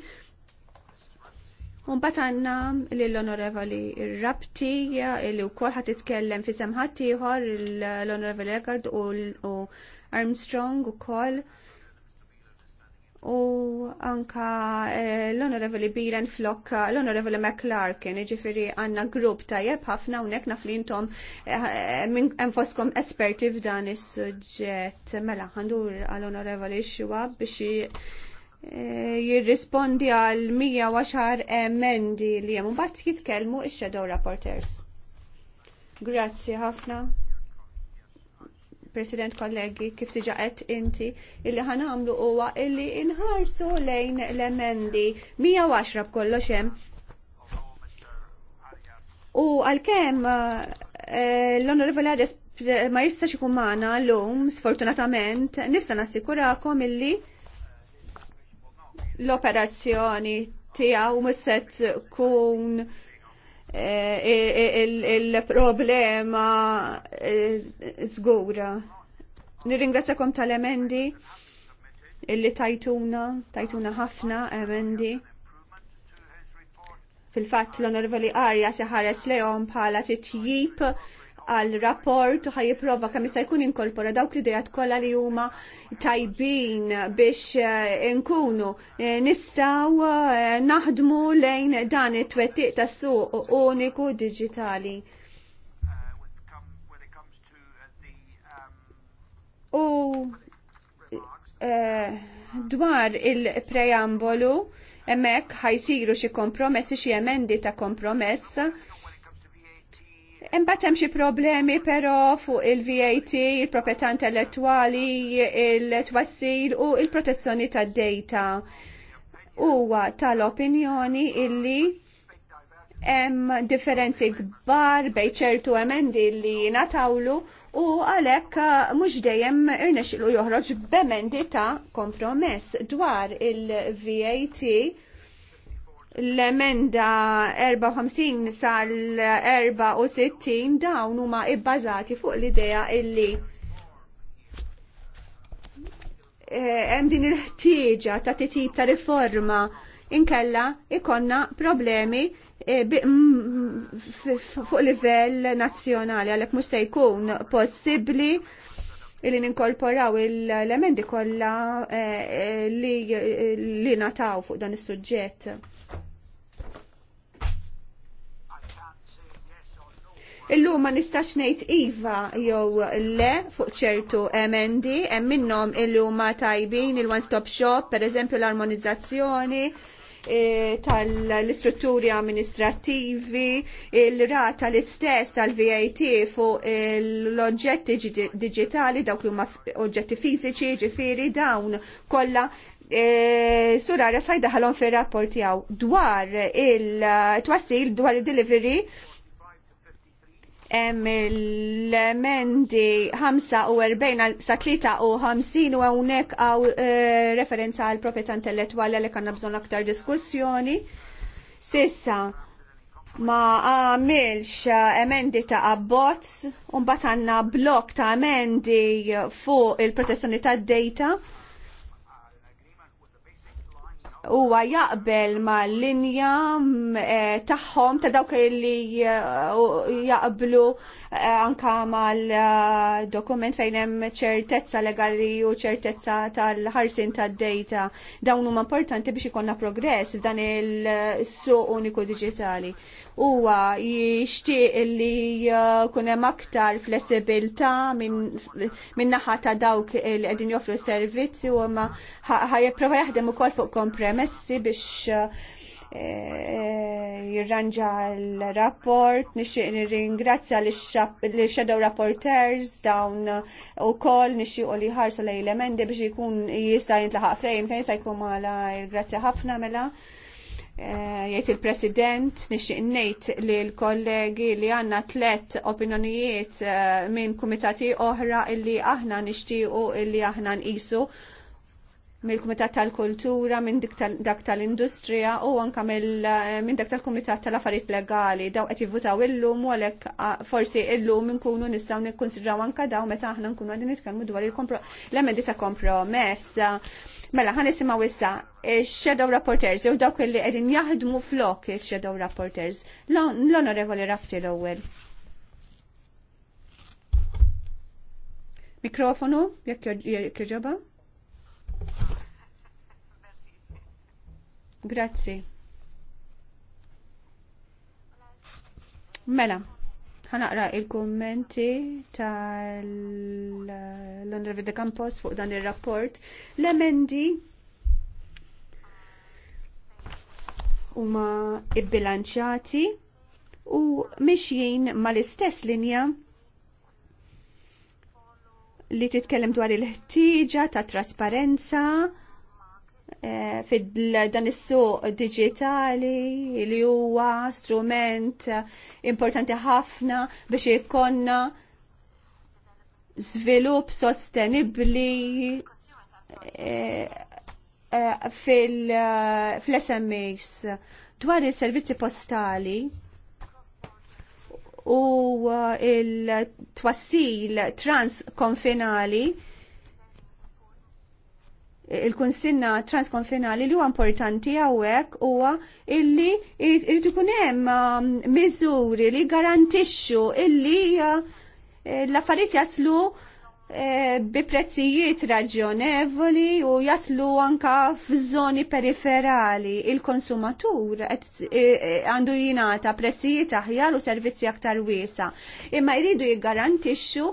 Un batanna li l-onorevoli Rabti li u kolħat itkellem fi semħati tiħor l-onorevoli Regard u Armstrong u kol u anka eh, l-Onorevoli Bilen Flok, l-Onorevoli McClarkin, ġifiri għanna grupp tajjeb ħafna unek naf li intom enfoskom eh, esperti f'dan is suġġett Mela, għandur għal-Onorevoli Xwab biex eh, jirrispondi għal 110 emendi li jemu bat jitkelmu ix-Shadow Rapporters. Grazzi ħafna. President kollegi, kif tiġa qed inti, illi ħan għamlu huwa illi inħarsu lejn l-emendi 110 b'kollo hemm. U għalkemm eh, l-Onorevoli għadis eh, ma jistax ikun l-lum, sfortunatament, nista' nassikurakom illi l-operazzjoni tiegħu mhux kun tkun Eh, eh, eh, il-problema zgura. Nirringrazzakom tal-emendi illi tajtuna, tajtuna ħafna emendi. Fil-fatt l-onorvali Arja seħares lejhom bħala titjib għal rapport u ħajiprofa kemm jista' jkun inkorpora dawk l-idejat kollha li huma tajbin biex eh, nkunu eh, nistgħu eh, naħdmu lejn dan it-twettiq tas-suq uniku diġitali. U dwar il-preambolu, emmek ħajsiru xi kompromessi xi emendi ta' kompromess Imbagħad hemm xi problemi però fuq il-VAT, il-proprjetà intellettwali, il-twassil u l protezzjoni tad-data. Huwa tal-opinjoni illi hemm differenzi kbar bejn ċertu emendi li natawlu u għalhekk mhux dejjem irnexxielu joħroġ b'emendi ta' kompromess dwar il-VAT l-emenda 54 sal-64 dawn huma ibbażati fuq l-idea illi eh, hemm din il-ħtieġa ta' titib ta' riforma inkella ikonna problemi eh, fuq livell nazzjonali għalhekk mhux se jkun possibbli illi ninkorporaw l-emendi kollha eh, li nataw fuq dan is-suġġett. Illum ma nistax ngħid iva jew le fuq ċertu emendi hemm minnhom illum ma tajbin il-one stop shop, pereżempju l-armonizzazzjoni, E, tal-istrutturi amministrativi, il-rata l-istess tal-VAT fuq l-oġġetti digitali, dawk li huma oġġetti fiziċi, ġifiri dawn kollha e, surara ħalon fil rapport jaw dwar il-twassil dwar il-delivery l-emendi 45 sa 53 u hawnhekk għaw eh, referenza għal proprjetà intellettwali li għandna bżonn aktar diskussjoni. Sissa, ma għamilx emendi ta' abbozz, un bat għanna blok ta' emendi fuq il-protezzjoni ta' data huwa jaqbel ma linja mm, eh, tagħhom ta' dawk li eh, jaqblu eh, anka mal-dokument fejn hemm ċertezza legali u ċertezza tal-ħarsin tad dejta Dawn huma importanti biex ikonna progress f'dan il-suq uniku diġitali. Huwa jixtieq li jkun hemm aktar flessibilità minn naħa ta' dawk li qegħdin joffru servizzi u ma ħajjipprova jaħdem ukoll fuq kompre premessi biex eh, eh, jirranġa l-rapport, nixiq nirringrazzja l-shadow rapporters dawn eh, u kol nixiq u li ħarsu lej l-emendi biex jikun jista jintlaħaq fejn, kien jista jkun mala ringrazzja ħafna mela. Jgħid il-President, nixiq nejt li l-kollegi li għanna tlet opinjonijiet minn kumitati oħra illi aħna nixtiequ illi aħna nqisu mill-Kumitat tal-Kultura, minn dak tal-Industrija u anka eh, minn dak tal-Kumitat tal-Affarijiet Legali. Daw qed jivvutaw illum u għalhekk forsi illum inkunu nistgħu nikkonsidraw anka daw meta aħna nkunu qegħdin nitkellmu dwar l-emendi ta' kompromess. Mela, ħan nisimaw issa shadow Rapporters, jew dawk li qegħdin jaħdmu flok il-Shadow Rapporters. L-Onorevoli Rafti l-ewwel. Mikrofonu, jekk joġoba? Grazzi. Mela, ħanaqra il-kommenti tal londra De Campos fuq dan il-rapport. L-emendi huma bilanċati u ma mal-istess linja li titkellem dwar il-ħtieġa ta' trasparenza Eh, fid-dan is-suq digitali li huwa strument importanti ħafna biex ikonna żvilupp sostenibbli eh, eh, fil-SMEs dwar is-servizzi postali u il-twassil transkonfinali il-kunsinna transkonfinali li huwa importanti hawnhekk huwa illi irid ikun hemm um, miżuri li garantixxu illi uh, l-affarijiet jaslu E, bi prezzijiet raġjonevoli u jaslu anka f'żoni periferali. Il-konsumatur e, e, għandu jingħata prezzijiet aħjar u servizzi aktar wiesa. Imma jridu jiggarantixxu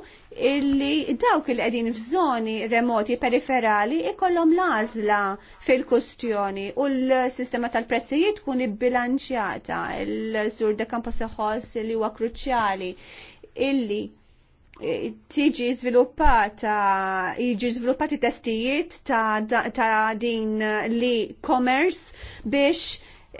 illi dawk il qegħdin f'żoni remoti periferali ikollhom l-għażla fil-kustjoni u l-sistema tal-prezzijiet tkun ibbilanċjata. Il-sur de Campos li huwa kruċjali illi tiġi sviluppata, jiġi sviluppati testijiet ta', ta din li commerce biex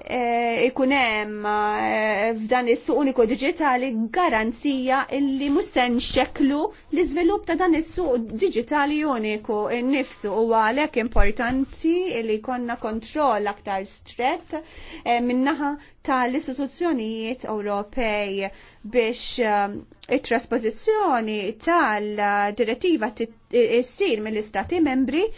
Eh, ikun hemm eh, f'dan is-suq uniku digitali garanzija illi mhux se nxekklu l-iżvilupp ta' dan is-suq digitali uniku nnifsu u għalhekk importanti li jkollna kontroll aktar strett eh, min-naħa tal-istituzzjonijiet Ewropej biex it traspożizzjoni tal-direttiva ssir mill-istati membri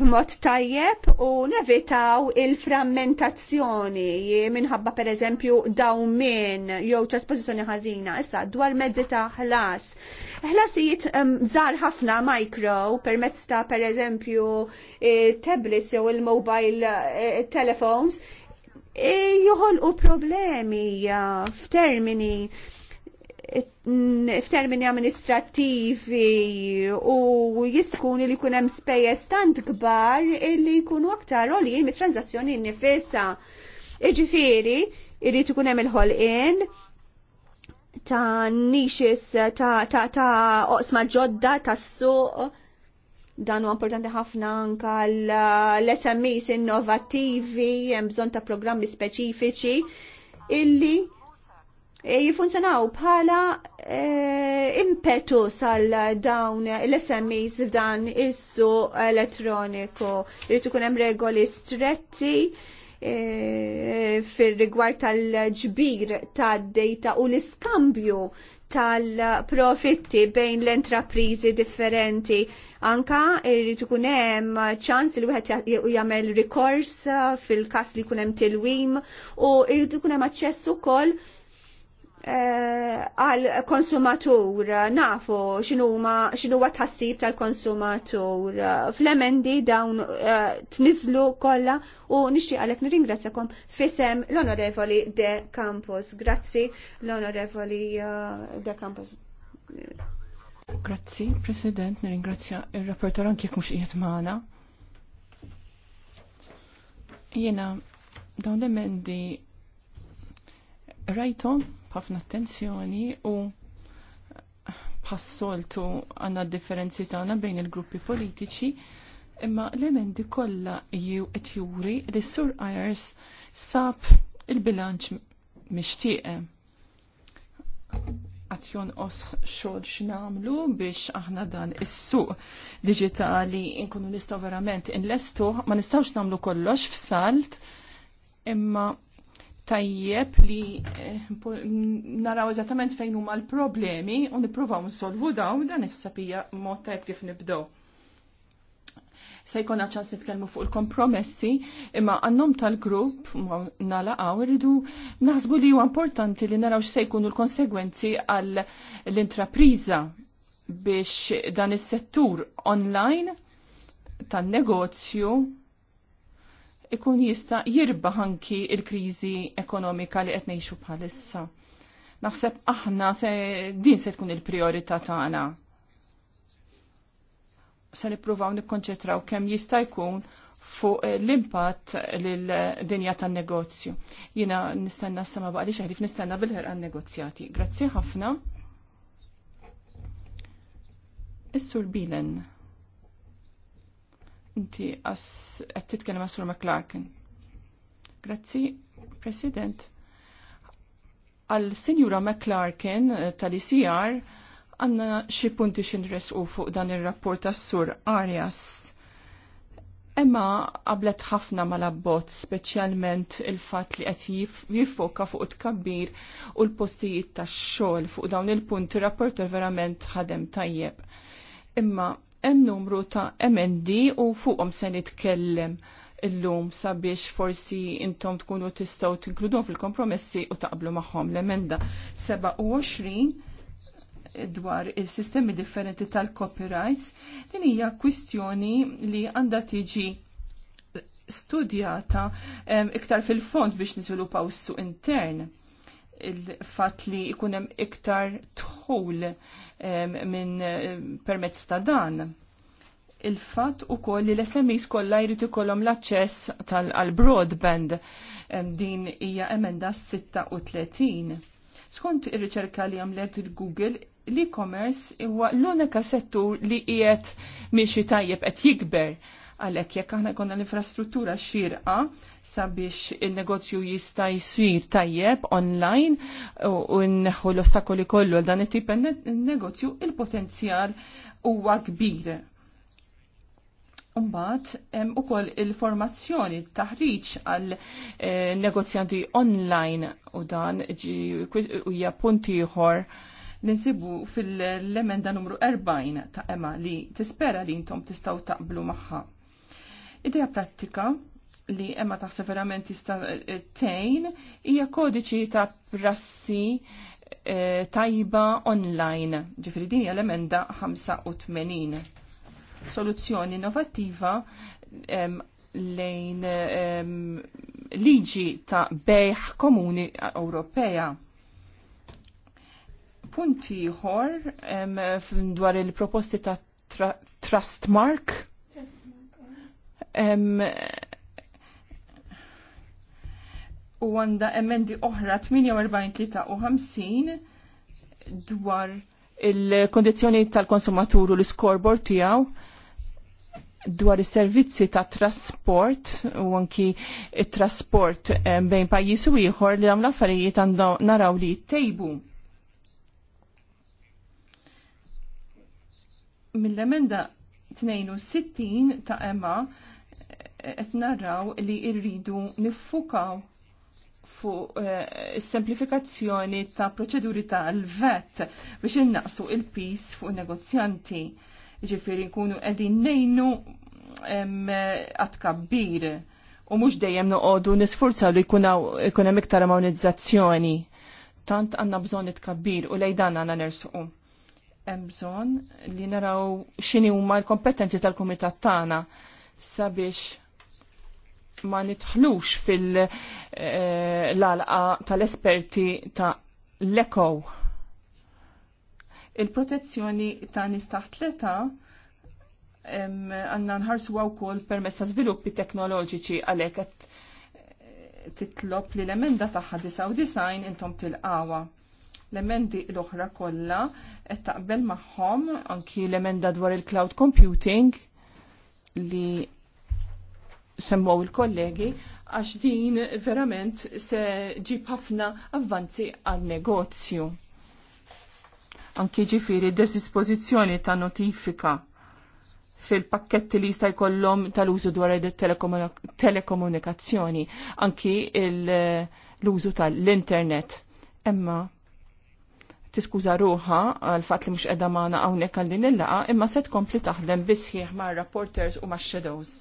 b'mod tajjeb u nevitaw il-frammentazzjoni minħabba per eżempju dawmin jew trasposizjoni ħażina issa dwar mezzi ta' ħlas. Ħlasijiet żgħar ħafna micro permezz ta' per eżempju e, tablets jew il-mobile e, telephones e, joħolqu problemi f'termini f'termini amministrativi u jiskun li jkun hemm spejjeż tant kbar li jkunu aktar għoljin mit-tranzazzjoni nifisa. Iġifieri, jrid ikun hemm il-ħolqien ta' nixis ta' ta' ta' oqsma ġodda ta' suq dan huwa importanti ħafna anka l-SMEs innovattivi hemm bżonn ta' programmi speċifiċi illi E jifunzjonaw bħala e, impetu għal dawn l-SMEs f'dan issu elettroniku. Rritu kunem regoli stretti e, fir rigward tal-ġbir tad-data u l-iskambju tal-profitti bejn l-entraprizi differenti. Anka irrid ikun hemm ċans li wieħed jagħmel rikors fil-każ li jkun hemm tilwim u jrid ikun hemm aċċess ukoll Eh, għal konsumatur nafu xinu tħassib tal-konsumatur fl-emendi dawn e, tnizlu kolla u nixi għalek nirringrazzakom fisem l-onorevoli De Campos. Grazzi l-onorevoli eh, De Campos. Grazzi, President, nirringrazzja il-rapportor anki jek mux jitmana. Jena, dawn l-emendi rajtom ħafna attenzjoni u passoltu għanna differenzi tagħna bejn il-gruppi politiċi, imma l-emendi kollha jew qed juri li sur Ayers sab il-bilanċ mixtieq. Qatt jonqos xogħol x'namlu biex aħna dan is-suq diġitali nkunu nistgħu verament inlestu ma nistgħux nagħmlu kollox f'salt imma tajjeb li eh, naraw eżattament fejn huma l-problemi u nippruvaw nsolvu dawn dan issa hija mod tajjeb kif nibdew. Se jkollna ċans nitkellmu fuq il-kompromessi, imma għannom tal-grupp nalaqgħu rridu naħsbu li huwa importanti li naraw x'se jkunu l-konsegwenzi għall l-intrapriża biex dan is-settur online tan-negozju ikun jista jirbaħ anki il-kriżi ekonomika li qed ngħixu bħalissa. Naħseb aħna se din se tkun il-priorità tagħna. Se nippruvaw nikkonċetraw kemm jista' jkun fuq l-impatt lil-dinja tan-negozju. Jiena nistenna s-sama baqli xaħlif nistenna bil-ħerqa negozjati. Grazzi ħafna. Is-Sur Bilen. Inti qed titkellem Sur McLarkin. Grazzi, President. Għal Sinjura McLarkin eh, tal-ICR għanna xi punti xinresqu fuq dan ir-rapport tas-Sur Arias. Emma qablet ħafna mal-abbot, speċjalment il-fat li qed jiffoka fuq tkabbir u l-postijiet tax-xogħol fuq dawn il-punti rapporter verament ħadem tajjeb. Imma hemm numru ta' emendi u fuqhom se nitkellem illum sabiex forsi intom tkunu tistgħu tinkludhom fil-kompromessi u taqblu magħhom l-emenda 27 dwar il-sistemi differenti tal-copyrights din hija kwistjoni li għandha tiġi studjata iktar fil-fond biex niżviluppaw is-suq intern il-fat li ikunem iktar tħul minn permezz ta' dan il-fat u koll li l-SMEs kollha jrid ikollhom l-aċċess tal-broadband din hija emenda 36. Skont ir-riċerka li għamlet il-Google, l-e-commerce huwa l-unika settur li qiegħed miexi tajjeb qed jikber Għalhekk jekk aħna konna l-infrastruttura xirqa sabiex il-negozju jista' jsir tajjeb online u nneħħu l-ostakoli kollu għal dan it-tip negozju il-potenzjal huwa kbir. Umbat, hemm u koll il-formazzjoni, taħriċ għal eh, negozjanti online u dan u punti ħor ninsibu fil-lemenda numru 40 ta' emma li tispera li intom tistaw taqblu maħħa. Ideja pratika li emma taħseb verament jista' tejn hija kodiċi ta' prassi eh, tajba online. Ġifieri din hija l-emenda 85. Soluzzjoni innovattiva lejn liġi ta' bejħ komuni Ewropea punti ħor dwar il-proposti ta' trust mark u għanda emendi oħra 48-53 dwar il-kondizjoni tal-konsumatur u l-scoreboard tijaw dwar is servizzi ta' trasport u anki trasport bejn pajjiż u ieħor li għamla affarijiet għandhom naraw li jittejbu. Mill-emenda 62 ta' Emma qed narraw li rridu niffukaw fuq eh, semplifikazzjoni ta' proċeduri tal-vet biex innaqsu il-pis fuq negozjanti. Ġifiri kunu qegħdin nejnu għat kabbir u mhux dejjem noqogħdu nisfurzaw li jkun hemm iktar armonizzazzjoni. Tant għandna bżonn it-kabbir u lejdan għandna nersuqu. Hemm bżonn li naraw x'inhi huma l-kompetenzi tal-kumitat tagħna sabiex ma nitħlux fil-lalqa tal-esperti ta' l-eko. Il-protezzjoni ta' nistaħtleta għanna nħarsu għaw kol permess ta' sviluppi teknoloġiċi għalek għet eh, titlop li l-emenda ta' u design intom til għawa L-emendi l-oħra kolla qed taqbel magħhom anki l-emenda dwar il-cloud computing li semmow il-kollegi, għax din verament se ġib ħafna avvanzi għal negozju. Anki ġifiri deżispożizzjoni ta' notifika fil-pakketti li jista' jkollhom tal-użu dwar telekomunikazzjoni, anki l-użu tal-internet. Emma, tiskuża ruħa għal fatt li mhux qiegħda magħna hawnhekk għal din il-laqa, imma se tkompli taħdem bisħieħ mar-reporters u max-shadows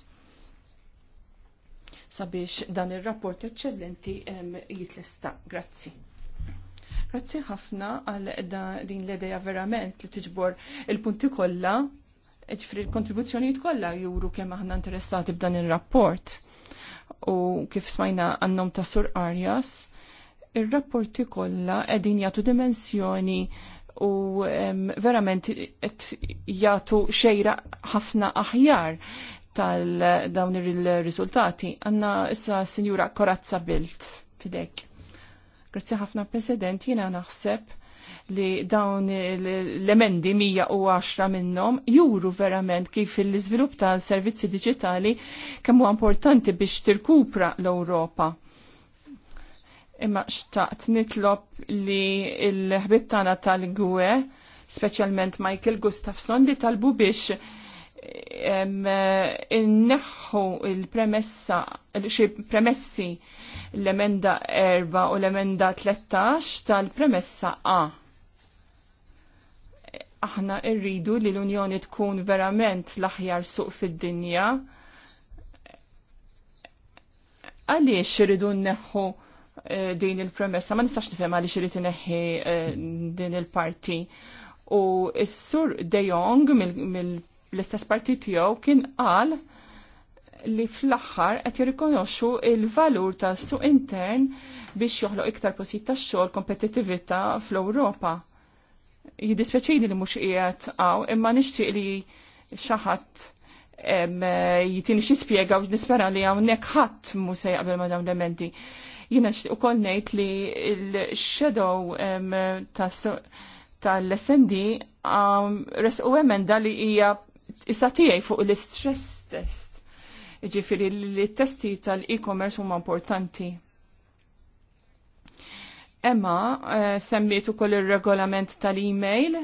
sabiex dan ir-rapport eċċellenti jitlesta. Grazzi. Grazzi ħafna għal din l-edeja verament li tiġbor il-punti kollha, ġifri il kontribuzzjonijiet kollha juru kemm aħna interessati b'dan ir-rapport. U kif smajna għannom ta' Sur Arias, ir-rapporti kollha qegħdin jagħtu dimensjoni u verament jagħtu xejra ħafna aħjar tal-dawn il-riżultati. Għanna issa Sinjura Korazza Bilt fidek. Grazzi ħafna President, jina naħseb li dawn l-emendi 110 minnom juru verament kif l-izvilup tal-servizzi digitali kemm huwa importanti biex tirkupra l europa Imma xtaqt nitlob li l-ħbib tana tal-gwe, speċjalment Michael Gustafson li talbu biex inneħħu il-premessa, xi premessi l-emenda 4 u l-emenda 13 tal-premessa A. Aħna rridu li l-Unjoni tkun verament l-aħjar suq fid-dinja. Għaliex irridu nneħħu eh, din il-premessa, ma nistax nifhem għaliex irid inneħħi eh, din il-parti. U s-sur De Jong mill l-istess parti tiegħu kien qal li fl-aħħar qed jirrikonoxxu il-valur tas-suq intern biex joħloq iktar postijiet tax-xogħol kompetittività fl-Ewropa. Jiddispjaċini li mhux qiegħed hawn imma nixtieq li xi ħadd jitini xi spjega u nispera li hawnhekk ħadd mhu se jaqbel ma' dawn l emendi Jiena ukoll ngħid li l-shadow tas-suq tal-SND um, resqu emenda li hija issa tiegħi fuq l-istress test. Ġifiri li testi tal-e-commerce huma importanti. Emma eh, semmiet ukoll ir-regolament tal-email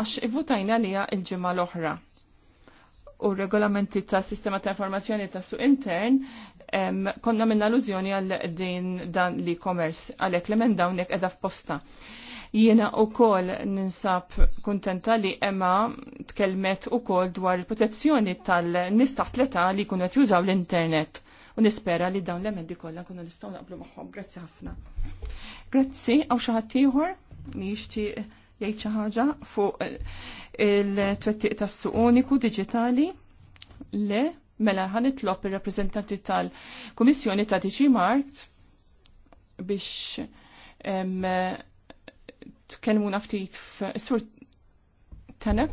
għax ivvutajna hija il-ġimgħa l-oħra u regolamenti ta' sistema ta' informazzjoni ta' su intern, em, konna minna allużjoni għal din dan li commerce għalek li minn dawnek edha f'posta. Jiena u kol ninsab kontenta li Emma tkelmet u kol dwar il-protezzjoni tal-nis taħt l-età li kunu għet jużaw l-internet. U nispera li dawn l-emendi kollha kunu nistgħu naqblu magħhom. Grazzi ħafna. Grazzi, għaw xi ħadd ieħor li jixtieq jgħid xi ħaġa fuq il-twettiq tas-suq uniku diġitali le mela ħanitlob ir-rappreżentanti tal-Kummissjoni ta' Digimart Mart biex tkellmuna ftit sur tenek.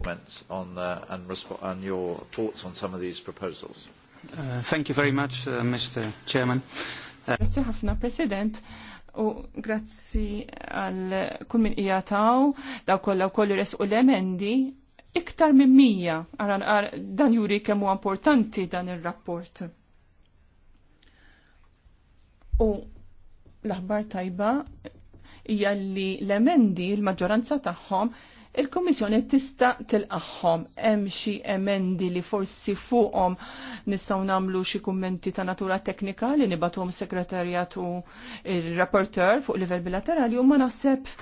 on uh, and, on your thoughts on some of these proposals. Uh, thank you very much, uh, Mr. Chairman. Uh, Grazie ħafna, President u grazzi għal kull min ijataw, daw kolla u kollu resqu l-emendi, iktar minn mija, dan juri kemmu importanti dan il-rapport. U l-aħbar tajba hija li l-emendi l-maġġoranza tagħhom il-Kommissjoni tista' tilqaħħom hemm xi emendi li forsi fuqhom nistgħu nagħmlu xi kummenti ta' natura teknika li nibatuhom sekretarjat u il-rapporteur fuq livell bilaterali u ma naħseb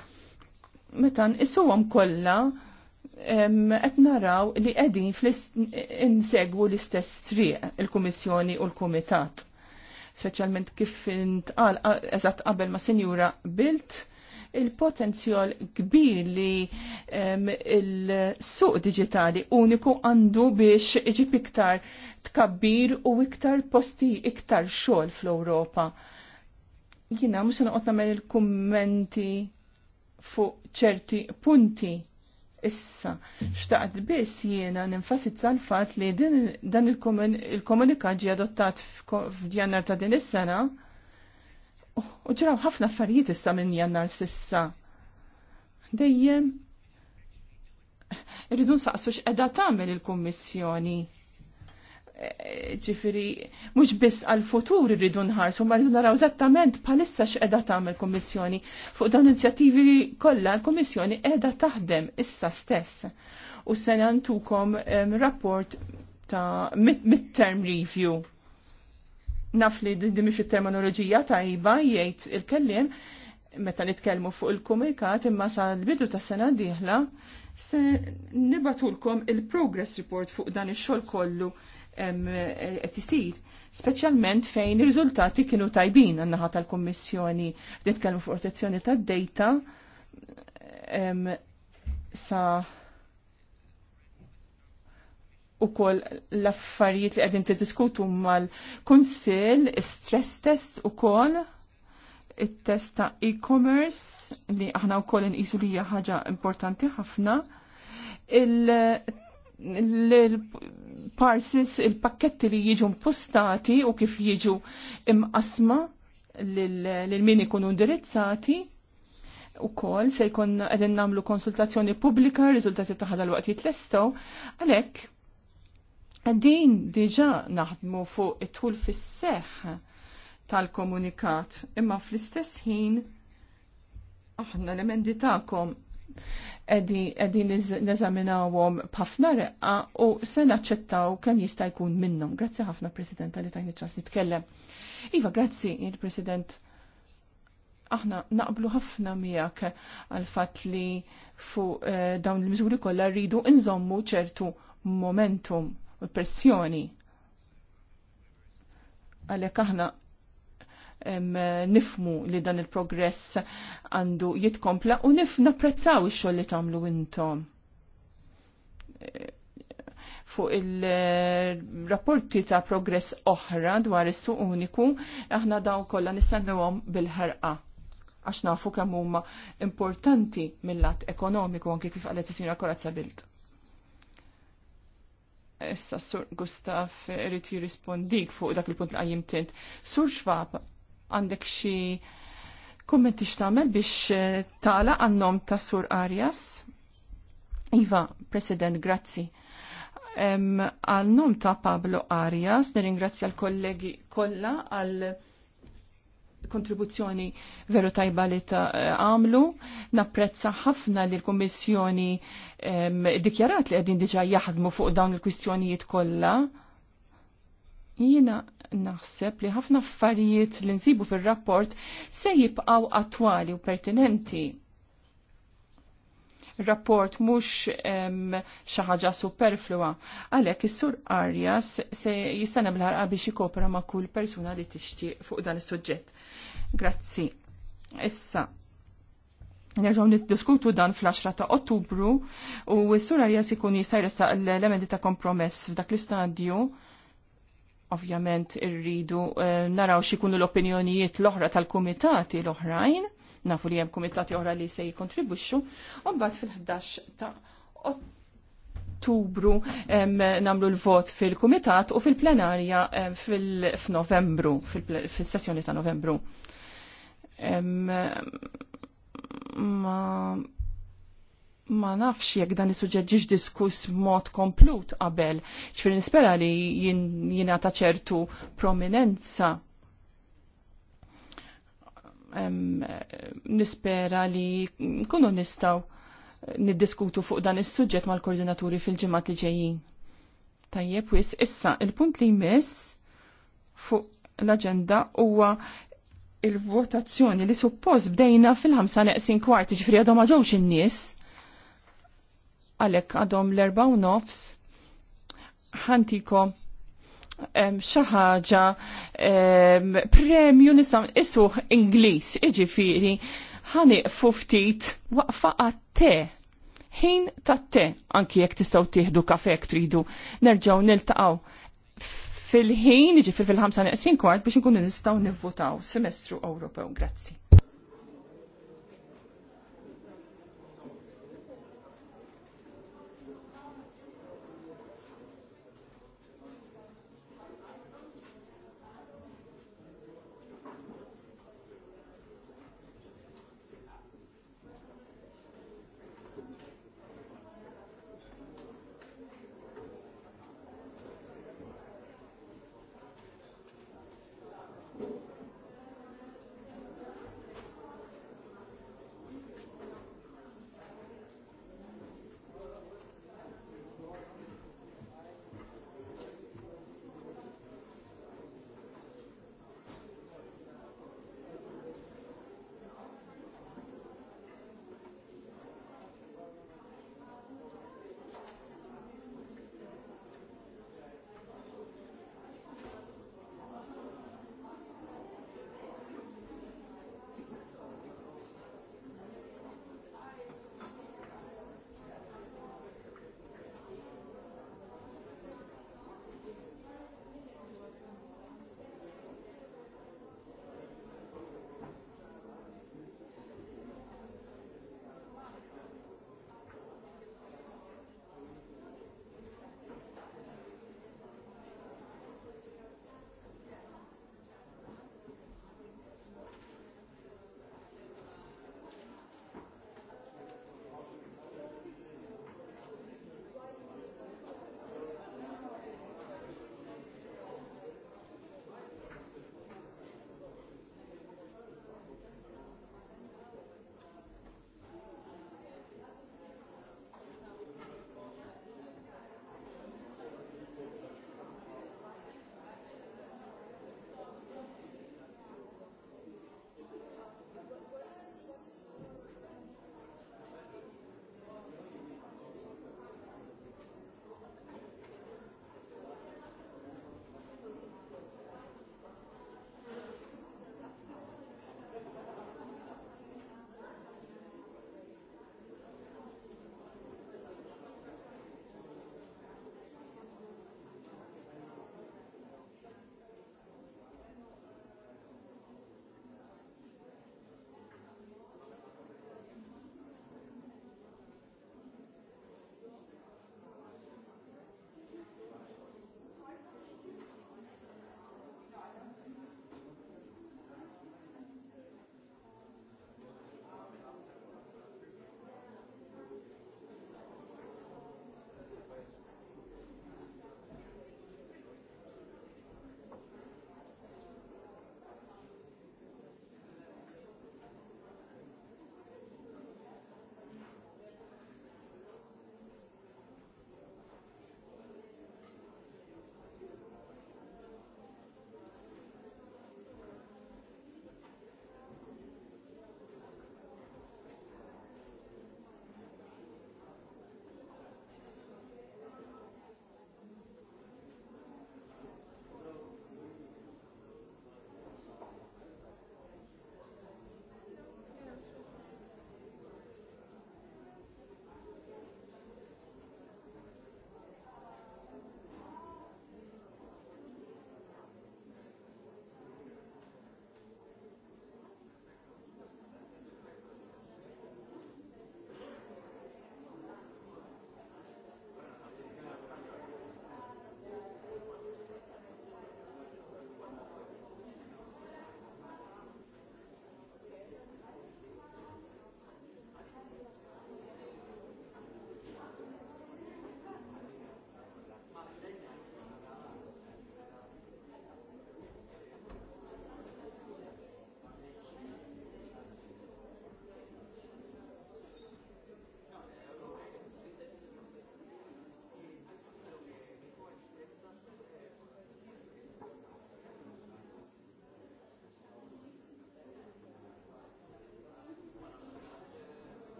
meta nqisuhom kollha qed naraw li qegħdin insegwu l-istess triq il-Kummissjoni u l-Kumitat. Speċjalment kif intqal eżatt qabel ma' Sinjura Bilt il-potenzjol kbir li il-suq digitali uniku għandu biex iġib iktar tkabbir u iktar posti iktar xogħol fl-Ewropa. Jina mhux noqgħod nagħmel il-kummenti fuq ċerti punti issa xtaqt biss jiena ninfasizza l-fatt li din, dan il-komunikat ġie adottat f'jannar ta' din is-sena U ġraw ħafna affarijiet issa minn jannar sissa. Dejjem irridu nsaqsu x'qeda tagħmel il-Kummissjoni. E, Ġifieri mhux biss għall-futur irridu nħarsu, ma rridu naraw eżattament bħalissa x'qeda tagħmel kummissjoni fuq dawn l-inizjattivi kollha l-Kummissjoni qiegħda taħdem issa stess. U se nantukom rapport ta' mid-term review naf li di il it-terminoloġija tajba jgħid il-kelliem meta nitkellmu fuq il-kumikat imma sa l-bidu ta' sena diħla se nibatulkom il-progress report fuq dan ix-xogħol kollu qed isir, speċjalment fejn ir-riżultati kienu tajbin għan-naħa tal-Kummissjoni nitkellmu fuq protezzjoni tad-data sa u koll l-affarijiet li għedin t-diskutu mal-Kunsil, stress test u koll, il-test ta' e-commerce li aħna u koll nqisu li ħaġa importanti ħafna, il-parsis, il-pakketti li jiġu postati u kif jiġu imqasma lil-min ikunu indirizzati, u kol se jkun għedin namlu konsultazzjoni publika, rizultati taħda l-waqt jitlestaw, għalek Din diġa naħdmu fuq it-tul fis-seħ tal-komunikat, imma fl-istess ħin aħna l-emendi ta'kom edin neżaminawhom b'ħafna reqqa u se naċċettaw kemm jista' jkun minnhom. Grazzi ħafna President li tajni ċans nitkellem. Iva, grazzi il-President aħna naqblu ħafna miegħek għal fatt li fuq eh, dawn il-miżuri kollha rridu nżommu ċertu momentum u pressjoni. Għalhekk aħna nifmu li dan il-progress għandu jitkompla u nif napprezzaw ix-xogħol li tagħmlu intom. Fuq il-rapporti ta' progress oħra dwar is-suq uniku, aħna dawn kollha nistennuhom bil ħarqa għax nafu kemm huma importanti mill-lat ekonomiku anke kif qalet is-sinjora Korazza Bilt. Issa Sur Gustaf irid jirrispondik fuq dak il-punt li qajjim tint. Sur Xwab, għandek xi kummenti x'tagħmel biex eh, tala għannom ta' Sur Arias? Iva, President, grazzi. Għal-nom ta' Pablo Arias, nirringrazzja l-kollegi kollha għal kontribuzzjoni veru tajba li ta' għamlu. Napprezza ħafna li l-Kommissjoni dikjarat li qegħdin diġà jaħdmu fuq dawn il-kwistjonijiet kollha. Jiena naħseb li ħafna affarijiet li nsibu fir-rapport se jibqgħu attwali u pertinenti. Rapport mhux xi ħaġa superflua. Għalhekk is-sur Arias se jistana bl-ħarqa biex jikopra ma' kull persuna li tixtieq fuq dan is-suġġett. Grazzi. Issa, Nerġaw niddiskutu dan fl-10 ta' Ottubru u s sura Arias ikun jista' jressaq l-elementi ta' kompromess f'dak l-istadju. Ovvjament irridu eh, naraw x'ikunu l-opinjonijiet l-oħra tal-kumitati l-oħrajn, nafu li hemm kumitati oħra li se jikontribwixxu, u mbagħad fil-11 ta' Ottubru namlu l-vot fil-kumitat u fil-plenarja fil-novembru, fil-sessjoni ta' novembru ma ma nafx jekk dan is-suġġett diskuss mod komplut qabel, ċfir nispera li jina ta' ċertu prominenza. nispera li nkunu nistaw niddiskutu fuq dan is-suġġett mal-koordinaturi fil-ġimgħat li ġejjin. Tajjeb wis issa il-punt li jmiss fuq l-aġenda huwa il-votazzjoni li suppost bdejna fil-ħamsa neqsin kwarti ġifri għadhom ġewx in-nies għalhekk għadhom l-erba' u nofs ħantikom xi ħaġa premju nisam isuħ Ingliż iġifiri, ħaniqfu ftit waqfa għatte, te ħin tat-te anki jekk tistgħu tieħdu kafek tridu nerġgħu niltaqgħu fil-ħin, ġifir fil ħamsa neqsin kwart biex nkunu nistaw nivvotaw semestru Ewropew. Grazzi.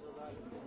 nazzjonali.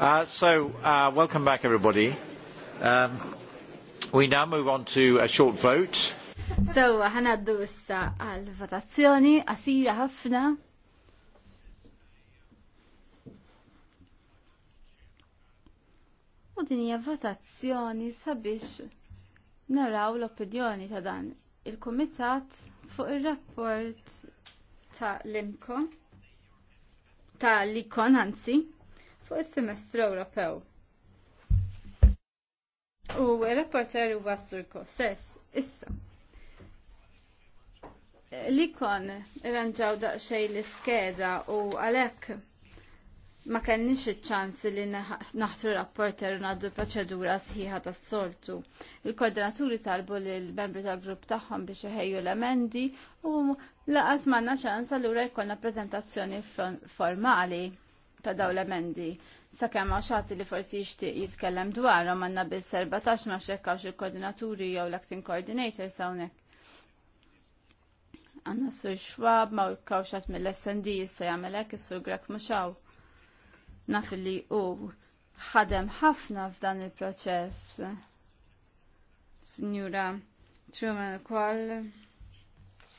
Uh, so, uh, welcome back, everybody. Um, we now move on to a short vote. So, ħanaddu issa għal votazzjoni qasira ħafna. U din hija votazzjoni sabiex naraw l-opinjoni ta' dan il-kumitat fuq ir-rapport ta' l-imkon ta' l-ikon anzi fuq is-semestru Ewropew. U r-rapporter u Sur Kossess issa. Likon irranġaw ranġaw daqsxejn l-iskeda u għalhekk ma kellniex iċ-ċans li naħtru rapporter u ngħaddu proċedura sħiħa tas-soltu. Il-koordinaturi talbu lill membri tal-grupp tagħhom biex iħejju l-emendi u laqas m'għandna ċans allura jkollna preżentazzjoni formali ta' daw l-emendi. Sakemm għax ħati li forsi jixtieq jitkellem dwarhom għandna biss 14 ma xekkax il-koordinaturi jew l-acting coordinators hawnhekk. Għanna sur xwab ma kawxat mill-SND jista' jagħmel hekk is-sur Grek Muxaw. Naf li hu ħadem ħafna f'dan il-proċess. Signora Truman ukoll.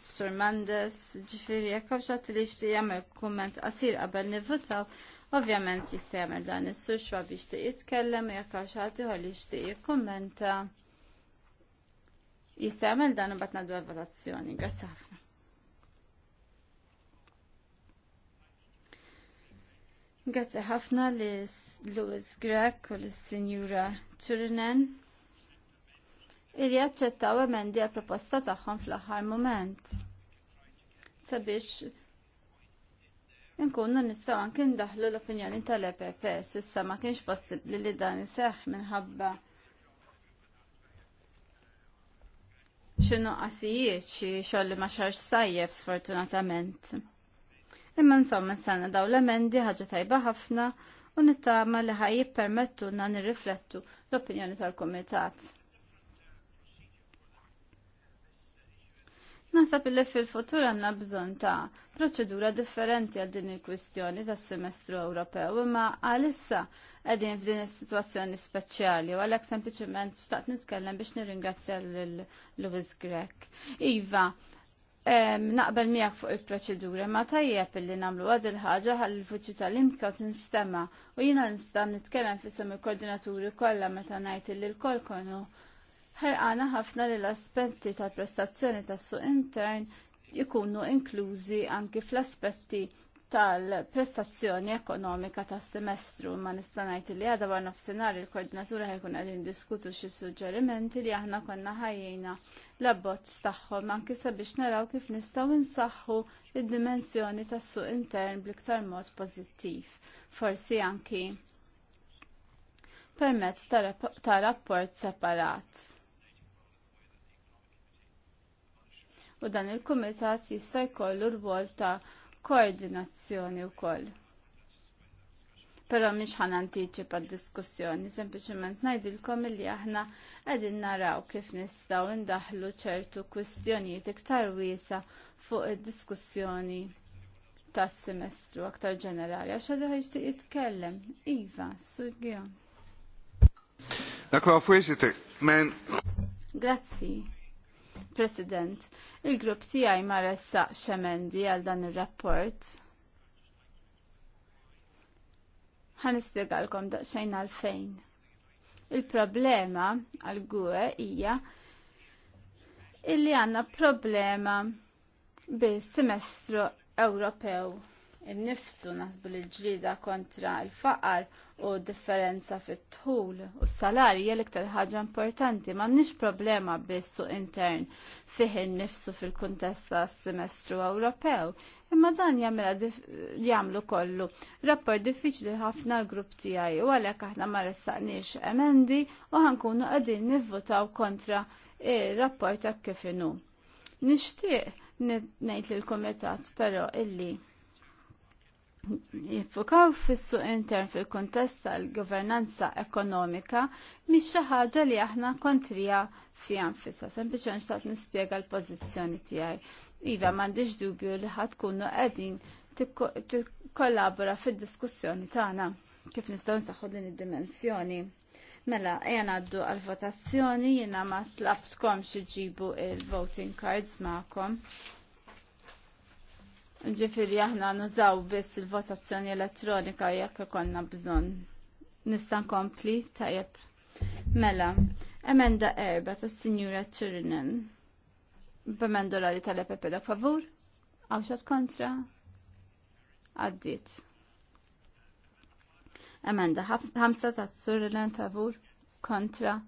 Sur Mendes, ġifiri, jekkaw xat li xti jamel komment qasir qabel nivvotaw, Ovvjament jagħmel dan is-suxwa biex ti jitkellem u jekk għax ħadd ieħor li jixtieq jikkummenta. jagħmel dan u bad ngħaddu votazzjoni. Grazzi ħafna. Grazzi ħafna li Louis Grek u lis sinjura Turinen il jaċċettaw emendi għal proposta tagħhom fl-aħħar moment. Sabiex Nkunna nistgħu anke ndaħlu l-opinjoni tal-EPP s'issa ma kienx possibbli li dan iseħħ minħabba x'inhu qasijiet xi xolli ma xarx sajjeb sfortunatament. Imma insomma sanna daw l-emendi ħaġa tajba ħafna u nittama li ħaj jippermettuna nirriflettu l-opinjoni tal-Kumitat. Nasab illi fil-futur għanna bżon ta' proċedura differenti għal din il-kwistjoni tas semestru Ewropew, imma għalissa għedin f'din is-sitwazzjoni speċjali u għalhekk sempliċement xtaqt nitkellem biex nirringrazzja lil Lewis Grek. Iva, naqbel miegħek fuq il-proċedura ma tajjeb illi nagħmlu għad il-ħaġa għal il-fuċi tal-imka tinstema' u jiena nista' nitkellem fissam il-koordinaturi kollha meta ngħid illi l-kol konu ħerqana ħafna li l-aspetti tal-prestazzjoni tas-suq intern jikunu inklużi anki fl-aspetti tal-prestazzjoni ekonomika tas semestru ma nista' ngħid li għadha war nofsinhar il-koordinatura ħajkun qegħdin diskutu xi suġġerimenti li aħna konna ħajjina l-abbozz tagħhom anke sabiex naraw kif nistgħu nsaħħu id-dimensjoni tas-suq intern bl-iktar mod pożittiv. Forsi anki permezz ta' rapport separat. u dan il-kumitat jista' jkollu rwol ta' koordinazzjoni wkoll. Però mhix ħan antiċipa d-diskussjoni, sempliċement ngħidilkom li aħna qegħdin naraw kif nistgħu ndaħlu ċertu kwistjonijiet iktar wiesa fuq id-diskussjoni tas semestru aktar ġenerali, għax għadu ħiġti jitkellem. Iva, sugjon. Grazzi. President, il-grupp tiegħi ma ressaqx xemendi għal dan ir-rapport. Ħan nispjegalkom daqsxejn għalfejn. Il-problema għal gwe hija illi għandna problema bis-semestru Ewropew innifsu naħsbu l-ġlida kontra l-faqar u differenza fit-tħul u s-salari hija l-iktar ħaġa importanti m'għandniex problema biss suq intern fih innifsu fil-kuntest tas-semestru Ewropew. Imma dan jagħmlu kollu rapport diffiċli ħafna l-grupp tiegħi u għalhekk aħna ma ressaqniex emendi u ħankunu qegħdin nivvotaw kontra r rapport kif inhu. Nixtieq ngħid lill-kumitat però illi jiffukaw fissu intern fil-kuntest tal-governanza ekonomika mis xi ħaġa li aħna kontrija fi anfisha, sempliċement xtaqt nispjega l-pożizzjoni tiegħi. Iva m'għandix dubju li għedin qegħdin tikkollabora fid-diskussjoni tagħna kif nistgħu nsaħħu din id-dimensjoni. Mela, ejja ngħaddu għal-votazzjoni jiena ma tlabtkomx xieġibu il-voting cards magħkom. Ġifiri aħna nużaw biss il-votazzjoni elettronika jekk konna bżonn. Nista' nkompli tajjeb. Mela, emenda erba tas sinjura Turinen. B'emenda li tal-EPP da' favur? Għaw kontra? Għaddit. Emenda ħamsa tas Turinen favur? Kontra?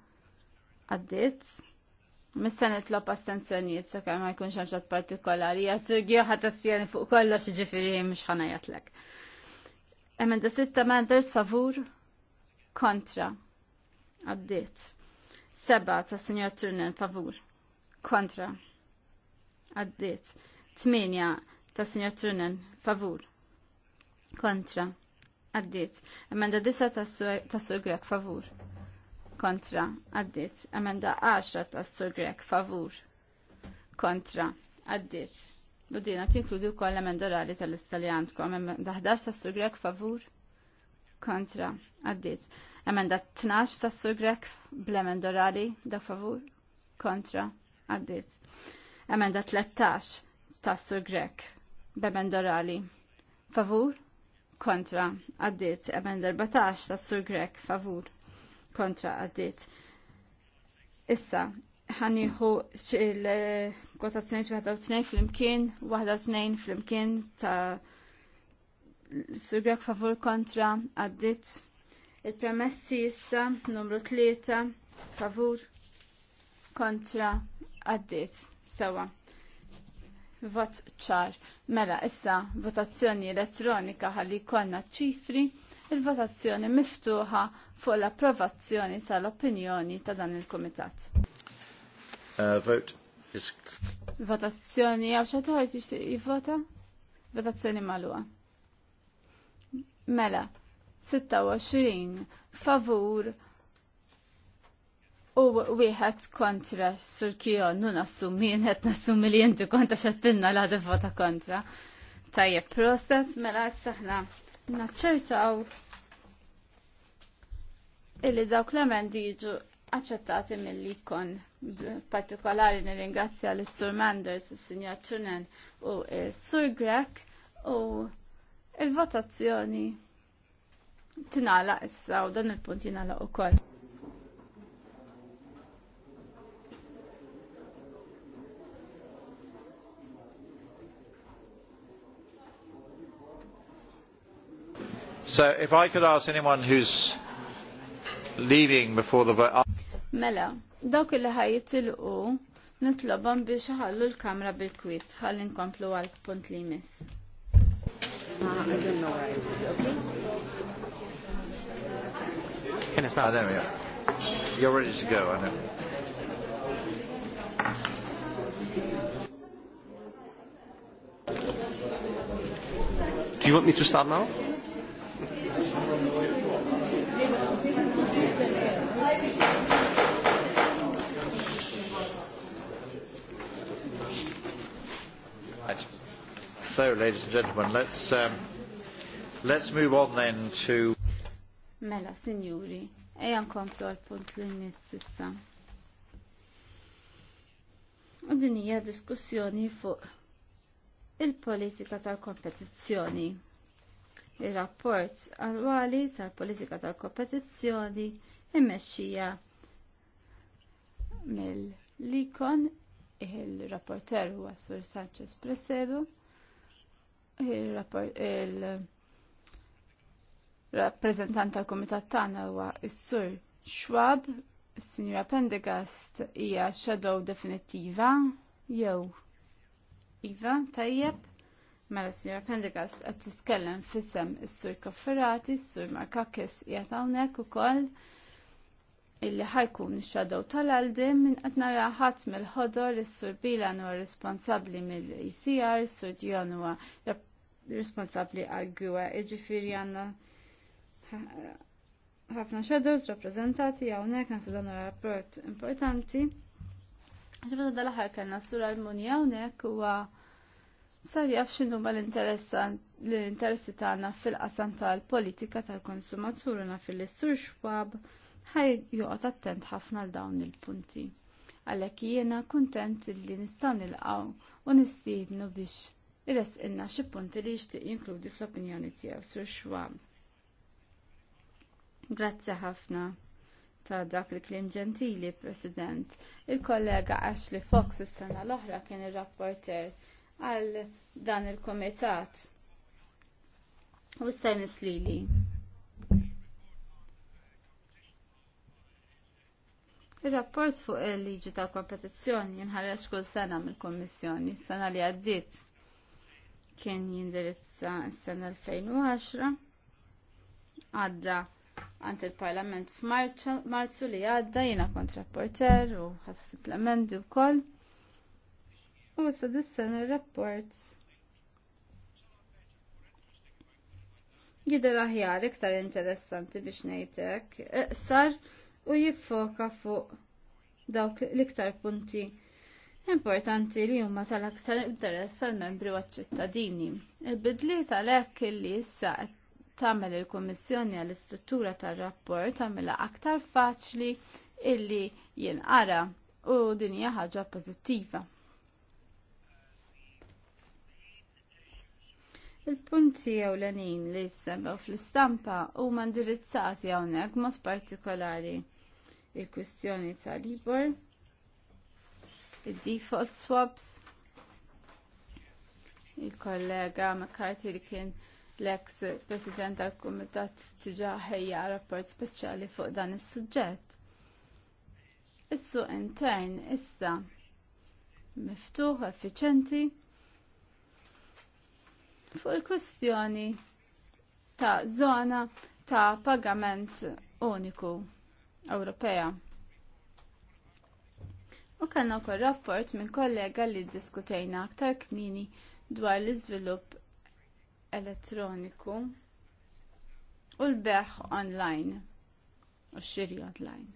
Għaddit. Mista astenzjoniet astenzjonijiet sakemm ma jkunx hemm xogħol partikolari, ja Sergio ħadd tassjoni fuq kollox jiġifieri mhux ħanajatlek. Emenda sitta manders favur kontra għaddiet. Seba ta' Sinjor Turnen favur kontra għaddiet. Tminja ta' Sinjor Turnen favur kontra għaddiet. Emenda disa ta' Sur Grek favur kontra għaddit. Emenda 10 ta' Sur Grek favur kontra għaddit. Budina tinkludi wkoll emenda rali tal-istaljantkom. Emenda 11 ta' Sur Grek favur kontra għaddit. Emenda 12 ta' Sur Grek bl-emenda da' favur kontra għaddit. Emenda 13 ta' Sur Grek b'emenda rali favur kontra għaddit. Emenda 14 ta' Sur Grek favur kontra għaddit. Issa, ħanniħu il-kotazzjoni 21 fl-imkien, 21 fl-imkien ta' sugrek favur kontra għaddit. Il-premessi issa numru 3 favur kontra għaddit. Sawa. Vot ċar. Mela, issa votazzjoni elettronika ħalli konna ċifri il-votazzjoni miftuħa fuq l-approvazzjoni sal-opinjoni ta' dan il-Komitat. Uh, Votazzjoni għaw xaħtaħi tixtiq jivvota? Votazzjoni malwa. Mela, 26 favur u wieħed kontra surkijo, nun assumin, [LAUGHS] għet nassumi li jinti konta xattinna la vota kontra. Tajjeb, prostat, mela s-saħna naċċertaw illi dawk l-emendi jiġu aċċettati mill kon partikolari nirringrazzja l sur Manders, il signor Tunen u il-Sur Grek u il-votazzjoni tinala issa u dan il-punt jinala u koll. So if I could ask anyone who's leaving before the vote. Mela, dawk il ħajt il u nitlobhom biex ħallu l-kamra bil-kwiet Ħallin komplu għal punt li jmiss. Can I start? there we are. You're ready to go, I know. Do you want me to start now? So, ladies and gentlemen, let's, um, let's move on then to... Mela, signori, ejan komplu għal-punt li nississa. U din hija diskussjoni fuq il-politika tal-kompetizzjoni. Il-rapport annwali tal-politika tal-kompetizzjoni immexxija mill-Likon il-rapporter huwa Sur Sanchez Presedo il-rappresentant tal-Komitat tagħna huwa s sur Schwab, signora Pendegast hija shadow definittiva jew Iva tajjeb. Mela signora Pendegast qed tiskellem fissem is-Sur Kofferati, s sur Markakis qiegħed hawnhekk ukoll. koll illi ħajkun ix tal-għaldi minn qed nara ħadd mill-ħodor is-sur Bilan huwa responsabbli mill-ICR, sur Dion huwa responsabbli għal gwa jiġifieri għandna ħafna shadows rappreżentati hawnhekk għandu dan rapport importanti. Ġibda dal-aħħar kellna sur Almuni hawnhekk huwa sar jaf x'inhu l-interessi tagħna fil-qasam tal-politika tal-konsumatur u naf fil-istur xwab ħaj joqgħod attent ħafna għal dawn il-punti. Għalhekk jiena kuntent li nista' nilqgħu u nistiednu biex irresqilna xi punti li jixtieq jinkludi fl-opinjoni tiegħu sur xwam. Grazzi ħafna ta' dak li klim ġentili, President. Il-kollega Ashley Fox is-sena l-oħra kien ir-rapporter għal dan il-komitat. U s-sajmis lili. Il-rapport fuq il-liġi ta' kompetizzjoni jinħarreġ kull sena mill-Kommissjoni. Sena li għaddit kien jindirizza s-sena 2010 għadda għant il-Parlament f'Marzu li għadda jina kontrapporter u ħat supplementi u koll. U sa' dis-sena il-rapport Jidher aħjar iktar interessanti biex ngħidlek. Sar u jiffoka fuq dawk l-iktar punti importanti li huma tal-aktar interess tal-membri u ċittadini. Il-bidliet għalhekk li issa tagħmel il-Kummissjoni għall-istruttura tar-rapport tagħmilha aktar faċli illi jinqara u din hija ħaġa pożittiva. Il-punti ewlenin li jissemmew fl-istampa huma indirizzati hawnhekk mod partikolari il-kwistjoni ta' libor, il-default swaps, il-kollega McCarthy li kien l-ex president tal-Kumitat tiġa ħejja rapport speċjali fuq dan is-suġġett. Issu intern issa miftuħ, effiċenti fuq il-kwestjoni ta' zona ta' pagament uniku. Ewropea. U kellna wkoll rapport minn kollega li ddiskutejna aktar kmini dwar l-iżvilupp elettroniku u l-beħ online u x-xiri online.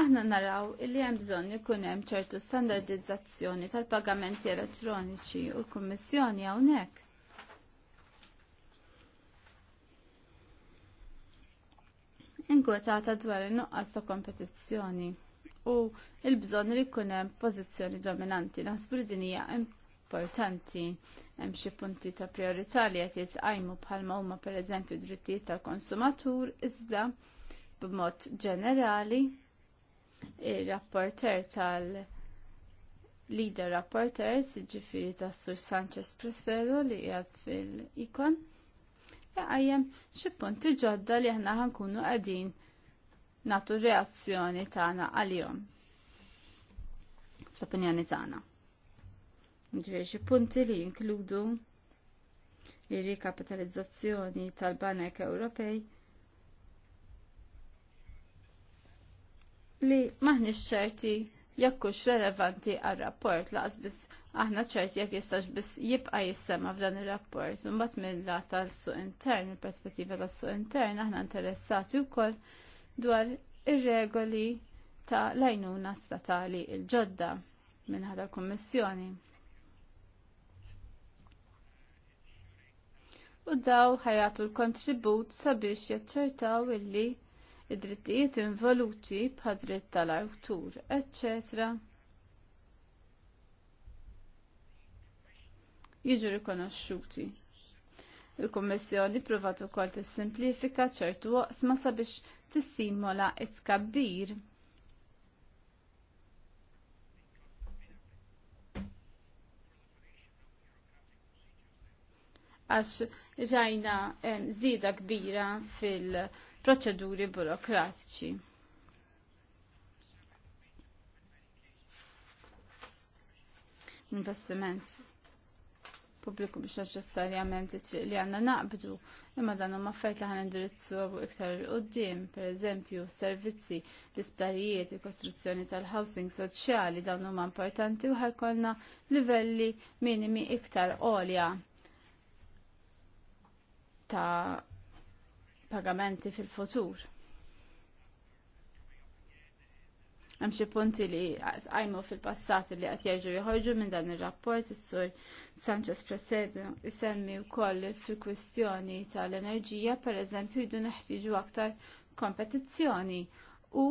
Aħna naraw li hemm bżonn ikun hemm ċertu standardizzazzjoni tal-pagamenti elettroniċi u l-Kummissjoni hawnhekk. Inkotata dwar in-nuqqas ta' kompetizzjoni u l-bżonn li jkun hemm pożizzjoni dominanti naħsbu li din hija importanti hemm xi punti ta' priorità li qed jitqajmu bħalma huma pereżempju drittijiet tal-konsumatur iżda b'mod ġenerali il-rapporter tal- leader rapporters, ġifiri tas Sur Sanchez Presedo li jgħad fil-ikon. Jgħajem xi punti ġodda li aħna ħankunu qegħdin nagħtu reazzjoni tagħna għalihom. Fl-opinjoni tagħna. Ġifiri xi punti li jinkludu ir-rikapitalizzazzjoni tal-Banek Ewropej li maħniex ċerti jekkux relevanti għal rapport laqas biss aħna ċerti jekk jistax biss jibqa jissema f'dan ir-rapport. Imbagħad mill tal-suq intern, il-perspettiva tas-suq intern, aħna interessati wkoll dwar ir-regoli ta' lajnuna statali il-ġodda minn minħabba kummissjoni. U daw ħajatu l-kontribut sabiex jaċċertaw illi id-drittijiet involuti bħad dritt tal-awtur, etc. jiġu rikonoxxuti. Il-Kummissjoni provat ukoll tissimplifika ċertu waqsma sabiex tissimola it-tkabbir. Għax rajna żieda kbira fil- proċeduri burokratiċi. Investiment pubbliku biex neċessarjament li għanna naqbdu, imma dan huma affarijiet li ħan indirizzu għabu iktar l qoddim pereżempju servizzi, l-isptarijiet, il-kostruzzjoni tal-housing soċjali dawn huma importanti u ħajkolna livelli minimi iktar għolja ta' pagamenti fil-futur. Hemm xi punti li għajmu fil-passat li qed jerġgħu joħorġu minn dan ir-rapport is-sur Sanchez Presedo isemmi wkoll fil-kwistjoni tal-enerġija pereżempju jdu neħtieġu aktar kompetizzjoni u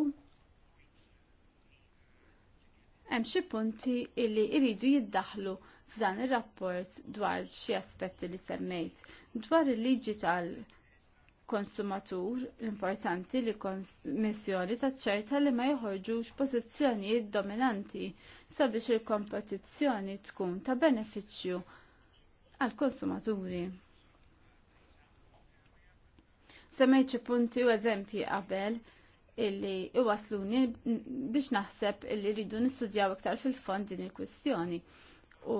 hemm xi punti li jridu jiddaħħlu f'dan ir-rapport dwar xi aspetti li semmejt dwar il-liġi tal- konsumatur importanti li kommissjoni ċerta li ma joħorġux pożizzjonijiet dominanti sabiex il-kompetizzjoni tkun ta' benefiċċju għall konsumaturi Semmejt xi punti u eżempji qabel illi iwasluni biex naħseb illi rridu nistudjaw iktar fil-fond din il-kwistjoni. U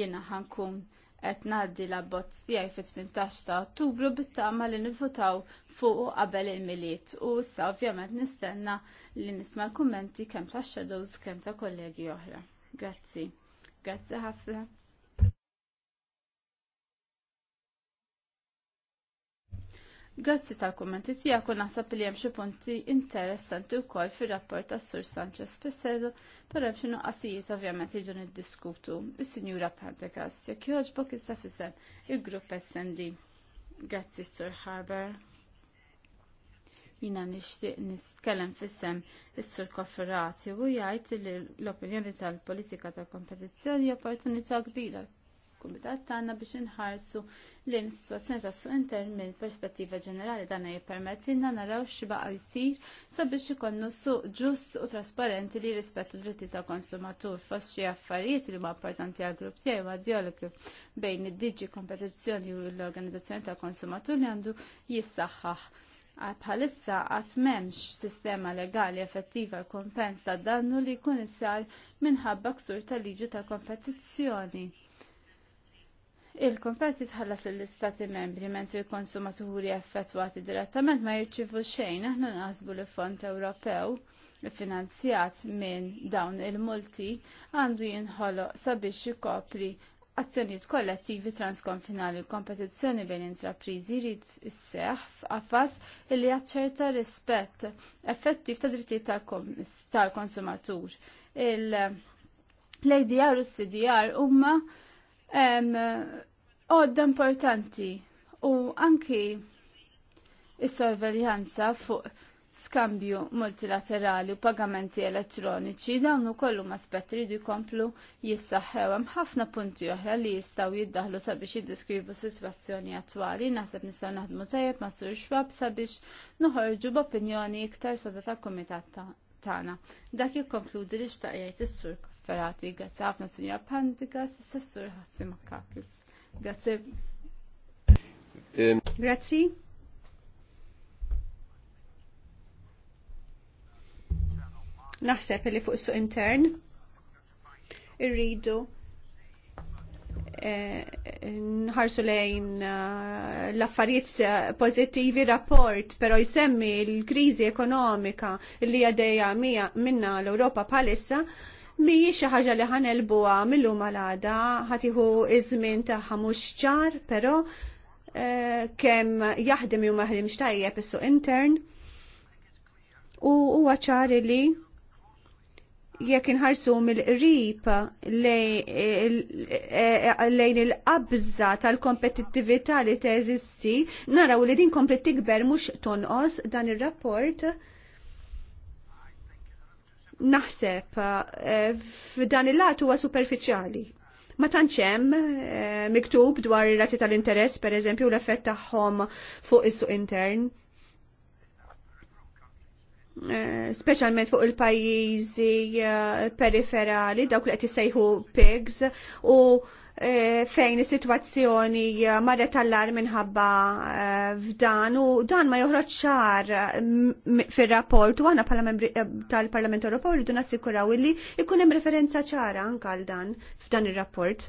jiena ħankun qed ngħaddi l-abbozz tiegħi fit-18 ta' Ottubru bit-tama li nivvutaw fuq qabel il-miliet u issa ovvjament nistenna li nisma' l-kummenti kemm tax-shadows kemm ta' kollegi oħra. Grazzi. Grazzi ħafna. Grazzi tal-kommenti tijak u naħseb li hemm xi punti interessanti wkoll fir-rapport tas Sur Sanchez Pesedo, però hemm xi il ovvjament jiġu diskutu il sinjura Pentecost jekk jogħġbok il-safisem il-grupp SND. Grazzi Sur Harber. Jina nixtieq niskellem fissem is-Sur Kofferati u jgħid li l-opinjoni tal-politika tal-kompetizzjoni opportunità kbira kumitat tagħna biex inħarsu lejn is-sitwazzjoni tas-suq intern minn perspettiva ġenerali dan jippermettilna naraw x'baqa' jsir sabiex ikollnu suq ġust u trasparenti li rispetta dritti ta' konsumatur fost xi affarijiet li huma importanti għal grupp tiegħi huwa dialogu bejn id-diġi kompetizzjoni u l-organizzazzjoni ta' konsumatur li għandu jissaħħaħ. Bħalissa għat memx sistema legali effettiva l-kompens ta' dannu li jkun issar minħabba ksur tal liġi ta' kompetizzjoni il kumpens jitħallas l-istati membri mens il-konsumaturi effettwati direttament ma jirċivu xejn aħna naħsbu li fond Ewropew finanzjat minn dawn il-multi għandu jinħoloq sabiex jikopri azzjonijiet kollettivi transkonfinali kompetizzjoni bejn intraprizi jrid isseħ f'qafas li jaċċerta rispett effettiv ta' drittijiet tal-konsumatur. Il-ADR u s-CDR huma għodda importanti u anki is-sorveljanza fuq skambju multilaterali u pagamenti elettroniċi dawn ukoll huma aspett ridu jkomplu jissaxħew hemm ħafna punti oħra li jistgħu jiddaħlu sabiex jiddiskrivu sitwazzjoni attwali naħseb nistgħu naħdmu tajjeb ma' Sur xwab sabiex noħorġu b'opinjoni iktar soda tal-kumitat tagħna. Dak jikkonkludi li xtaqjajt is surk Ferati, grazzi ħafna Sinja Pantika, s-sessur ħassi Makkakis. Grazzi. Grazzi. Naħseb li fuq suq intern irridu eh, nħarsu lejn eh, l-affarijiet eh, pozittivi rapport, pero jsemmi l-krizi ekonomika li għadeja minna l-Europa palissa, mi xi ħaġa li ħanelbuha mill-lum għal-għada ħatiħu iż-żmien tagħha mhux ċar, però eh, kemm jaħdem jew maħdimx tajjeb is-suq intern u huwa ċari li jekk inħarsu mill-qrib eh, lejn il-qabża tal-kompetittività li teżisti, naraw li din komplet tikber mhux tonqos dan ir-rapport naħseb eh, f'dan il-lat huwa superfiċjali. Ma tantx hemm eh, miktub dwar ir-rati tal-interess pereżempju l-effett tagħhom fuq is-suq intern. Eh, speċjalment fuq il-pajjiżi periferali dawk li qed jissejħu pigs u E, fejn is-sitwazzjoni tal-lar minħabba e, f'dan u dan ma joħroġ ċar fir-rapport u għana membri e, tal-Parlament Europol rridu nassikuraw illi jkun hemm referenza ċara anke għal dan f'dan ir-rapport.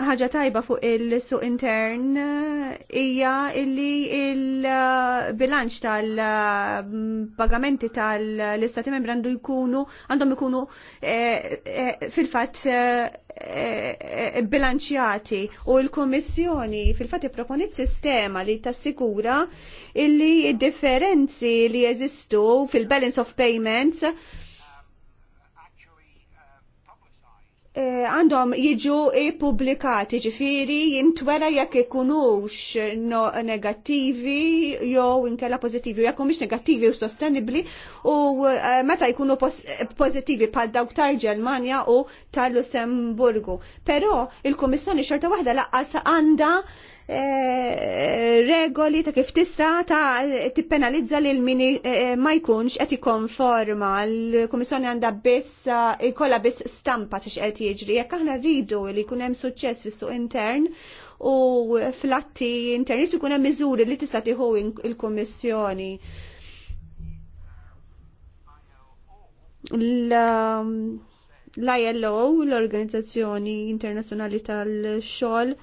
Ħaġa tajba fuq il-suq intern hija illi il-bilanċ tal-pagamenti tal-istati membri għandu jkunu għandhom ikunu fil-fatt Eh, eh, bilanċjati u l-Kummissjoni fil fatt proponit sistema li tassigura illi differenzi li jeżistu fil-balance of payments Eh, għandhom jiġu i-publikati ġifiri jintwera jekk ikunux no negativi jew inkella pozittivi, jekk mhux negativi u sostenibli u eh, meta jkunu pozittivi pal dawk tal-Ġermanja u tal-Lussemburgu. Però il-Kummissjoni xorta waħda laqqas għandha Eh, regoli ta' kif tista ta' tippenalizza lil mini eh, ma jkunx qed ikkonforma l-Kummissjoni għandha biss ikolla eh, biss stampa ta' qed jiġri. Jekk aħna rridu li jkun hemm suċċess fis-suq intern u flatti intern, ikun hemm miżuri li tista' tiħu il-Kummissjoni. l-ILO, um, l-Organizzazzjoni Internazzjonali tal-Xogħol,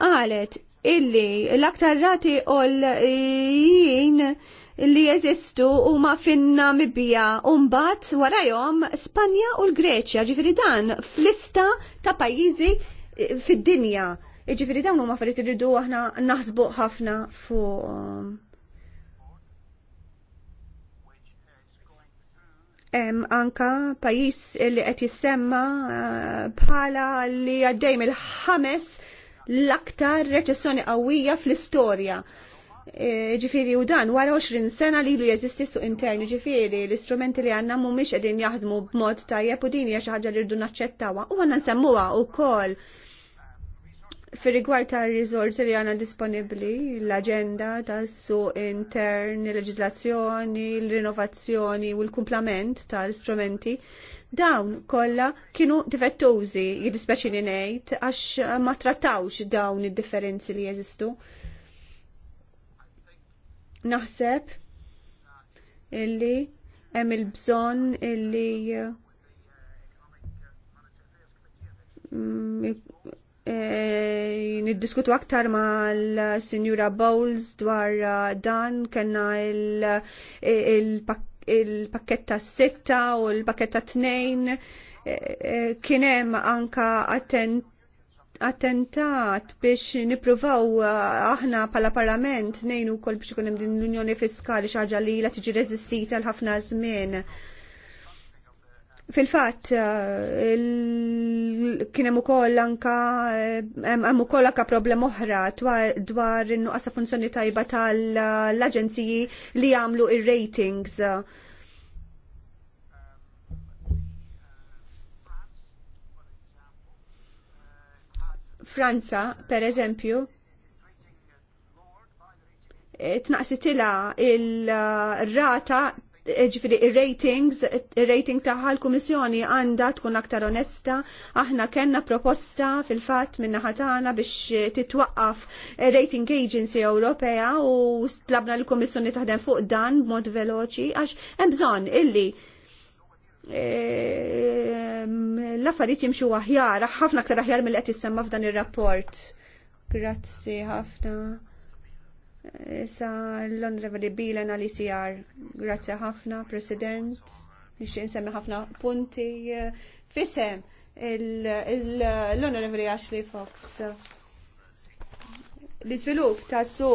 qalet illi l-aktar rati u jien li jeżistu huma finna mibija umbat warajom Spanja u l-Greċja, ġifiri dan flista ta' pajjiżi eh, fid-dinja. Ġifiri dawn huma farit irridu aħna naħsbu ħafna fuq. Hemm anka pajjiż li qed jissemma eh, bħala li għaddejm il ħames l-aktar reċessjoni qawwija fl-istorja. E, ġifiri u dan wara 20 sena li lu jeżisti suq interni ġifiri l-istrumenti li għanna miex edin jaħdmu b'mod tajjeb u din hija xi ħaġa li rridu naċċettawha u għandna nsemmuha wkoll fir rigward ta' rizorsi li għanna disponibli, l-agenda ta' su intern, il-leġizlazzjoni, l-rinnovazzjoni u l-kumplament ta' l-istrumenti, Dawn kollha kienu difettużi jiddispeċini ngħid għax eh, ma trattawx dawn id-differenzi li jeżistu. Naħseb illi hemm il-bżonn illi mm, eh, niddiskutu aktar ma l-Sinjura Bowles dwar eh, dan kena il-pakket il-pakketta sitta u l-pakketta tnejn eh, eh, kienem anka attentat biex nipruvaw eh, aħna pala parlament nejnu kol biex kunem din l-Unjoni Fiskali xaġa li la tiġi rezistita l-ħafna żmien Fil-fatt, eh, kienem u koll anka, eh, hemm ukoll anka problem oħra dwar in-nuqqasa funzjoni tajba tal-aġenziji li għamlu ir-ratings. Franza, per eżempju, eh, tnaqsitila il-rata ġifiri ratings il-rating taħħa l-Komissjoni għanda tkun aktar onesta, aħna kena proposta fil-fat minna ħatana biex titwaqqaf rating agency Ewropea u stlabna l-Komissjoni taħdem fuq dan b'mod veloċi, għax hemm bżonn illi e, l-affarijiet jimxu aħjar, ħafna aktar aħjar mill-qed issemma f'dan ir-rapport. Grazzi ħafna. Issa l-Onorevoli Bilan għal-ICR, grazzi ħafna, President, nix insemmi ħafna punti fisem l-Onorevoli Ashley Fox. L-izvilup ta' su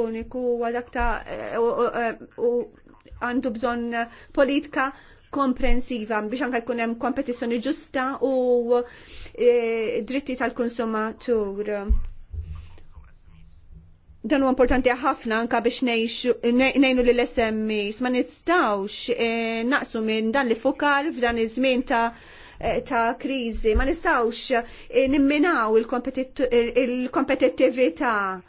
uniku għadak ta' u għandu bżon politika komprensiva biex anka jkun hemm kompetizzjoni ġusta u eh, dritti tal-konsumatur dan huwa importanti ħafna anka biex ngħinu lil SMEs ma nistgħux eh, naqsu minn dan li fukar f'dan iż-żmien ta' eh, ta' kriżi, ma nistgħux eh, nimminaw il-kompetittività. Il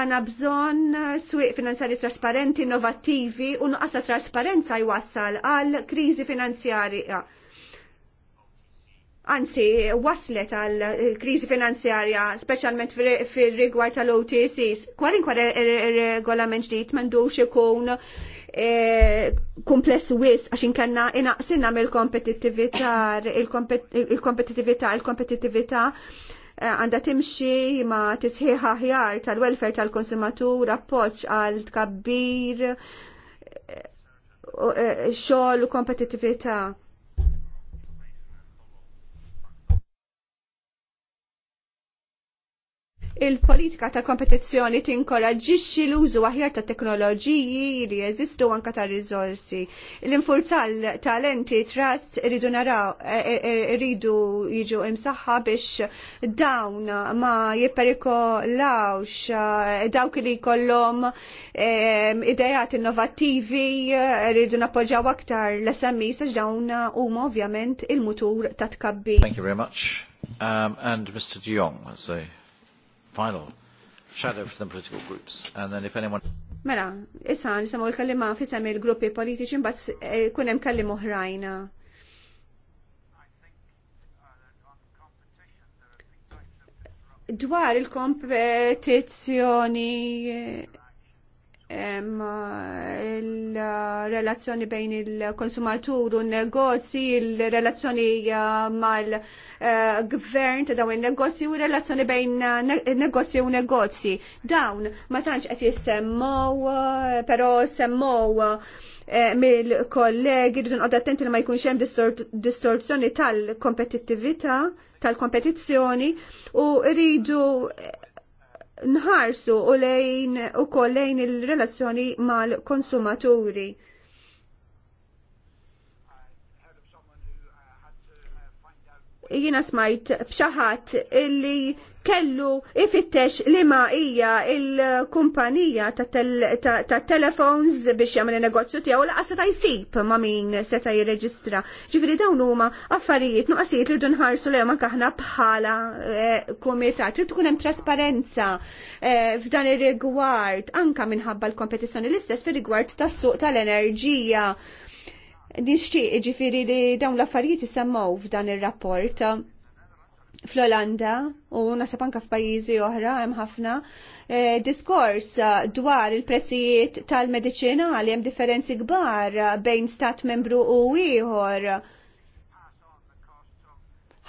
Għana bżon swieq finanzjari trasparenti, innovattivi u nuqqasa trasparenza jwassal għal kriżi finanzjarja anzi waslet għal eh, kriżi finanzjarja, speċjalment fir rigward tal-OTCs, kwalinkwa regolament ġdid m'għandux ikun eh, kumpless wis għax inkanna inaqsinna mill-kompetittività, il kompetitività il kompetitività eh, għanda timxi ma tisħiħa aħjar tal-welfare tal-konsumatur, appoġġ għal tkabbir, xogħol u kompetitività. il-politika ta' kompetizzjoni tinkoraġġixxi l-użu aħjar ta' teknoloġiji li jeżistu anka ta' rizorsi. L-infurzal talenti trust rridu naraw rridu e, e, e, jiġu imsaħħa biex dawn ma jiperikolawx dawk li kollom idejat innovattivi rridu nappoġġaw aktar l-SMIs għax dawn huma ovvjament il-mutur ta' tkabbi. Thank you very much. Um, and Mr. Dion, Jong, let's say final shadow for some political groups. And then if anyone... Mela, issa nisimaw il-kallima fisem il-gruppi politiċi mbagħad eh, kun hemm kallim oħrajn. Dwar il-kompetizzjoni eh, il-relazzjoni bejn il-konsumatur u negozji, il-relazzjoni eh, mal-gvern eh, ta' dawn il-negozji u relazzjoni bejn eh, negozji u negozji. Dawn, ma tantx qed jissemmow, però semmow mill-kollegi rridu nqod attenti li ma jkunx hemm distorsjoni tal-kompetittività tal-kompetizzjoni u rridu nħarsu u lejn u kollejn il-relazzjoni mal-konsumaturi. Jina smajt bxaħat illi kellu ifittex li ma hija il-kumpanija ta' telefons biex jagħmel negozju tiegħu laqas seta' jsib ma' min seta' jirreġistra. Ġifieri dawn huma affarijiet nuqasijiet li rridu nħarsu lejhom anke aħna bħala eh, kumitat. Trid tkun hemm trasparenza eh, f'dan ir-rigward anke minħabba l-kompetizzjoni l-istess fir-rigward tas-suq tal-enerġija. Nixtieq ġifieri li dawn l-affarijiet isemmaw f'dan ir-rapport fl-Olanda u nasab anka f'pajjiżi oħra hemm ħafna eh, diskors eh, dwar il-prezzijiet tal-mediċinali hemm differenzi kbar eh, bejn stat membru u ieħor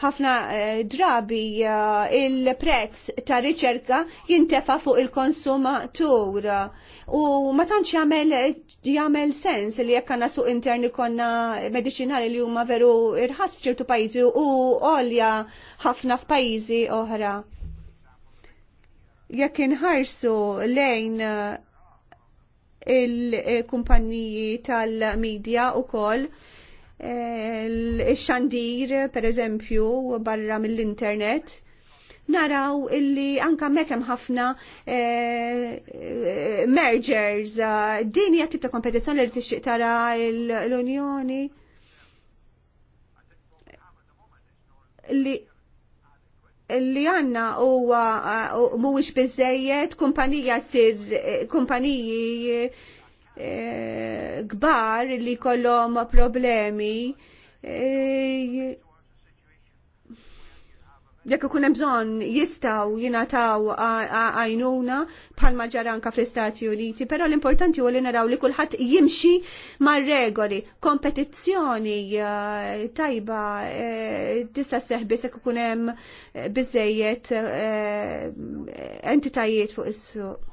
ħafna eh, drabi eh, il-prezz ta' riċerka jintefa' fuq il-konsumatur u ma tantx jagħmel sens li jekk għandna suq interni konna medicinali li huma veru irħas f'ċertu pajjiżi u għolja ħafna f'pajjiżi oħra. Jekk inħarsu lejn eh, il-kumpanniji tal-medja u koll Eh, il-xandir, per eżempju, barra mill-internet, naraw illi anka mekem ħafna eh, mergers, din hija ta' kompetizzjoni li tixtieq tara l-Unjoni. Li għanna u eh, mhuwiex biżejjed kumpanija sir kumpaniji kbar eh, li kollom problemi eh, jekk ikun hemm bżonn jistgħu jingħataw għajnuna bħalma ġaranka fl-Istati Uniti, però l-importanti huwa li naraw li kulħadd jimxi mar-regoli. Kompetizzjoni eh, tajba tista' sseħħ biss jekk ikun hemm biżejjed entitajiet fuq is-suq.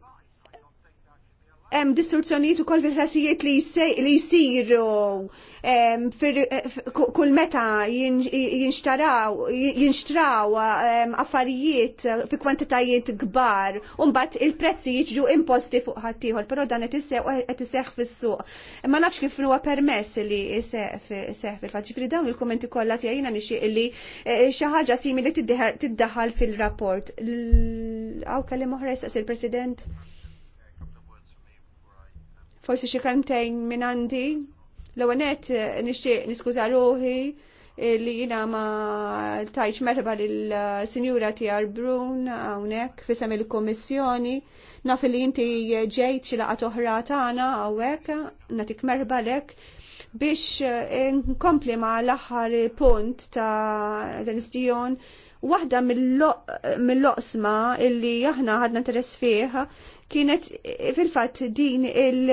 hemm distruzzjonijiet kol fil-ħlasijiet li jsiru eh, kull meta jinxtaraw jinxtraw affarijiet fi kwantitajiet kbar u mbagħad il-prezzi jiġu imposti fuq ħaddieħor, però dan qed iseħħ fis-suq. Ma nafx kif huwa permess li jseħħ fil fat Ġifieri dawn il-kummenti kollha tijajina jiena illi eh, xaħġa simili tiddaħħal fil-rapport. Hawn kalli oħra jistaqsi il-President. Forsi xi kelmtejn minn għandi. L-ewwel nett eh, nixtieq niskuża ruħi eh, li jina ma tajċ merba l-sinjura tijar Brun għawnek fisem il-komissjoni naf li jinti ġejt laqa' toħra tana għawek natik merba lek biex eh, nkompli ma l-axar punt ta' l istijon Waħda mill-loqsma illi aħna ħadna teres fih kienet eh, fil-fatt din il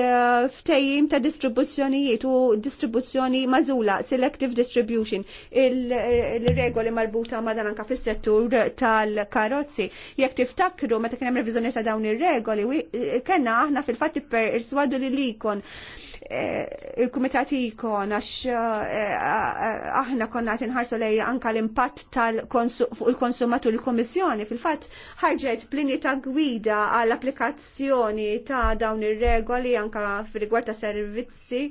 ftejim ta' distribuzzjonijiet u distribuzzjoni mażula, selective distribution, il-regoli marbuta ma' dan anka fis-settur tal-karozzi. Jekk tiftakru meta kien hemm reviżjoni ta' dawn ir-regoli, eh, kena aħna fil-fatt ipperswadu li likon Eh, il-kumitati jikon, għax eh, aħna konna tinħarsu lej anka l-impatt tal-konsumatur il-Komissjoni fil-fatt ħarġet plini ta' gwida għall-applikazzjoni ta' dawn ir-regoli anka fil-rigward ta' servizzi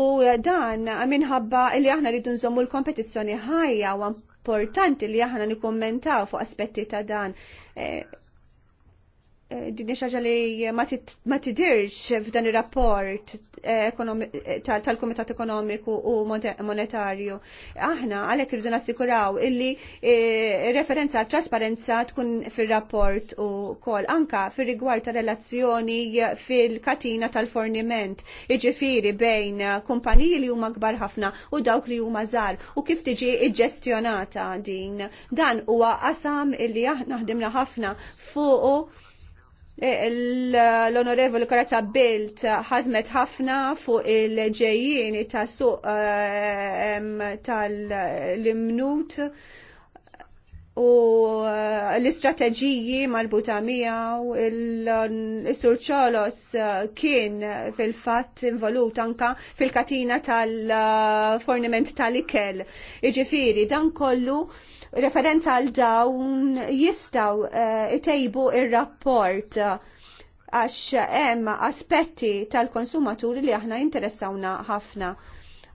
u dan minħabba li aħna rridu nżommu l-kompetizzjoni ħajja u importanti li aħna nikommentaw fuq aspetti ta' dan. Eh, Eh, din xaġa li ma tidirx f'dan ir-rapport eh, eh, tal-Kumitat Ekonomiku u Monetarju. Aħna għalhekk irridu nassikuraw illi referenza għal trasparenza tkun fir-rapport u kol anka fir-rigward ta' relazzjoni fil-katina tal-forniment, iġifieri bejn kumpaniji li huma kbar ħafna u dawk li huma żgħar u kif tiġi iġġestjonata din. Dan huwa qasam illi aħna ħdimna ħafna fuq Eh, l-onorevoli Korazza Bilt ħadmet ħafna fuq il-ġejjini ta' suq eh, tal-imnut u eh, l-istrateġiji marbuta miegħu il-Sur Ċolos kien fil-fatt involut anka fil-katina tal-forniment tal-ikel. Iġifiri, dan kollu referenza għal dawn jistaw eh, itejbu il rapport għax hemm aspetti tal-konsumaturi li aħna interessawna ħafna.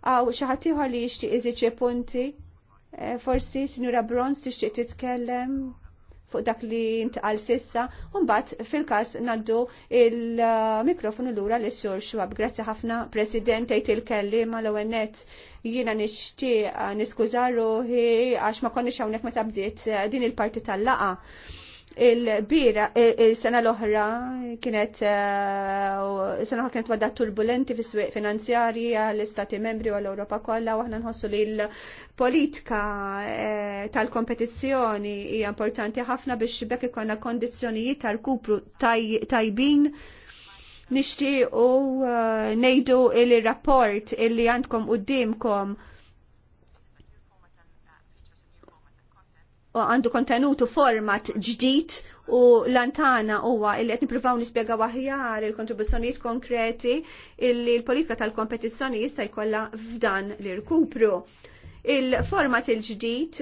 Għaw xaħatiħor li jixtieq iżiċi punti, eh, forsi Sinjura Bronz tixtieq titkellem fuq dak li intqal sissa, unbat fil-kas naddu il-mikrofonu l-ura li sur xwab. Grazzi ħafna, President, tejt il-kelli ma l-għennet jina nishti niskużaru għax ma konni xawnek ma tabdiet eh, din il-parti tal-laqa il-bira, il-sena l-oħra kienet, eh, sena l ohra kienet wadda turbulenti fi s-sweq finanzjari għal-Istati membri u għall-Europa kolla u għahna nħossu li l-politika eh, tal-kompetizjoni hija importanti ħafna biex bekk ikonna kondizjonijiet tal-kupru tajbin nishtiqu eh, nejdu il-rapport illi għandkom u d-dimkom għandu kontenutu format ġdid u lantana huwa illi qed nippruvaw nispjegaw aħjar il-kontribuzzjonijiet konkreti illi l-politika tal-kompetizzjoni jista' jkollha f'dan l-irkupru. Il-format il-ġdid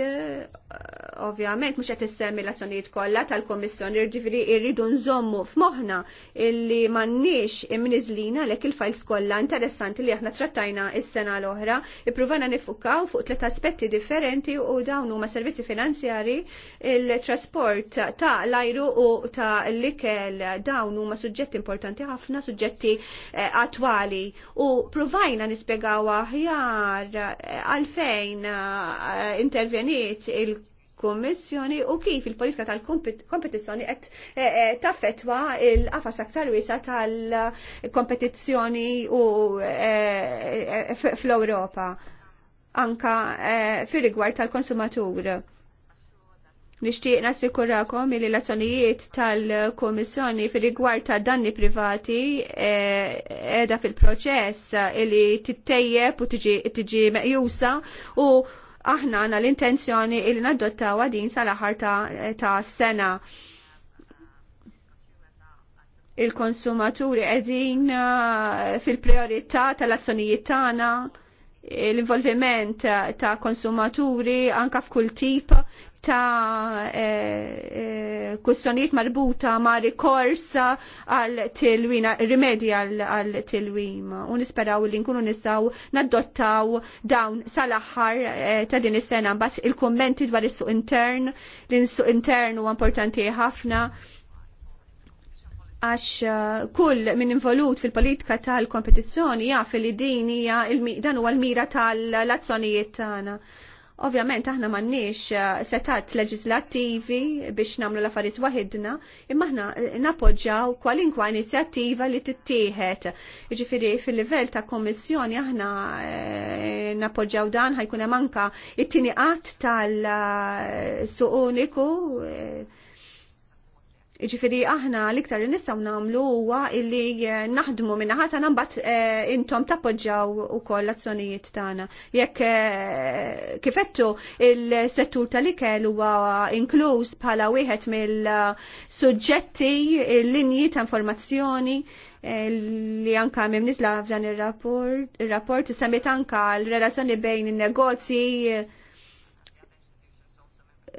ovvjament mhux qed issemmi l-azzjonijiet kollha tal komissjoni ġifieri irridu nżommu f'moħħna illi m'għandniex imniżlina lek il fajls kollha interessanti li aħna trattajna is-sena l-oħra, ippruvana nifukaw fuq tliet aspetti differenti u dawn huma servizzi finanzjari, il-trasport ta' l-ajru u ta' l-ikel dawn huma suġġetti importanti ħafna, suġġetti eh, attwali u provajna nispjegaw aħjar eh, għalfejn eh, interveniet il- kummissjoni u kif il-politika tal-kompetizzjoni qed eh, eh, taffetwa il-qafas aktar wiesa tal-kompetizzjoni u eh, fl-Ewropa anka fir-rigward tal-konsumatur. Nishtiq nassikurakom li l-azzjonijiet tal-Komissjoni fi rigward ta' danni privati edha fil-proċess li tittejjeb u tiġi meqjusa u aħna għandna l-intenzjoni li nadottaw din sal-aħħar ta' sena il-konsumaturi qegħdin eh, fil-priorità tal-azzjonijiet tagħna l-involviment ta' konsumaturi anka f'kull tip ta' e, eh, eh, kustjonijiet marbuta ma' rikors għal tilwin, rimedi għal tilwin. Unisperaw li nkunu nistaw naddottaw dawn sal-axħar eh, ta' din is-sena bat il-kummenti dwar is-suq intern, l-suq intern huwa importanti ħafna għax kull min involut fil-politika tal-kompetizzjoni jaf li din hija dan huwa l-mira tal-azzjonijiet tagħna. Ovvjament aħna m'għandniex eh, setat leġislattivi biex nagħmlu l-affarijiet waħidna, imma aħna nappoġġjaw kwalinkwa inizjattiva li tittieħed. Jiġifieri fil-livell ta' kommissjoni aħna eh, nappoġġjaw dan ħajkun hemm anke it qatt tal-suq eh, uniku Ġifiri, aħna l-iktar nistaw namlu huwa illi eh, naħdmu minna ħata nambat eh, intom tappoġġaw u koll azzjonijiet tagħna. Jekk eh, kifettu il-settur tal-ikel huwa inkluż bħala wieħed mill-suġġetti l-linji ta' informazzjoni li anka minn nizla f'dan ir-rapport, ir-rapport semmet anka l-relazzjoni bejn in-negozji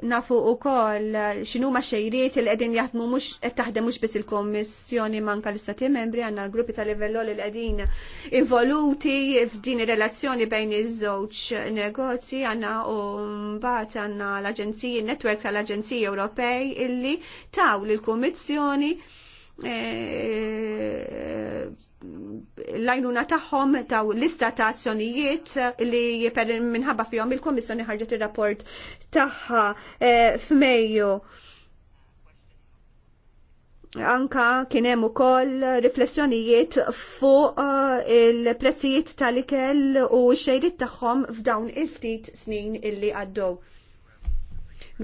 nafu u koll xinu ma xejriet il qegħdin jaħdmu mhux qed taħdem mhux biss il-kommissjoni manka l-istati membri għandna l-gruppi tal livello li qegħdin involuti f'din ir-relazzjoni bejn iż-żewġ negozji għandna u mbagħad għandna l-aġenziji netwerk tal-Aġenziji Ewropej illi taw l kummissjoni eh, l-għajnuna tagħhom taw lista ta' azzjonijiet li per minħabba fihom il-Komissjoni ħarġet ir-rapport tagħha eh, f'Mejju. Anka kien hemm ukoll riflessjonijiet fuq eh, il-prezzijiet tal-ikel u xejrit taħħom tagħhom f'dawn il-ftit snin illi għaddew.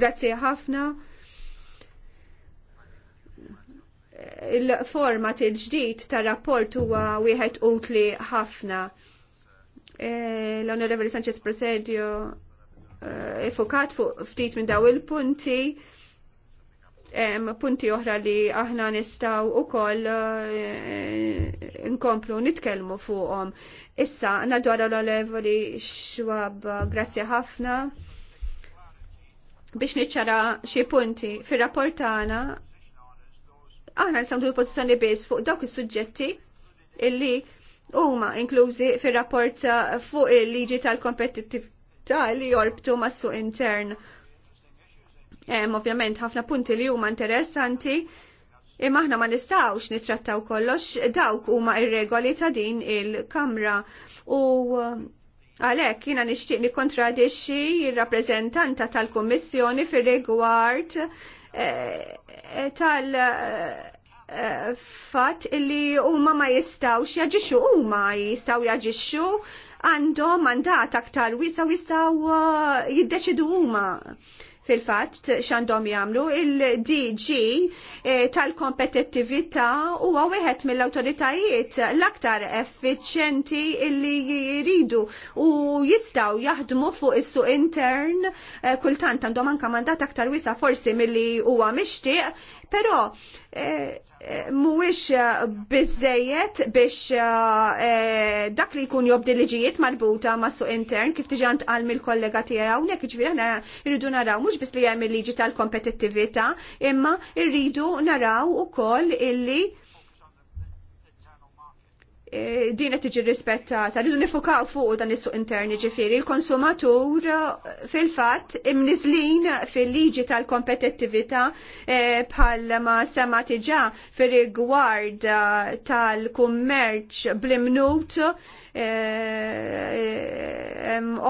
Grazzi ħafna il-format il-ġdid ta' rapport huwa wieħed utli ħafna. E, L-Onorevoli Sanchez Presedio e, fukat fuq ftit minn daw il-punti punti oħra li aħna nistaw u koll e, nkomplu nitkelmu fuqom. Issa, nadwara l-olevoli xwab, grazzi ħafna biex niċċara xie punti fir rapportana aħna nisamdu l-pozizjoni biss fuq dawk is-suġġetti illi huma inklużi fir-rapport fuq il-liġi tal-kompetittività li jorbtu mas-suq intern. Hemm ovvjament ħafna punti li huma interessanti, imma aħna ma nistgħux nittrattaw kollox dawk huma ir-regoli ta' din il-Kamra u uh, għalhekk jiena nixtieq nikkontradixxi r-rappreżentanta tal kummissjoni fir rigward Eh, tal eh, fatt li huma ma jistawx jaġixxu huma jistgħu jaġixxu għandhom mandat aktar wiesa jistgħu eh, jiddeċidu huma fil-fatt x'għandhom jagħmlu il-DG eh, tal-kompetittività huwa wieħed mill-awtoritajiet l-aktar effiċenti li jridu u jistgħu jaħdmu fuq is-suq intern eh, kultant għandhom anka mandat aktar wisa forsi milli huwa mixtieq, però eh, mhuwiex eh, bizzejiet biex eh, eh, dak li jkun jobdi liġijiet marbuta ma' su intern kif tiġi għal mill-kollega tiegħi hawnhekk jiġifieri għana rridu naraw mhux biss li hemm il-liġi tal-kompetittività imma rridu naraw ukoll illi Eh, din qed tiġi rispettata, rridu nifukaw fuq dan is-suq interni ġifieri il-konsumatur eh, fil-fatt imniżlin fil-liġi tal-kompetittività eh, bħal ma sema tiġa fir-rigward tal-kummerċ bl-imnut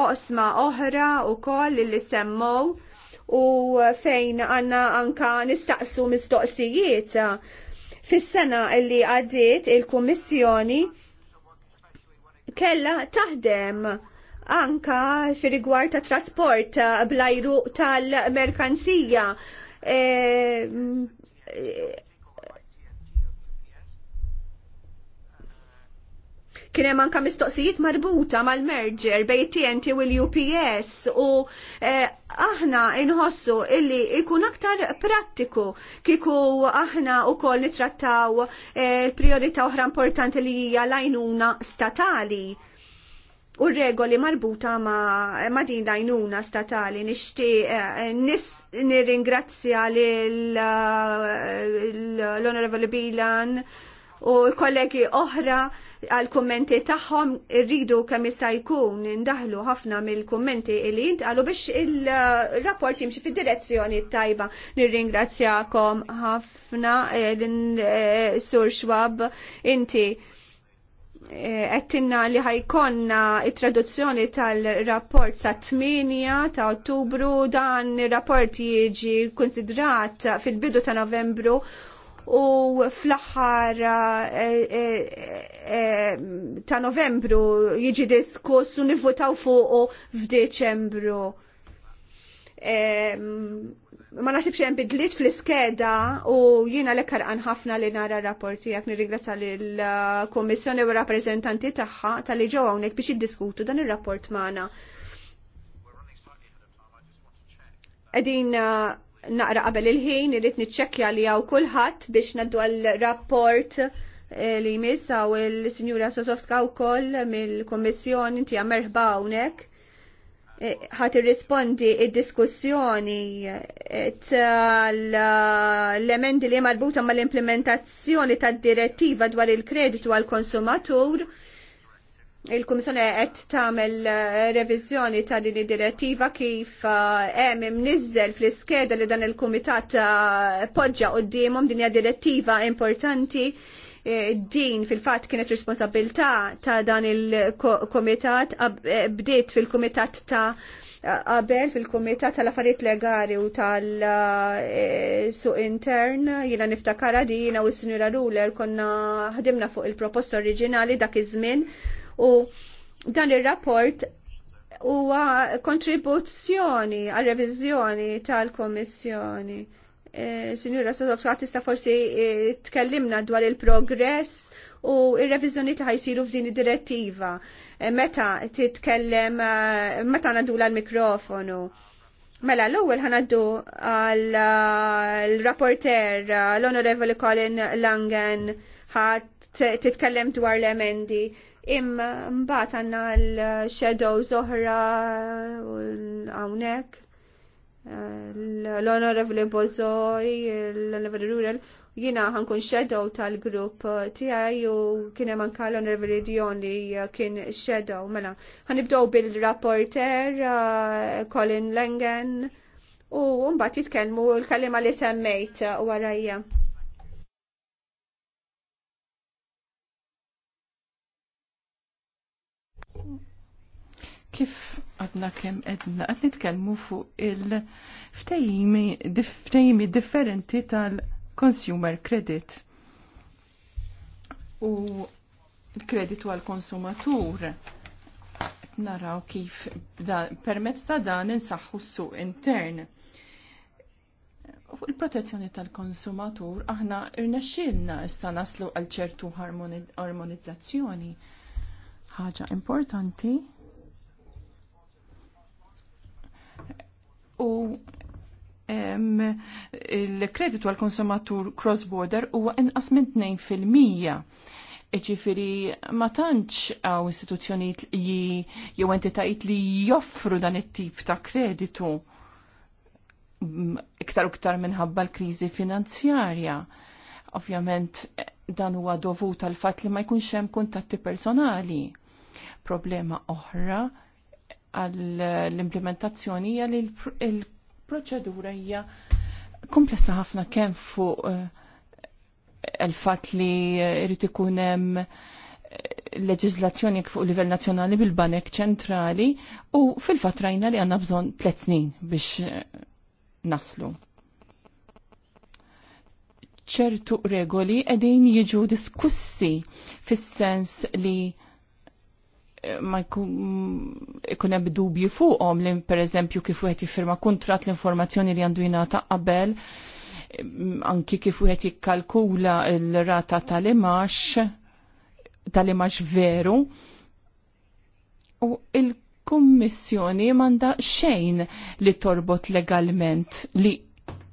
oqsma oħra wkoll li semmow u fejn għanna anka nistaqsu mistoqsijiet Fis-sena li għaddiet il-Kummissjoni kella taħdem anka fi rigward ta' trasport blajru tal-merkanzija. E, Kien hemm anke mistoqsijiet marbuta mal-merger bejn TNT u l-UPS u eh, aħna inħossu illi ikun aktar prattiku kieku aħna wkoll nitrattaw eh, l-priorità oħra importanti li hija l statali u regoli marbuta ma, ma din lajnuna statali nishti eh, nis niringrazzja l-Honorable Bilan u l-kollegi oħra għal kummenti tagħhom irridu kemm jista' jkun indaħlu ħafna mill-kummenti li jintqalu biex il-rapport jimxi fid-direzzjoni tajba. Nirringrazzjakom ħafna eh, eh, sur Schwab inti eh, għettinna li ħajkonna it-traduzzjoni tal-rapport sa' 8 ta' ottubru dan il-rapport jieġi konsidrat fil-bidu ta' novembru u fl-aħħar e, e, ta' novembru jiġi diskuss u nivvotaw fuq f'Deċembru. Ehm, ma nasibx hemm bidliet fl-iskeda u jiena l ħarqan ħafna li nara rapporti jekk nirringrazza lill-Kummissjoni u rappreżentanti tagħha tal-li ġew hawnhekk biex jiddiskutu dan ir-rapport magħna. Qegħdin naqra qabel il-ħin irrit niċċekkja li għaw kulħadd biex naddu għal rapport eh, li jmiss għaw il-Sinjura Sosoftka wkoll mill-Kummissjoni inti merħba hawnhekk. Eh, ħadd irrispondi id-diskussjoni eh, tal-emendi li marbuta mal-implementazzjoni tad-direttiva dwar il-kreditu għall-konsumatur il-Kummissjoni qed tagħmel eh, reviżjoni ta' din id-direttiva kif eh, hemm imniżżel fl-iskeda li dan il-kumitat eh, poġġa qudiemhom din hija direttiva importanti din fil-fatt kienet responsabilità ta' dan il-kumitat bdiet fil-kumitat ta' qabel fil-kumitat tal-affarijiet legali u tal-suq intern jiena niftakara di jiena u s-sinjura Ruler konna ħdimna fuq il-proposta oriġinali dak iż-żmien u dan ir-rapport huwa kontribuzzjoni għal reviżjoni tal-Komissjoni. E, Sinjura Sodowska tista' forsi e, tkellimna dwar il-progress u il reviżjoni ta' ħajsiru f'din id-direttiva. E, meta titkellem meta għandu l-mikrofonu. Mela, l-ewwel ħanaddu għal rapporter l-Onorevoli Colin Langen ħadd titkellem dwar l-emendi Imma mbagħad għandna l-shadow zoħra hawnhekk l-onorevoli Bozoj, l-onorevoli Rural, jina ħankun shadow tal-grupp tiegħi u kien hemm anke l-onorevoli Dion li kien shadow mela. Ħanibdew bil-rapporter eh, Colin Lengen u mbagħad jitkellmu l-kalima li semmejt eh, warajja. kif għadna kem edna, għad nitkelmu fuq il-ftejmi differenti tal-consumer credit u il-kreditu għal-konsumatur. Naraw kif permezz ta' dan insaħħu s-suq intern. Fuq il-protezzjoni tal-konsumatur aħna irnexxilna issa naslu għal ċertu armonizzazzjoni. Ħaġa importanti u il-kreditu għal konsumatur cross-border huwa inqas minn 2%. Ġifiri, ma tantx għaw istituzzjonijiet li jew entitajiet li joffru dan it-tip ta' kreditu iktar u iktar minħabba l-kriżi finanzjarja. Ovvjament dan huwa dovut tal fatt li ma jkunx hemm kuntatti personali. Problema oħra għall-implementazzjoni hija li l-proċedura hija komplessa ħafna kemm fuq eh, il-fatt li jrid eh, ikun hemm eh, leġiżlazzjoni fuq livell nazzjonali bil-banek ċentrali u fil-fatt rajna li għandna bżonn tliet snin biex naslu. ċertu regoli qegħdin jiġu diskussi fis-sens li ma jkun hemm dubju fuqhom li pereżempju kif wieħed jiffirma kuntratt l-informazzjoni li għandu jingħata qabel anki kif wieħed jikkalkula l-rata tal-imax tal-imax veru u il-kummissjoni manda xejn li torbot legalment li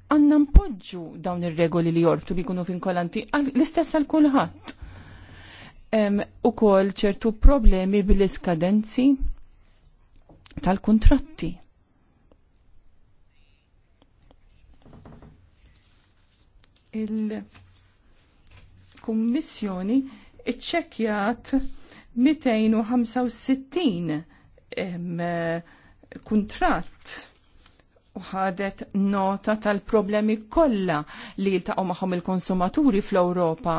għanna npoġġu dawn ir-regoli li jorbtu li jkunu vinkolanti l-istess għal kulħadd ukoll ċertu problemi bil-iskadenzi tal-kontratti. Il-Kummissjoni iċċekjat 265 kontratt u ħadet nota tal-problemi kollha li jiltaqgħu magħhom il-konsumaturi fl-Ewropa.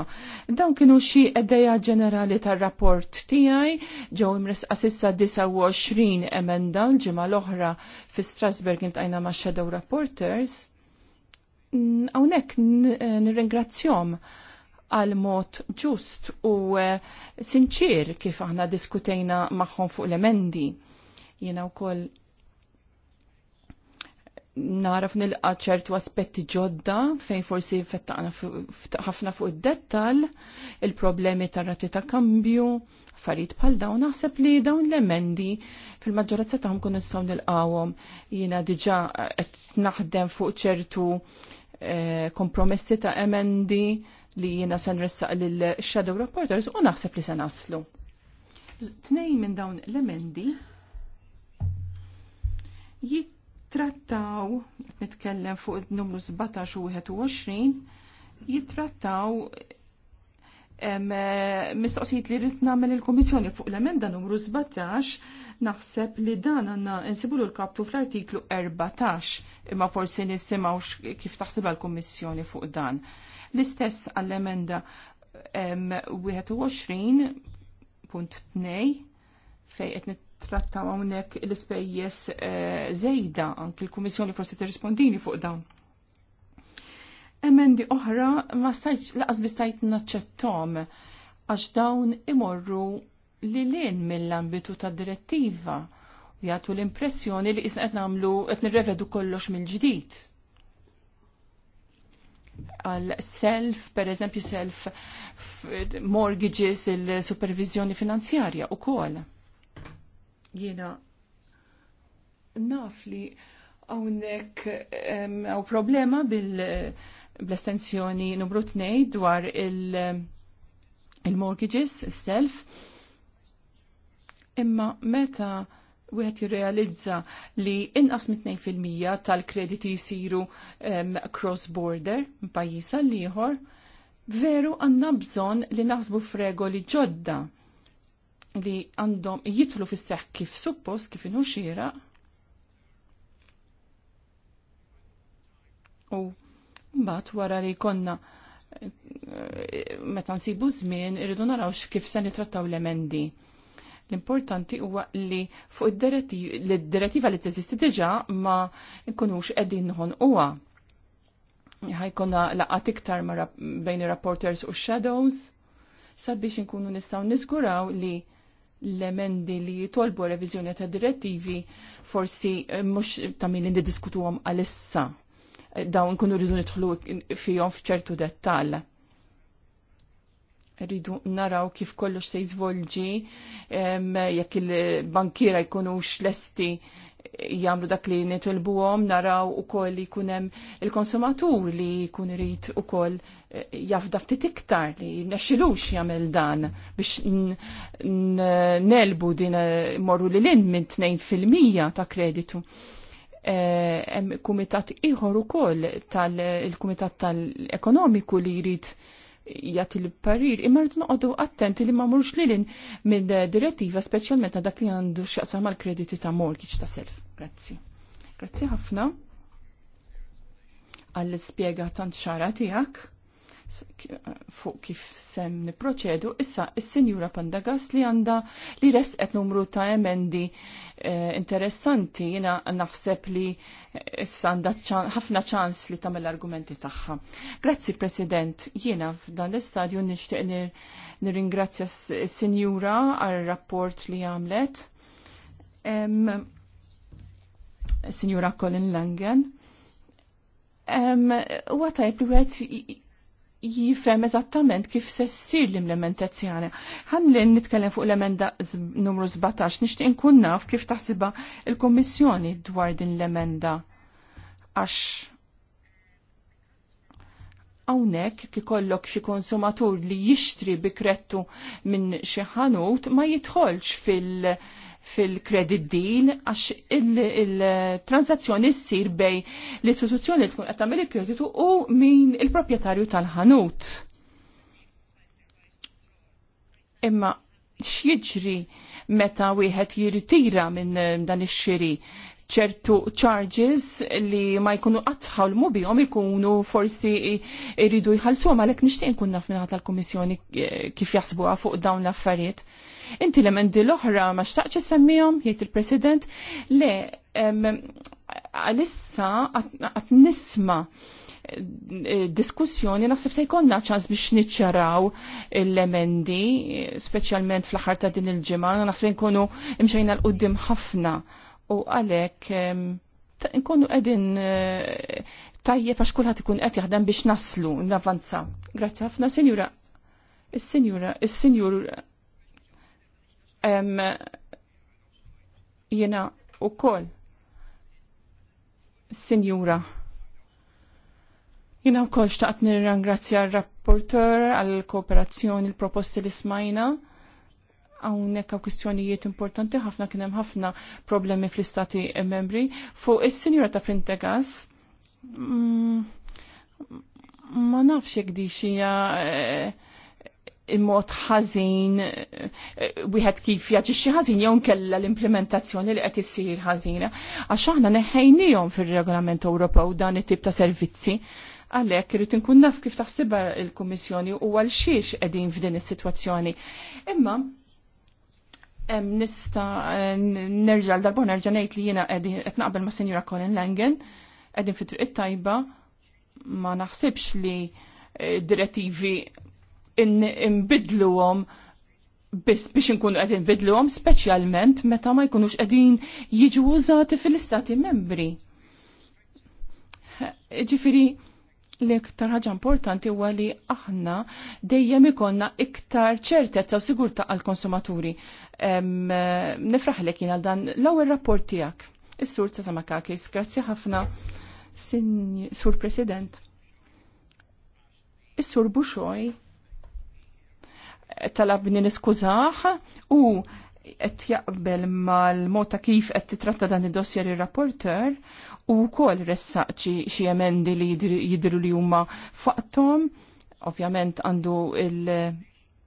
Dawn kienu xi edeja ġenerali tar-rapport tiegħi ġew imresqa sissa 29 emenda l-ġimgħa l-oħra fi Strasberg iltqajna ma' Shadow Reporters. Hawnhekk nirringrazzjom għal mod ġust u eh, sinċir kif aħna diskutejna magħhom fuq l-emendi. Jiena wkoll naraf nilqa ċertu aspetti ġodda fejn forsi fettaqna ħafna fuq id-dettal, il-problemi tar rati ta' kambju, farid bħal dawn, naħseb li dawn l-emendi fil-maġġoranza tagħhom kun nistgħu nilqawhom. Jiena diġà qed naħdem fuq ċertu eh, kompromessi ta' emendi li jiena se nressaq lill-shadow reporters u naħseb li se naslu. Tnejn minn dawn l-emendi jittrattaw, nitkellem fuq numru 17 u 21, jittrattaw mistoqsijiet li rrit nagħmel il-Kummissjoni fuq l-emenda numru 17 naħseb li dan għandna nsibu l-kaptu fl-artiklu 14 imma forsi nisimgħu kif taħseb l-Kummissjoni fuq dan. L-istess għall-emenda 21.2 fej qed Trattaw hawnhekk l-ispejjeż eh, żejda anki l-Kummissjoni forsi tirrispondini fuq dawn. Emendi oħra ma stajtx laqas bistajt naċċettom għax dawn imorru li lin mill-ambitu ta' direttiva u jagħtu l-impressjoni li qisna qed nagħmlu qed nirrevedu kollox mill-ġdid. Għal self, per eżempju self mortgages, il-supervizjoni finanzjarja u kol. Jiena naf li hawnhekk għaw problema bil-estensjoni numru tnej dwar il-mortgages, il self Imma meta wieħed jirrealizza li inqas mit fil-mija tal-krediti jsiru cross-border pajjiż għal ieħor, veru għandna bżonn li naħsbu f'regoli ġodda li għandhom jitlu fis-seħ kif suppost kif inhu xira u mbagħad wara li konna eh, meta nsibu żmien irridu naraw kif se nitrattaw l-emendi. L-importanti huwa li fuq id-direttiva li teżisti diġà ma nkunux qegħdin nħonquha. Ħajkonna laqgħat iktar bejn ir-rapporters u x-shadows sabiex inkunu nistgħu niżguraw li l-emendi li jitolbu reviżjoni ta' direttivi forsi eh, mhux ta' min li diskutuhom għalissa eh, dawn nkunu rridu nidħlu fihom f'ċertu dettall. Rridu naraw kif kollox se jizvolġi jekk il-bankiera jkunux lesti Jamlu dak li għom naraw ukoll li jkun hemm il-konsumatur li kun rrit ukoll eh, jafda ftit iktar li nexxilux jagħmel dan biex nelbu din eh, morru li in minn tnejn fil-mija ta' kreditu. Eh, hemm kumitat ieħor ukoll tal-kumitat tal-ekonomiku li jrid jgħat il-parir, imma rridu noqogħdu attenti li ma mhux lilin minn direttiva speċjalment ta' dak li għandu x'jaqsam mal-krediti ta' mortgage ta' self. Grazzi. Grazzi ħafna għall-spiega tant xara tijak fuq kif sem niproċedu. Issa, il-Sinjura Pandagas li għanda li rest et numru ta' emendi eh, interessanti jina naħseb li issa għanda ħafna ċans li tagħmel argumenti tagħha. Grazzi, President, jina f'dan l-istadju nishtiq nir-ingrazzja nir ingrazzja s għal-rapport li għamlet. Sinjura Colin Langen. Huwa tajb li wieħed jifhem eżattament kif se ssir l-implementazzjoni. Ħalli nitkellem fuq l-emenda numru 17 nixtieq inkun naf kif taħsibha il-Kummissjoni dwar din l-emenda. Għax għawnek kif ikollok xi konsumatur li jixtri bikrettu minn xi ħanut ma jidħolx fil- fil kredit din għax il-transazzjoni ssir bej l-istituzzjoni tkun qed tagħmel il-kreditu u min il-proprjetarju tal-ħanut. Imma x'jiġri meta wieħed jirtira minn eh, dan ix-xiri ċertu charges li ma jkunu għatħawlmu bihom ikunu forsi iridu jħalsu għalhekk nixtieq nkun naf minn tal-Kummissjoni eh, kif jaħsbuha fuq dawn l-affarijiet. Inti l-emendi l-oħra ma xtaqċi semmijom, jgħid il-President, le, għalissa għat nisma eh, diskussjoni naħseb se jkollna ċans biex niċċaraw l-emendi, speċjalment fl-aħħar ta' din il-ġimgħa, naħseb nkunu imxejna l-qudiem ħafna u għalhekk nkunu qegħdin eh, tajjeb għax kulħadd ikun qed jaħdem biex naslu navanza. Grazzi ħafna, Sinjura. Is-Sinjura, is-Sinjur jena u kol Sinjura. jena u kol xtaqt nir rapporteur għal-kooperazzjoni l-proposti li smajna. Għawnek għaw kustjonijiet importanti, ħafna kienem ħafna problemi fl-istati membri. Fuq il-sinjura ta' Printegas, mm, ma nafx jek di xija eh, imot ħażin eh, eh, wieħed kif jaġixxi ħażin jew nkella l-implementazzjoni li qed issir ħażina. Għax aħna neħħejnihom fir-Regolament Ewropew dan it-tip ta' servizzi għalhekk irid inkun naf kif taħsibha l-Kummissjoni u għal xiex qegħdin f'din is-sitwazzjoni. Imma hemm nista eh, nerġa' l-darba nerġa' ngħid li jiena qed naqbel ma' Sinjura Colin Langen qegħdin fit-triq it-tajba ma naħsibx li direttivi inbidluhom biss biex inkunu qed inbidluhom speċjalment meta ma jkunux qegħdin jiġu użati fil-istati membri. Ġifiri, l-iktar ħaġa importanti huwa li aħna dejjem ikonna iktar ċertezza u sigurtà għall konsumaturi Nifraħlek jien għal dan l-ewwel rapport tiegħek. Is-sur ta' Samakakis, grazzi ħafna, Sur President. Is-sur Buxoj talabni niskużaħ u qed jaqbel mal-mod ta' kif qed titratta dan id-dossier ir-rapporter u wkoll ressaq xi emendi li jidru li huma faqthom, ovvjament għandu il-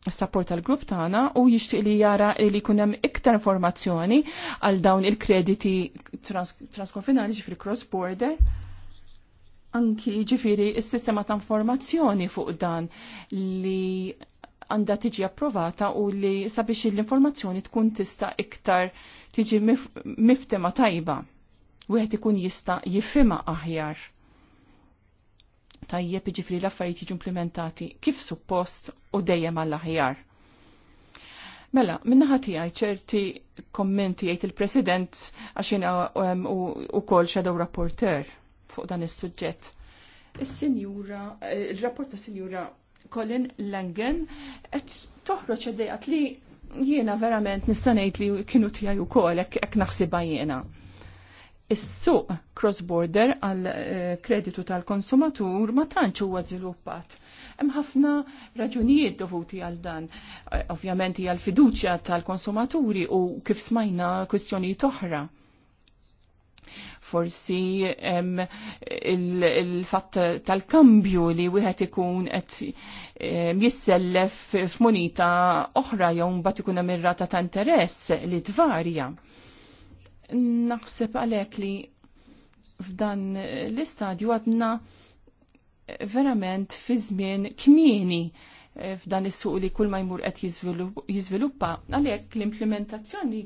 support tal-grupp tagħna u jixtieq li jara li jkun hemm iktar informazzjoni għal dawn il-krediti transkonfinali trans ġifri cross border anki ġifiri s-sistema ta' informazzjoni fuq dan li għandha tiġi approvata u li sabiex l-informazzjoni tkun tista' iktar tiġi mif miftema tajba. Wieħed ikun jista' jifhimha aħjar. Tajjeb jiġifieri l-affarijiet jiġu implementati kif suppost u dejjem għall-aħjar. Mela, minnaħa tiegħi ċerti kommenti jgħid il-President għax um, u, kol shadow rapporter fuq dan is-suġġett. Is-Sinjura, eh, il-rapport ta' Sinjura Colin Langen, et toħroċ għaddejat li jiena verament nistanejt li kienu tijaj u kol, ek, ek naħsiba jiena. Is-suq cross-border għal eh, kreditu tal-konsumatur ma tantx huwa żviluppat. Hemm ħafna raġunijiet dovuti għal dan. Eh, ovvjament hija l-fiduċja tal-konsumaturi u kif smajna kwistjonijiet oħra forsi il-fatt tal-kambju li wieħed ikun qed jissellef f'munita oħra jew mbagħad ikun hemm ir-rata ta' interess li tvarja. Naħseb għalhekk li f'dan l-istadju għadna verament fi żmien kmieni Eh, f'dan is-suq li kull ma jmur qed jiżviluppa, għalhekk l-implementazzjoni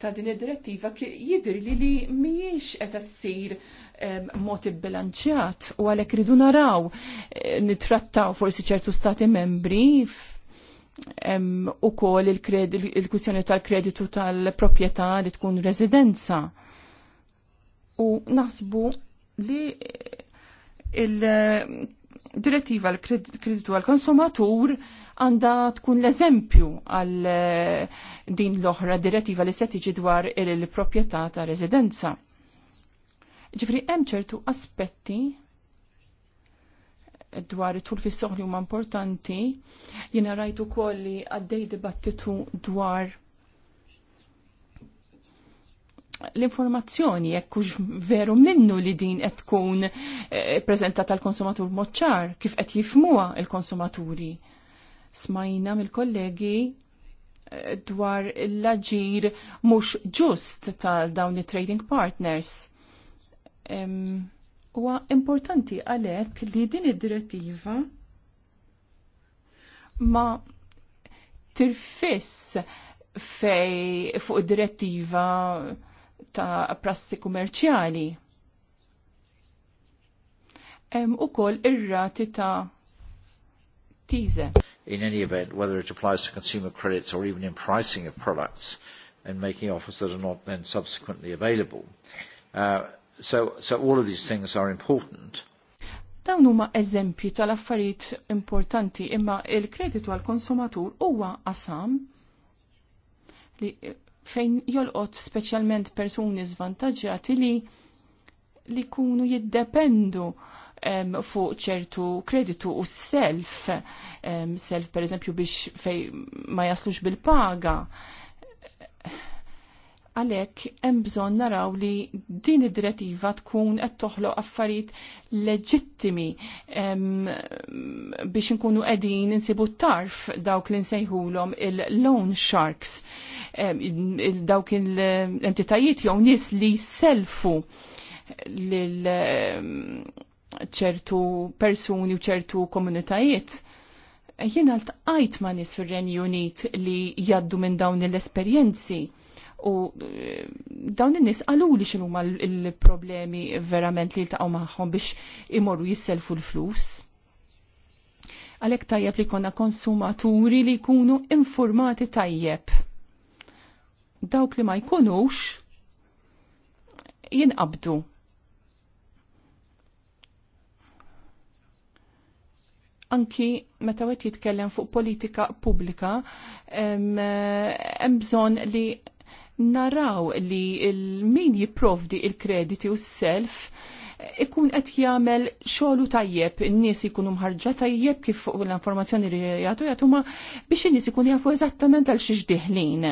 ta' din id-direttiva jidri li li mhijiex qed issir eh, mod ibbilanċjat u għalhekk ridu naraw eh, nitrattaw forsi ċertu stati membri u kol il-kwissjoni tal-kreditu tal proprjetà li tkun residenza. U nasbu li il direttiva l-kreditu għal-konsumatur għanda tkun l-eżempju għal eh, din l-oħra direttiva li se tiġi dwar il-proprjetà ta' residenza. Ġifri hemm ċertu aspetti dwar it-tul fis-soħli huma importanti, jiena rajtu kolli għaddej dibattitu dwar l-informazzjoni jekk hux veru minnu li din qed tkun eh, preżentata l-konsumatur moċċar kif qed jifmuha il-konsumaturi. Smajna mill-kollegi eh, dwar l-aġir mhux ġust tal dawn it-trading partners. Huwa importanti għalhekk li din id-direttiva ma tirfiss fej fuq id direttiva ta' prassi kummerċjali. Um, u kol rati ta' teaser. In any event, whether it applies to consumer credits or even in pricing of products and making offers that are not then subsequently available. Uh, so, so all of these things are important. Dawn huma eżempji tal-affarijiet importanti imma il-kreditu għal konsumatur huwa qasam li fejn jolqot speċjalment persuni zvantagġati li li kunu jiddependu um, fuq ċertu kreditu u self, um, self per eżempju biex fej ma jaslux bil-paga Għalhekk hemm bżonn naraw li din id-direttiva tkun qed toħloq affarijiet leġittimi biex inkunu qegħdin insibu tarf dawk li nsejħulhom il-loan sharks, dawk il-entitajiet jew nies li selfu lil ċertu persuni u ċertu komunitajiet. Jiena għalt għajt ma' nis fil-Renju Unit li jaddu minn dawn l-esperjenzi U eh, dawn in-nies qalu li ma l-problemi verament li ltaqgħu magħhom biex imorru jisselfu l-flus. Għalhekk tajjeb li jkollna konsumaturi li jkunu informati tajjeb. Dawk li ma jkunux jinqabdu anki meta wet jitkellem fuq politika pubblika eh, hemm bżonn li naraw li il min jipprovdi il-krediti u s-self ikun qed jagħmel xogħlu tajjeb, in-nies ikunu mħarġa tajjeb kif fuq l-informazzjoni li jagħtu jagħtuma biex in-nies ikun jafu eżattament għal xi ġdieħlin.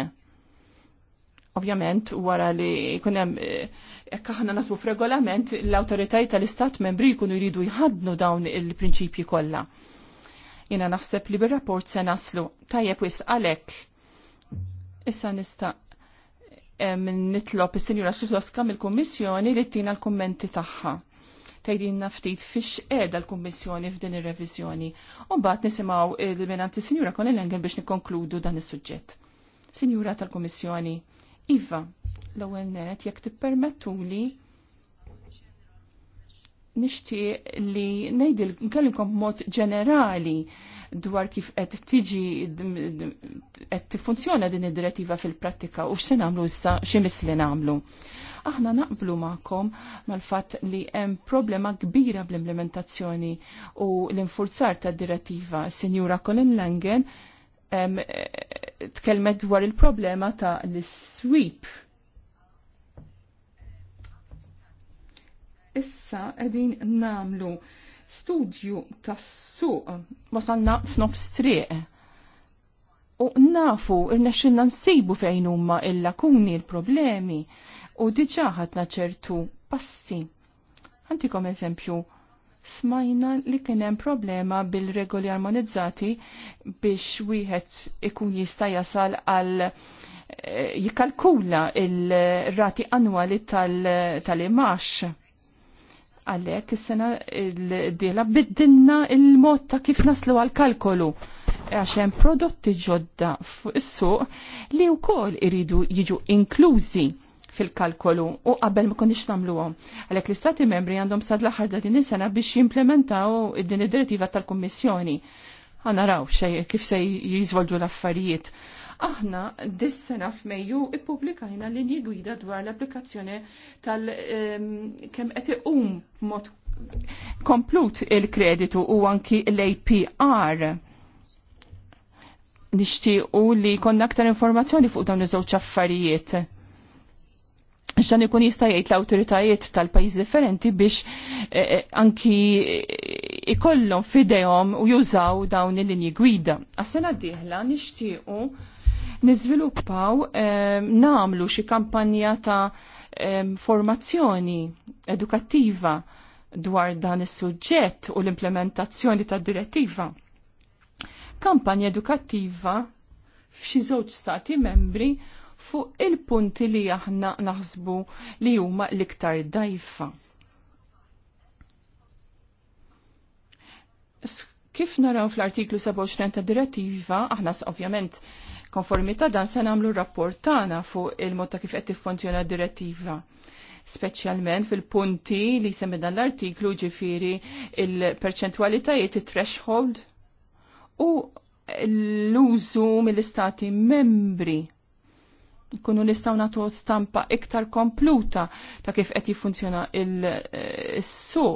Ovvjament, wara li jkun hemm eh, hekk aħna nasbu f'regolament, l-awtoritajiet tal-Istat membri jkunu jridu jħadnu dawn il-prinċipji kollha. Jiena naħseb li bir-rapport se naslu tajjeb wis għalhekk. Issa nista' Eh, minn nitlob is-Sinjura Xitoska mill-Kummissjoni li tina l-kummenti tagħha. Tgħidilna ftit fix qiegħda l-Kummissjoni f'din ir-reviżjoni. U mbagħad nisimgħu il-minanti Sinjura Konellengen biex nikkonkludu dan is-suġġett. Sinjura tal-Kummissjoni, Iva, l-ewwel net jekk tippermettuli nixtieq li ngħidil nkellimkom b'mod ġenerali dwar kif qed tiġi qed tiffunzjona din id-direttiva fil-prattika u x'se nagħmlu issa x'imisli nagħmlu. Aħna naqblu magħkom mal-fatt li hemm problema kbira bl-implementazzjoni u l-infurzar tad-direttiva. Sinjura Colin Langen tkellmet dwar il-problema ta' l-sweep issa qegħdin nagħmlu studju tas-suq wasalna f'nofs triq. U nafu irnexxilna nsibu fejn huma l-lakuni l-problemi u diġà ħadna ċertu passi. Antikom eżempju smajna li kien hemm problema bil-regoli armonizzati biex wieħed ikun jista' jasal għal eh, jikkalkula il-rati annwali tal-imax. Tal Għalek, is-sena d-dila biddinna il-mod ta' kif naslu għal-kalkolu għaxem prodotti ġodda fis-suq li wkoll iridu jiġu inklużi fil-kalkolu u qabel ma konniex nagħmluhom. Għalhekk l-Istati membri għandhom sad l-aħħar din is-sena biex jimplementaw id din id-direttiva tal-Kummissjoni. Għanaraw xej kif se jiżvolġu l-affarijiet. Aħna dis-sena f'Mejju ippubblikajna linji gwida dwar l-applikazzjoni tal-kemm ehm, qed iqum mod komplut il-kreditu u anki l-APR nixtiequ li konna aktar informazzjoni fuq dawn iż-żewġ affarijiet xan ikun jista' jgħid l-awtoritajiet tal-pajjiż differenti biex eh, eh, anki ikollhom fidejhom u jużaw dawn il-linji gwida. Għas-sena d-dieħla nixtiequ nizviluppaw ehm, namlu xi kampanja ta' ehm, formazzjoni edukattiva dwar dan is-suġġett u l-implementazzjoni tad direttiva. Kampanja edukattiva f'xi żewġ stati membri fuq il-punti li aħna naħsbu li huma l-iktar dajfa. Kif naraw fl-artiklu 27 ta' direttiva, aħna ovvjament konformita dan se nagħmlu rapport tagħna fuq il-mod ta' kif qed tiffunzjona d-direttiva speċjalment fil-punti li semmi dan l-artiklu ġifiri il-perċentualitajiet it threshold u l-użu mill-istati membri kunu nistaw natu stampa iktar kompluta ta' kif qed jiffunzjona il-su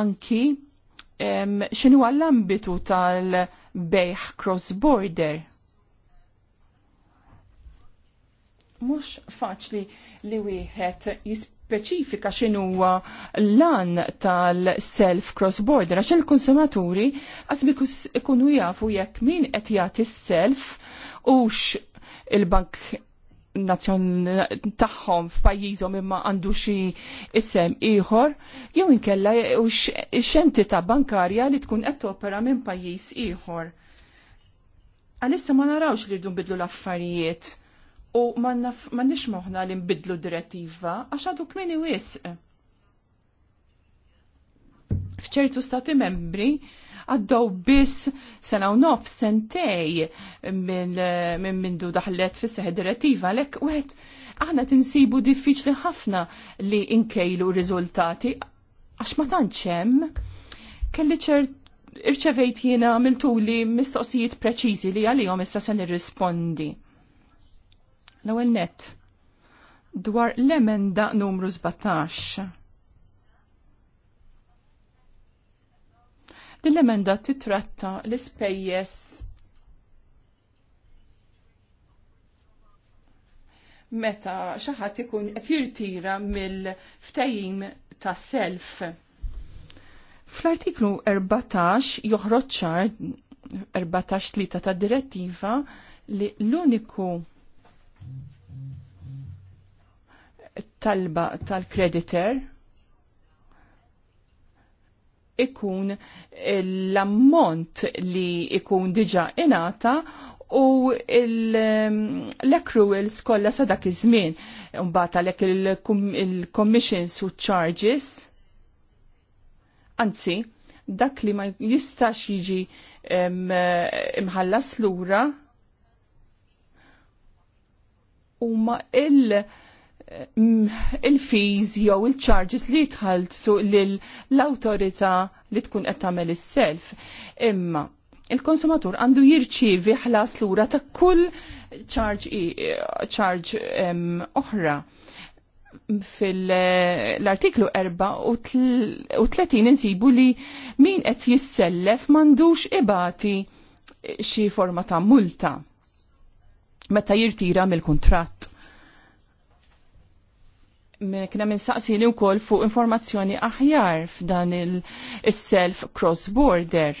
anki xinu għall-ambitu tal-bejħ cross-border mhux faċli li wieħed jispeċifika x'inhuwa lan tal-self cross border għax il-konsumaturi qasbi ikunu jafu jekk min qed jagħti s-self ux il-bank nazzjon tagħhom f'pajjiżhom imma għandu xi isem ieħor jew inkella x'entità bankarja li tkun qed topera minn pajjiż ieħor. Għalissa ma narawx li rridu nbidlu l-affarijiet u ma nix moħna li nbidlu direttiva għax għadu kmini wisq. Fċertu stati membri għaddew biss sena u nof sentej minn mindu daħlet fis seħ direttiva lek u għed aħna tinsibu diffiċli ħafna li inkejlu riżultati għax ma tanċem, kelli ċert irċevejt jiena tuli mistoqsijiet preċiżi li għalihom issa se nirrispondi. L-ewwel net dwar l-emenda numru 17. Din l-emenda titratta l-ispejjeż meta xi ħadd ikun qed jirtira mill-ftehim tas self. Fl-artiklu 14 joħroġ ċar 14-3 ta' direttiva li l-uniku talba tal krediter ikun l-ammont li ikun diġa inata u um, l-accruals kollha sa dak iż-żmien mbagħad għalhekk il-commissions u charges anzi dak li ma jistax jiġi um, imħallas lura huma il- Eh, il-fees jew il-charges li su l autorita li tkun qed tagħmel is-self. Imma il-konsumatur għandu jirċievi ħlas lura ta' kull charge, charge um, oħra fil-artiklu 30 insibu li min qed jissellef mandux ibati xi forma ta' multa meta jirtira mill-kuntratt Kena minn saqsini u koll fuq informazzjoni aħjar f'dan il-self cross-border.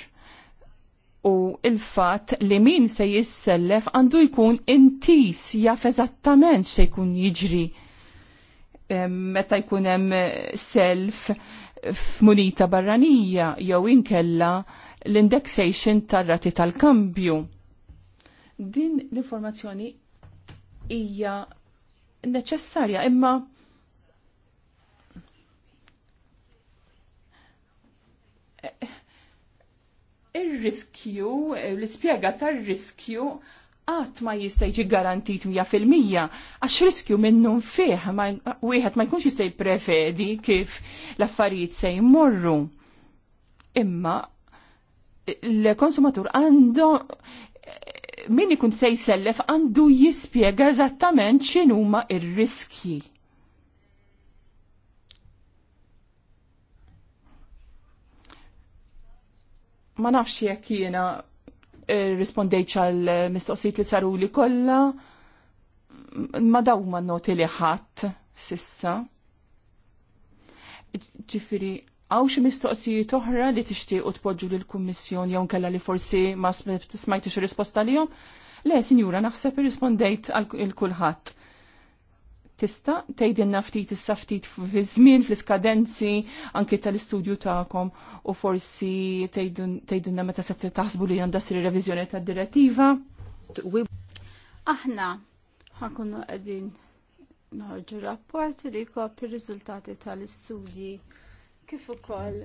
U il-fat li min se jissellef għandu jkun intis jaf eżattament se jkun jiġri meta jkun hemm self f'munita barranija jew inkella l-indexation tar-rati tal-kambju. Din l-informazzjoni hija neċessarja imma ir-riskju, l-ispjega tar-riskju għat ma jista' jiġi garantit 100% għax riskju minnu fih ma wieħed ma jkunx jista' jipprevedi kif l-affarijiet se jmorru. Imma l-konsumatur għandu min ikun se jsellef għandu jispjega eżattament x'inhuma ir-riskji ma nafx jekk jiena eh, rispondejċ għal eh, mistoqsijiet li saru li kollha ma daw ma noti li ħadd sissa. Ġifieri għaw xi mistoqsijiet oħra li tixtiequ tpoġġu lil kummissjoni jew kellha li forsi ma smajtix risposta lihom? Le, sinjura, naħseb irrispondejt għal kulħadd. Tista tgħidilna ftit issa ftit fi żmien fl-iskadenzi anke tal-istudju tagħkom u forsi tgħidilna meta se taħsbu li għandha sir reviżjoni tad-direttiva. Aħna ħankunu qegħdin noħorġu rapport li jkopri r-riżultati tal-istudji kif ukoll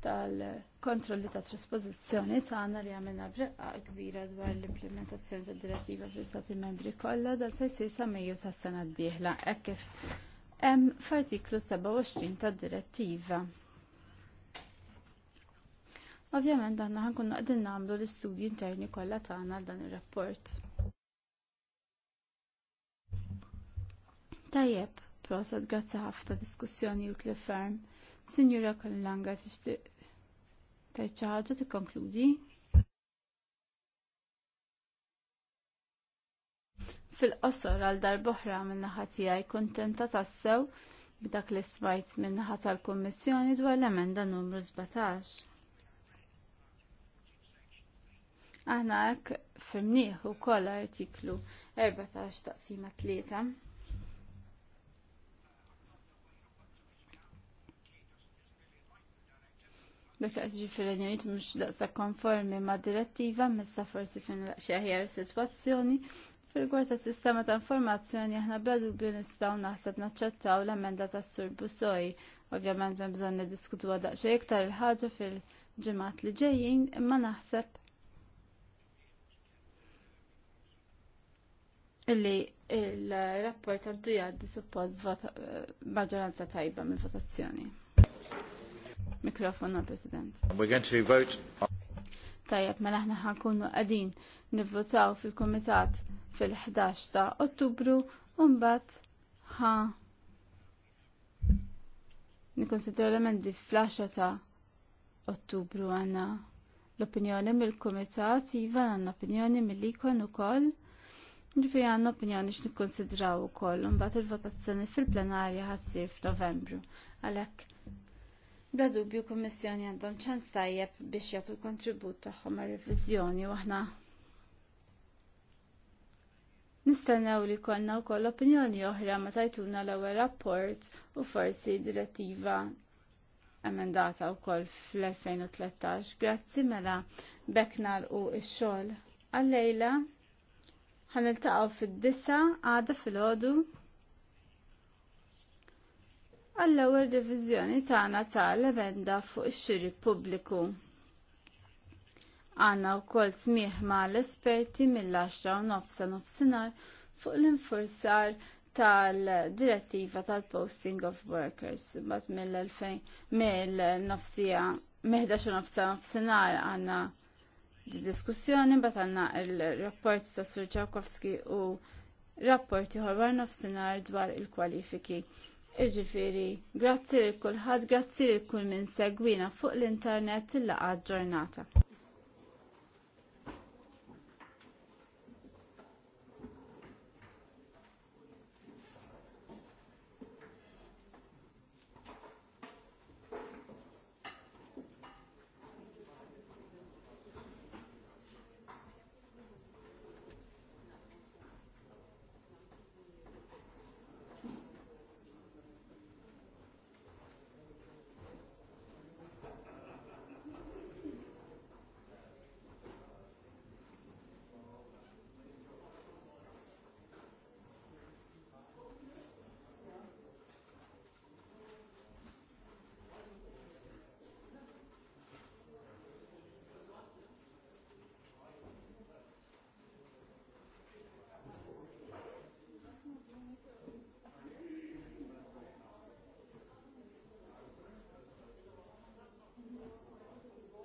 tal-, -istudji, kontrolli ta' trasposizzjoni tagħna li għamilna breqqa kbira dwar l-implementazzjoni tad direttiva fl-Istati membri kollha dan se jsir sa Mejju tas-sena d-dieħla hekk kif hemm f'artiklu 27 tad-direttiva. Ovvjament aħna ħankun naqdin nagħmlu l-istudji interni kollha tagħna dan ir-rapport. Tajjeb, prosad grazzi ħafna diskussjoni u klifferm. Sinjura Kollanga tixtieq Tajt xi ħaġa tikkonkludi. Fil-qosor għal darboħra min-naħa tiegħi kuntenta tassew b'dak li smajt min-naħa tal-Kummissjoni dwar l-emenda numru 17. Aħna hekk fimnieħ ukoll artiklu 14 taqsima 3 dak li qed fil-Renjoniet mhux daqshekk konformi ma' direttiva messa forsi fin xi aħjar sitwazzjoni Fil-gwar ta' sistema ta' informazzjoni aħna bla dubju nistgħu naħseb naċċettaw l-emenda tas Sur Busoj. Ovvjament hemm bżonn niddiskutu daqsxejn iktar il-ħaġa fil-ġimgħat li ġejjin, imma naħseb illi il-rapport għaddu jgħaddi suppost maġġoranza tajba minn votazzjoni. Mikrofon għal-President. We're going to vote. Tajab, mela ħna ħankunu għadin nivvotaw fil-Komitat fil-11 ta' Ottubru un-bat ħa nikonsidru l-emendi fl-10 ta' Ottubru għanna l-opinjoni mill-Komitat jivan għanna opinjoni mill-ikon u koll. Ġifri għanna opinjoni x'nikkonsidraw ukoll, mbagħad il-votazzjoni fil-plenarja ħassir f'Novembru. Għalhekk Bla dubju kummissjoni għandhom ċans tajjeb biex jagħtu l-kontribut tagħhom għar-reviżjoni u aħna Nistennew li konna wkoll opinjoni oħra ma tajtuna l-ewwel rapport u forsi direttiva emendata wkoll fl-2013. Grazzi mela beknar u x-xogħol. Għallejla ħaniltaqgħu fid-disa għada fil-ħodu għall-ewwel riviżjoni tagħna tal-emenda fuq ix-xiri pubbliku. Għanna wkoll smieħ mal esperti mill-10 u nofsa nofsinhar fuq l infursar tal-direttiva tal-posting of workers bat mill-2000 mill-nofsija meħdax nofsa nofsinhar għandna diskussjoni bat għandna il-rapport ta' Sur Ġakowski u rapporti ħolwar nofsinhar dwar il-kwalifiki. il kwalifiki Iġifiri, grazzi l kulħadd, grazzi l-kull minn segwina fuq l-internet il-laqa ġurnata.